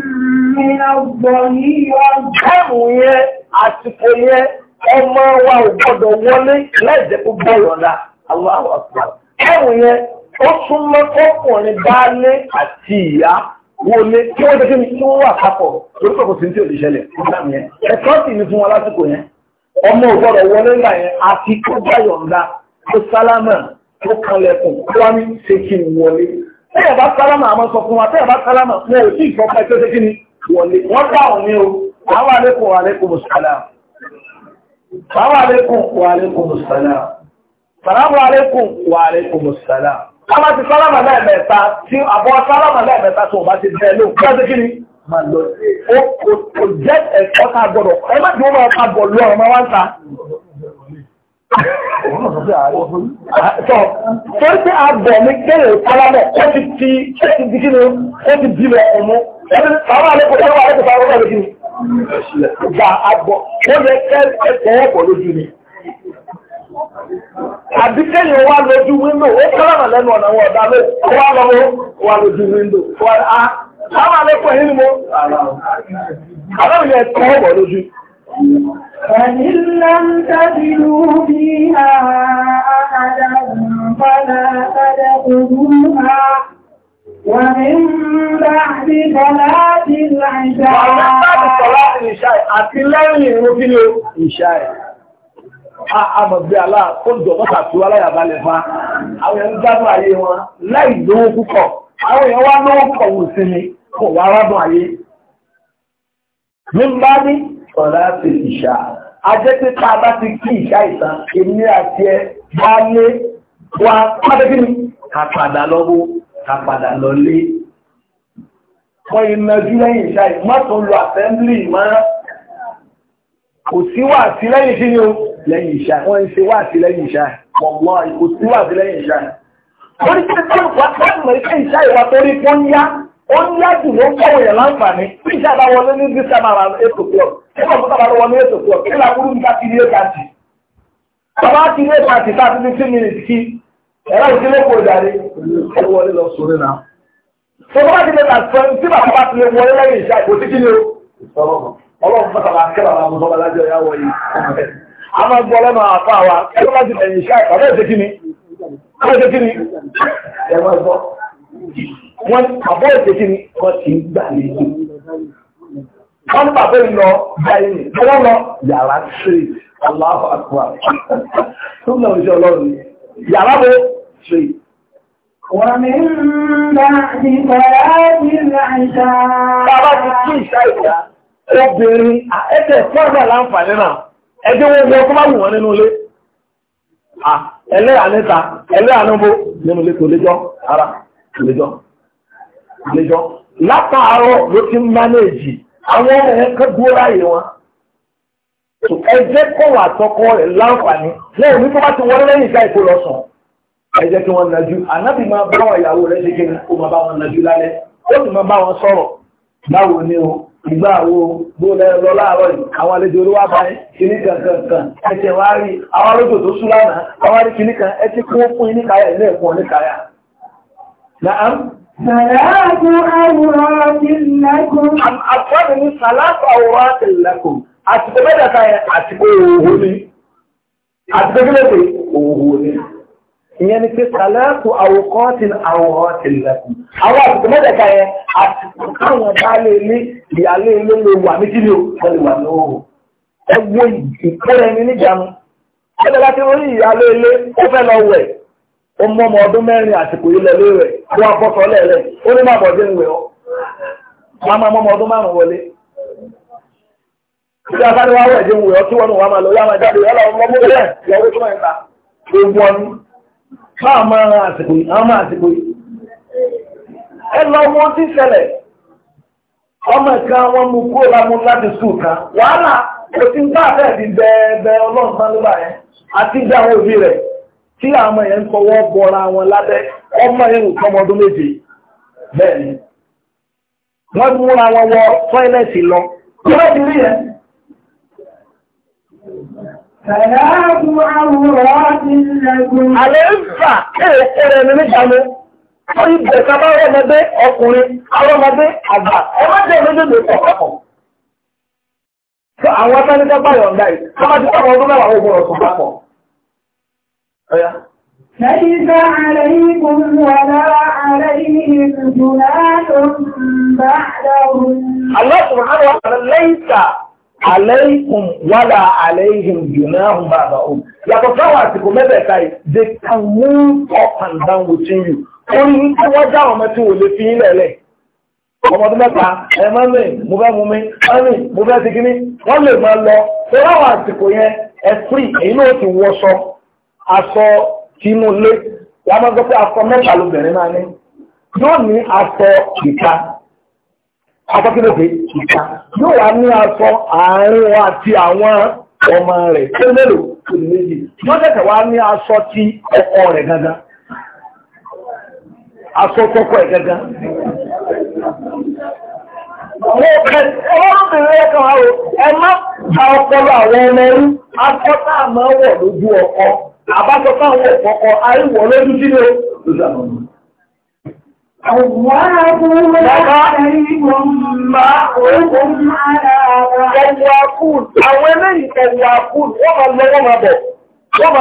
من الظهيرة. Kẹ́mù yẹn àsìkò yẹn ọmọ wa ò gbọ́dọ̀ wọlé láì jẹ́ kó gbọ́ ẹ̀wù yẹn ó súnmọ́ ọkùnrin baálé àti ìyá wọlé kí wọ́n tẹ́kí tí wọ́n wà papọ̀ lórúkọ kò sí ní tí òdì ṣẹlẹ̀ ìdáàmì yẹn ẹ̀kọ́ sì ní fún wọn lásìkò yẹn ọmọ ògbọ́dọ̀ wọlé ńlá yẹn àti kó bá yọ̀ǹda kó sálámà kó kanlẹ̀kùn kó wá ní ṣe kí n wọlé tẹ́yà bá sálámà àmọ́ sọ fún wa tẹ́yà bá sálámà wọn ò tí ì fọ́pá ẹjọ́ ni wọlé wọ́n bá wọn ní o àwọn àlékún àlékún mùsàlá àwọn àlékún àlékún mùsàlá Salamu alaikum wa alaikum salam. A máa ti sálámà lẹ́ẹ̀mẹ́ta tí àbọ̀ sálámà lẹ́ẹ̀mẹ́ta tó bá ti bẹ́ẹ̀ ló kọ́ sí o o jẹ́ ẹ̀kọ́ ká gbọ́dọ̀. Ẹ má dùn máa ká bọ̀ lọ ọmọ wá ń ta. Sọ torí pé àbọ̀ mi kéré sálámà ó ti ti ó ti di kíni ó ti di lọ ọmọ. Ẹni sálámà lẹ́kọ̀ọ́ sálámà lẹ́kọ̀ọ́ sálámà lẹ́kọ̀ọ́ kíni. Ìgbà àbọ̀ ó yẹ kẹ́ ẹ̀kọ́ ọ̀pọ̀ lójú ni. àbí kéèyàn wá lójú wíńdò ó kọ́lọ́nà lẹ́nu ọ̀nà wọn ọ̀dà ló wá lọ́wọ́ wá lójú wíńdò wá á sábà lẹ́kọ̀ọ́ yìí ni mo àwọn èèyàn tó wọ̀ lójú. فإن لم تجدوا فيها àmọ̀gbé aláàkójọ mọ́ta tí wá láyàbalẹ̀ fa àwọn èèyàn gbádùn ayé wọn láì lówó púpọ̀ àwọn èèyàn wá lówó púpọ̀ wò sí ni kò wá rádùn ayé. nígbà ní ọ̀rá ti ìṣà ajẹ́ pé ká bá ti kí ìṣá ìtàn èmi àti ẹ bá lé wa pàdé kí ni ká padà lọ́wọ́ ká padà lọ lé. wọ́n yìí náà jù lẹ́yìn ìṣá ìmọ̀tò lọ assembly máa kò sí wà sí lẹ́yìn kí ni o lẹ́yìn ìṣá wọ́n ń ṣe wà sí lẹ́yìn ìṣá ọ̀pọ̀ kò sí wà sí lẹ́yìn ìṣá. wọ́n ní pé tí wàá fẹ́ mọ̀ ẹ́ ìṣá ìwà torí kó ń yá ó ń yá jù ló ń kọ̀wé yẹn láǹfààní bí ìṣá bá wọlé ní bí sábà rà ètò club tí wọ́n bá wọlé ètò club kí làkúrú nípa ti ní èkàtì. bàbá ti ní èkàtì tá a ti ní kí ẹ̀rọ ìdílé kò jáde ẹ wọlé lọ sórí náà ọlọ́run pàtàkì akẹ́rọ àwọn ọmọ alájọ ya wọ yìí a máa gbọ́ lọ́nà àfa wa ẹgbẹ́ láti lẹ́yìn iṣẹ́ àìkọ́ ọ̀rẹ́ ìṣekí ni ọ̀rẹ́ ìṣekí ni ẹ máa gbọ́ wọn àbọ̀ ìṣekí ni wọ́n ti ń gbà ní ìlú wọ́n pàpẹ́ lọ báyìí lọ́wọ́ lọ yàrá tírì aláwọ̀ àkùrà tó ń lọ sí ọlọ́run yàrá bó tírì. ومن بعد obìnrin ẹ̀tẹ̀ fọ́nà láǹfààní náà ẹjẹ́ wọ́n wọ́n tó bá wù wọ́n nínú ilé ẹlẹ́yà níta ẹlẹ́yà níbo nínú ilé tó léjọ́ ara léjọ́ léjọ́ látàárọ̀ ló ti ń mánéèjì àwọn ọmọ yẹn kọ́ dúró ráyè wọn ẹjẹ́ kọ́ wà tọkọ rẹ̀ láǹfààní lẹ́yìn ní tó bá ti wọlé lẹ́yìn ìka ìkó lọ sùn ẹjẹ́ kí wọ́n najú ànábì máa bá wọn ìyàwó rẹ̀ ṣe kí ó máa bá wọn najú lálẹ́ ó sì máa bá wọn sọ̀rọ̀ báwo ni o ìgbà wo bó lọ láàárọ̀ yìí àwọn àlejò olówó abáyé kìíní kankan ẹ̀jẹ̀ wá rí àwọn arúgbò tó sún àwọn rí kìíní kan ẹtí kó fún yín níkàyà ilé ẹ̀kọ́ ní sàlátù Àtìkò mẹ́ta kan àtìkò òwò Àtìkò kílẹ̀ pé òwò ìyẹn ni pé sàlẹ́kù àwòkọ́tìn àwòkọ́tìn lẹ́kùn. Àwọn yẹn bá lè ní ilé ló wà ní lè wà Ẹ wo ìpẹ́rẹ́ ni níjànú. Ṣé láti rí ìyálé ilé ó fẹ́ lọ wẹ̀? Ó ọmọ ọdún mẹ́rin rẹ̀, ó wá bọ́ rẹ̀, ó ní máa bọ̀dé ìwẹ̀ ọ́. máa ọmọ ọdún márùn-ún wọlé. máa máa ran àsìkò yìí àwọn máa àsìkò yìí ẹ lọ mọ tí ṣẹlẹ̀ ọmọ kan wọn mú kúrò lámú láti sùn kan wàhálà kò ń bá àbẹ́ẹ̀ di bẹ́ẹ̀ ọlọ́run máa ló bá yẹn àti bí àwọn òbí rẹ̀ tí àwọn yẹn ń fọwọ́ bọra wọn lábẹ́ ọmọ yẹn ń kọ́ ọmọdún Sàlámù àwòrán ti lẹ́gùn. Àlẹ́ ń fà ẹ̀rẹ̀ ní níta mú. Orí bẹ̀ẹ̀ká bá rọ́mọdé ọkùnrin, arọ́mọdé àgbà, ẹmọ́dé méjèèjì ọ̀pọ̀. Àwọn afẹ́nikẹ́ báyọ̀ ọ̀gá yìí, a máa ti pàpọ̀ ọdún عليهم جناح بعدهم. الله سبحانه وتعالى aleikum wala aleihim junahum ba'dahum yàtọ̀ sáwọn àsìkò mẹ́tẹ̀ẹ̀ta yìí they can move up and down within you ó tí wọ́n já lè fi yín lẹ̀lẹ̀ ọmọ mẹ́ta ẹ má mi mo fẹ́ mu mi mi mo fẹ́ ti kíní wọ́n lè máa lọ pé àsìkò yẹn ẹ èyí náà ti wọṣọ aṣọ pé aṣọ mẹ́ta lóbìnrin ní yóò ní aṣọ akọ́kílòpé ìta yóò wá ní aṣọ àárín wọn àti àwọn ọmọ rẹ̀ tó mélòó tó méjì wọ́n tẹ̀tẹ̀ wá ní ti ọkọ rẹ̀ gangan aṣọ tọkọ ẹ̀ gangan. Ọlọ́bìnrin ẹ̀kan àrò ẹ ọkọ ta ọpọlọ àwọn ọmọ a wọ̀ lójú ọkọ Ẹwàkùn, àwọn eléyìí ẹwàkùn, wọ́n máa lọ́wọ́ máa bọ̀, wọ́n máa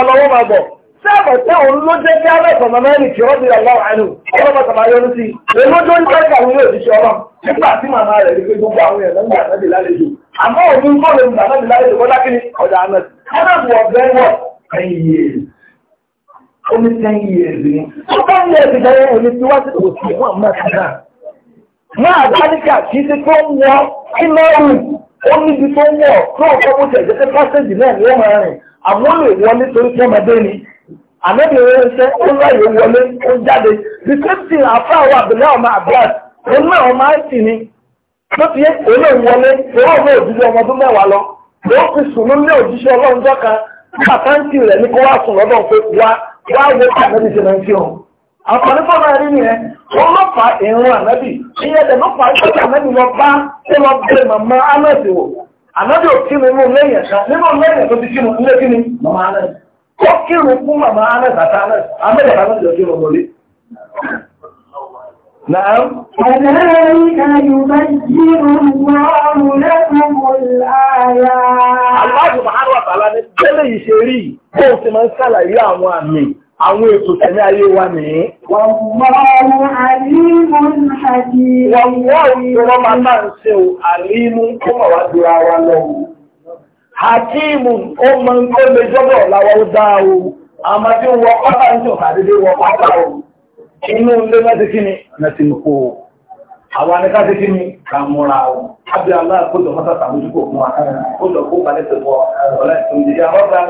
lọ́wọ́ máa bọ̀. Sáàbọ̀ tí òun ló jẹ́ kí alẹ́sàn máa mẹ́rin kí rọ́bì aláwọ̀ àánú, ọlọ́pàá tàbí ayọ́nú sí, èló tó ń tẹ́kà àwọn ilé òṣìṣẹ́ ọlọ́run, nígbà tí màmá rẹ̀ rí pé gbogbo àwọn èèyàn lọ́gbà náà dì lálejò. Àmọ́ òun kọ́ lè mú àná dì lálejò kọ́lá kí ni ọ̀dà àná. Ọ̀dà Only ten years eh? ni ó bá ń lé ẹ̀sìn ẹ̀yẹ òní tí wá sí òsì wọn mẹ́ta náà. máa dáríkà kì í ṣe tó ń wọ kílọ̀rù ó níbi tó ń wọ̀ tó ọ̀pọ̀ bó ṣe ìjẹ́sẹ̀ pásẹ̀jì náà ni ó máa rìn àwọn olè wọlé torí tọ́mọdé ni àmẹ́bí rẹ̀ ṣe ó láyé wọlé ó jáde the same thing àfáà wà bẹ̀lẹ́ ọmọ abdul òun náà ọmọ àìsí ni ló ti yẹ òun náà wọlé òun ọmọ òjíṣẹ́ ọmọ ọdún mẹ́wàá lọ ló fi sùn ní òjíṣẹ́ ọlọ́run jọ́ka bàtàǹtì rẹ̀ ní kó wá sùn lọ́dọ̀ pé wá wá wo bí ànábì ṣe máa ń kírun àǹfààní fún ọmọ rí nìyẹn wọn lọ fa ìrún ànábì ìyẹn tẹ lọ fa ìṣẹ́jú ànábì lọ bá ṣé lọ bẹ màmá anọ́ọ̀sì wò ànábì ò kírun inú lẹ́yìn ẹ̀ka nínú lẹ́yìn ẹ̀ka ti kírun ilé kíni màmá anọ́ọ̀sì ó kírun fún màmá anọ́ọ̀sì àti anọ́ọ̀sì نعم كذلك يبين الله لكم الآيات الله سبحانه وتعالى ní bẹ́lẹ̀ ìṣerí bó ti máa ń àwọn ètò tẹ̀mí ayé wa ní. máa wá dúra wa lọ. Hakimu ó máa ń kó lè jọ́bọ̀ láwọ́ dáa o, ń o. inú ilé láti kí ni ọ̀nà ti kó àwọn anìká ti kí ni ká múra o ábí aláàkójọ mọ́ta tàbí kò fún wa kójọ kó balẹ̀ tó bọ̀ ọ̀rẹ́ tó ń di àwọ́gbà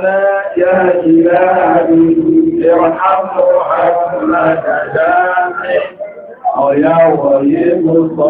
náà yá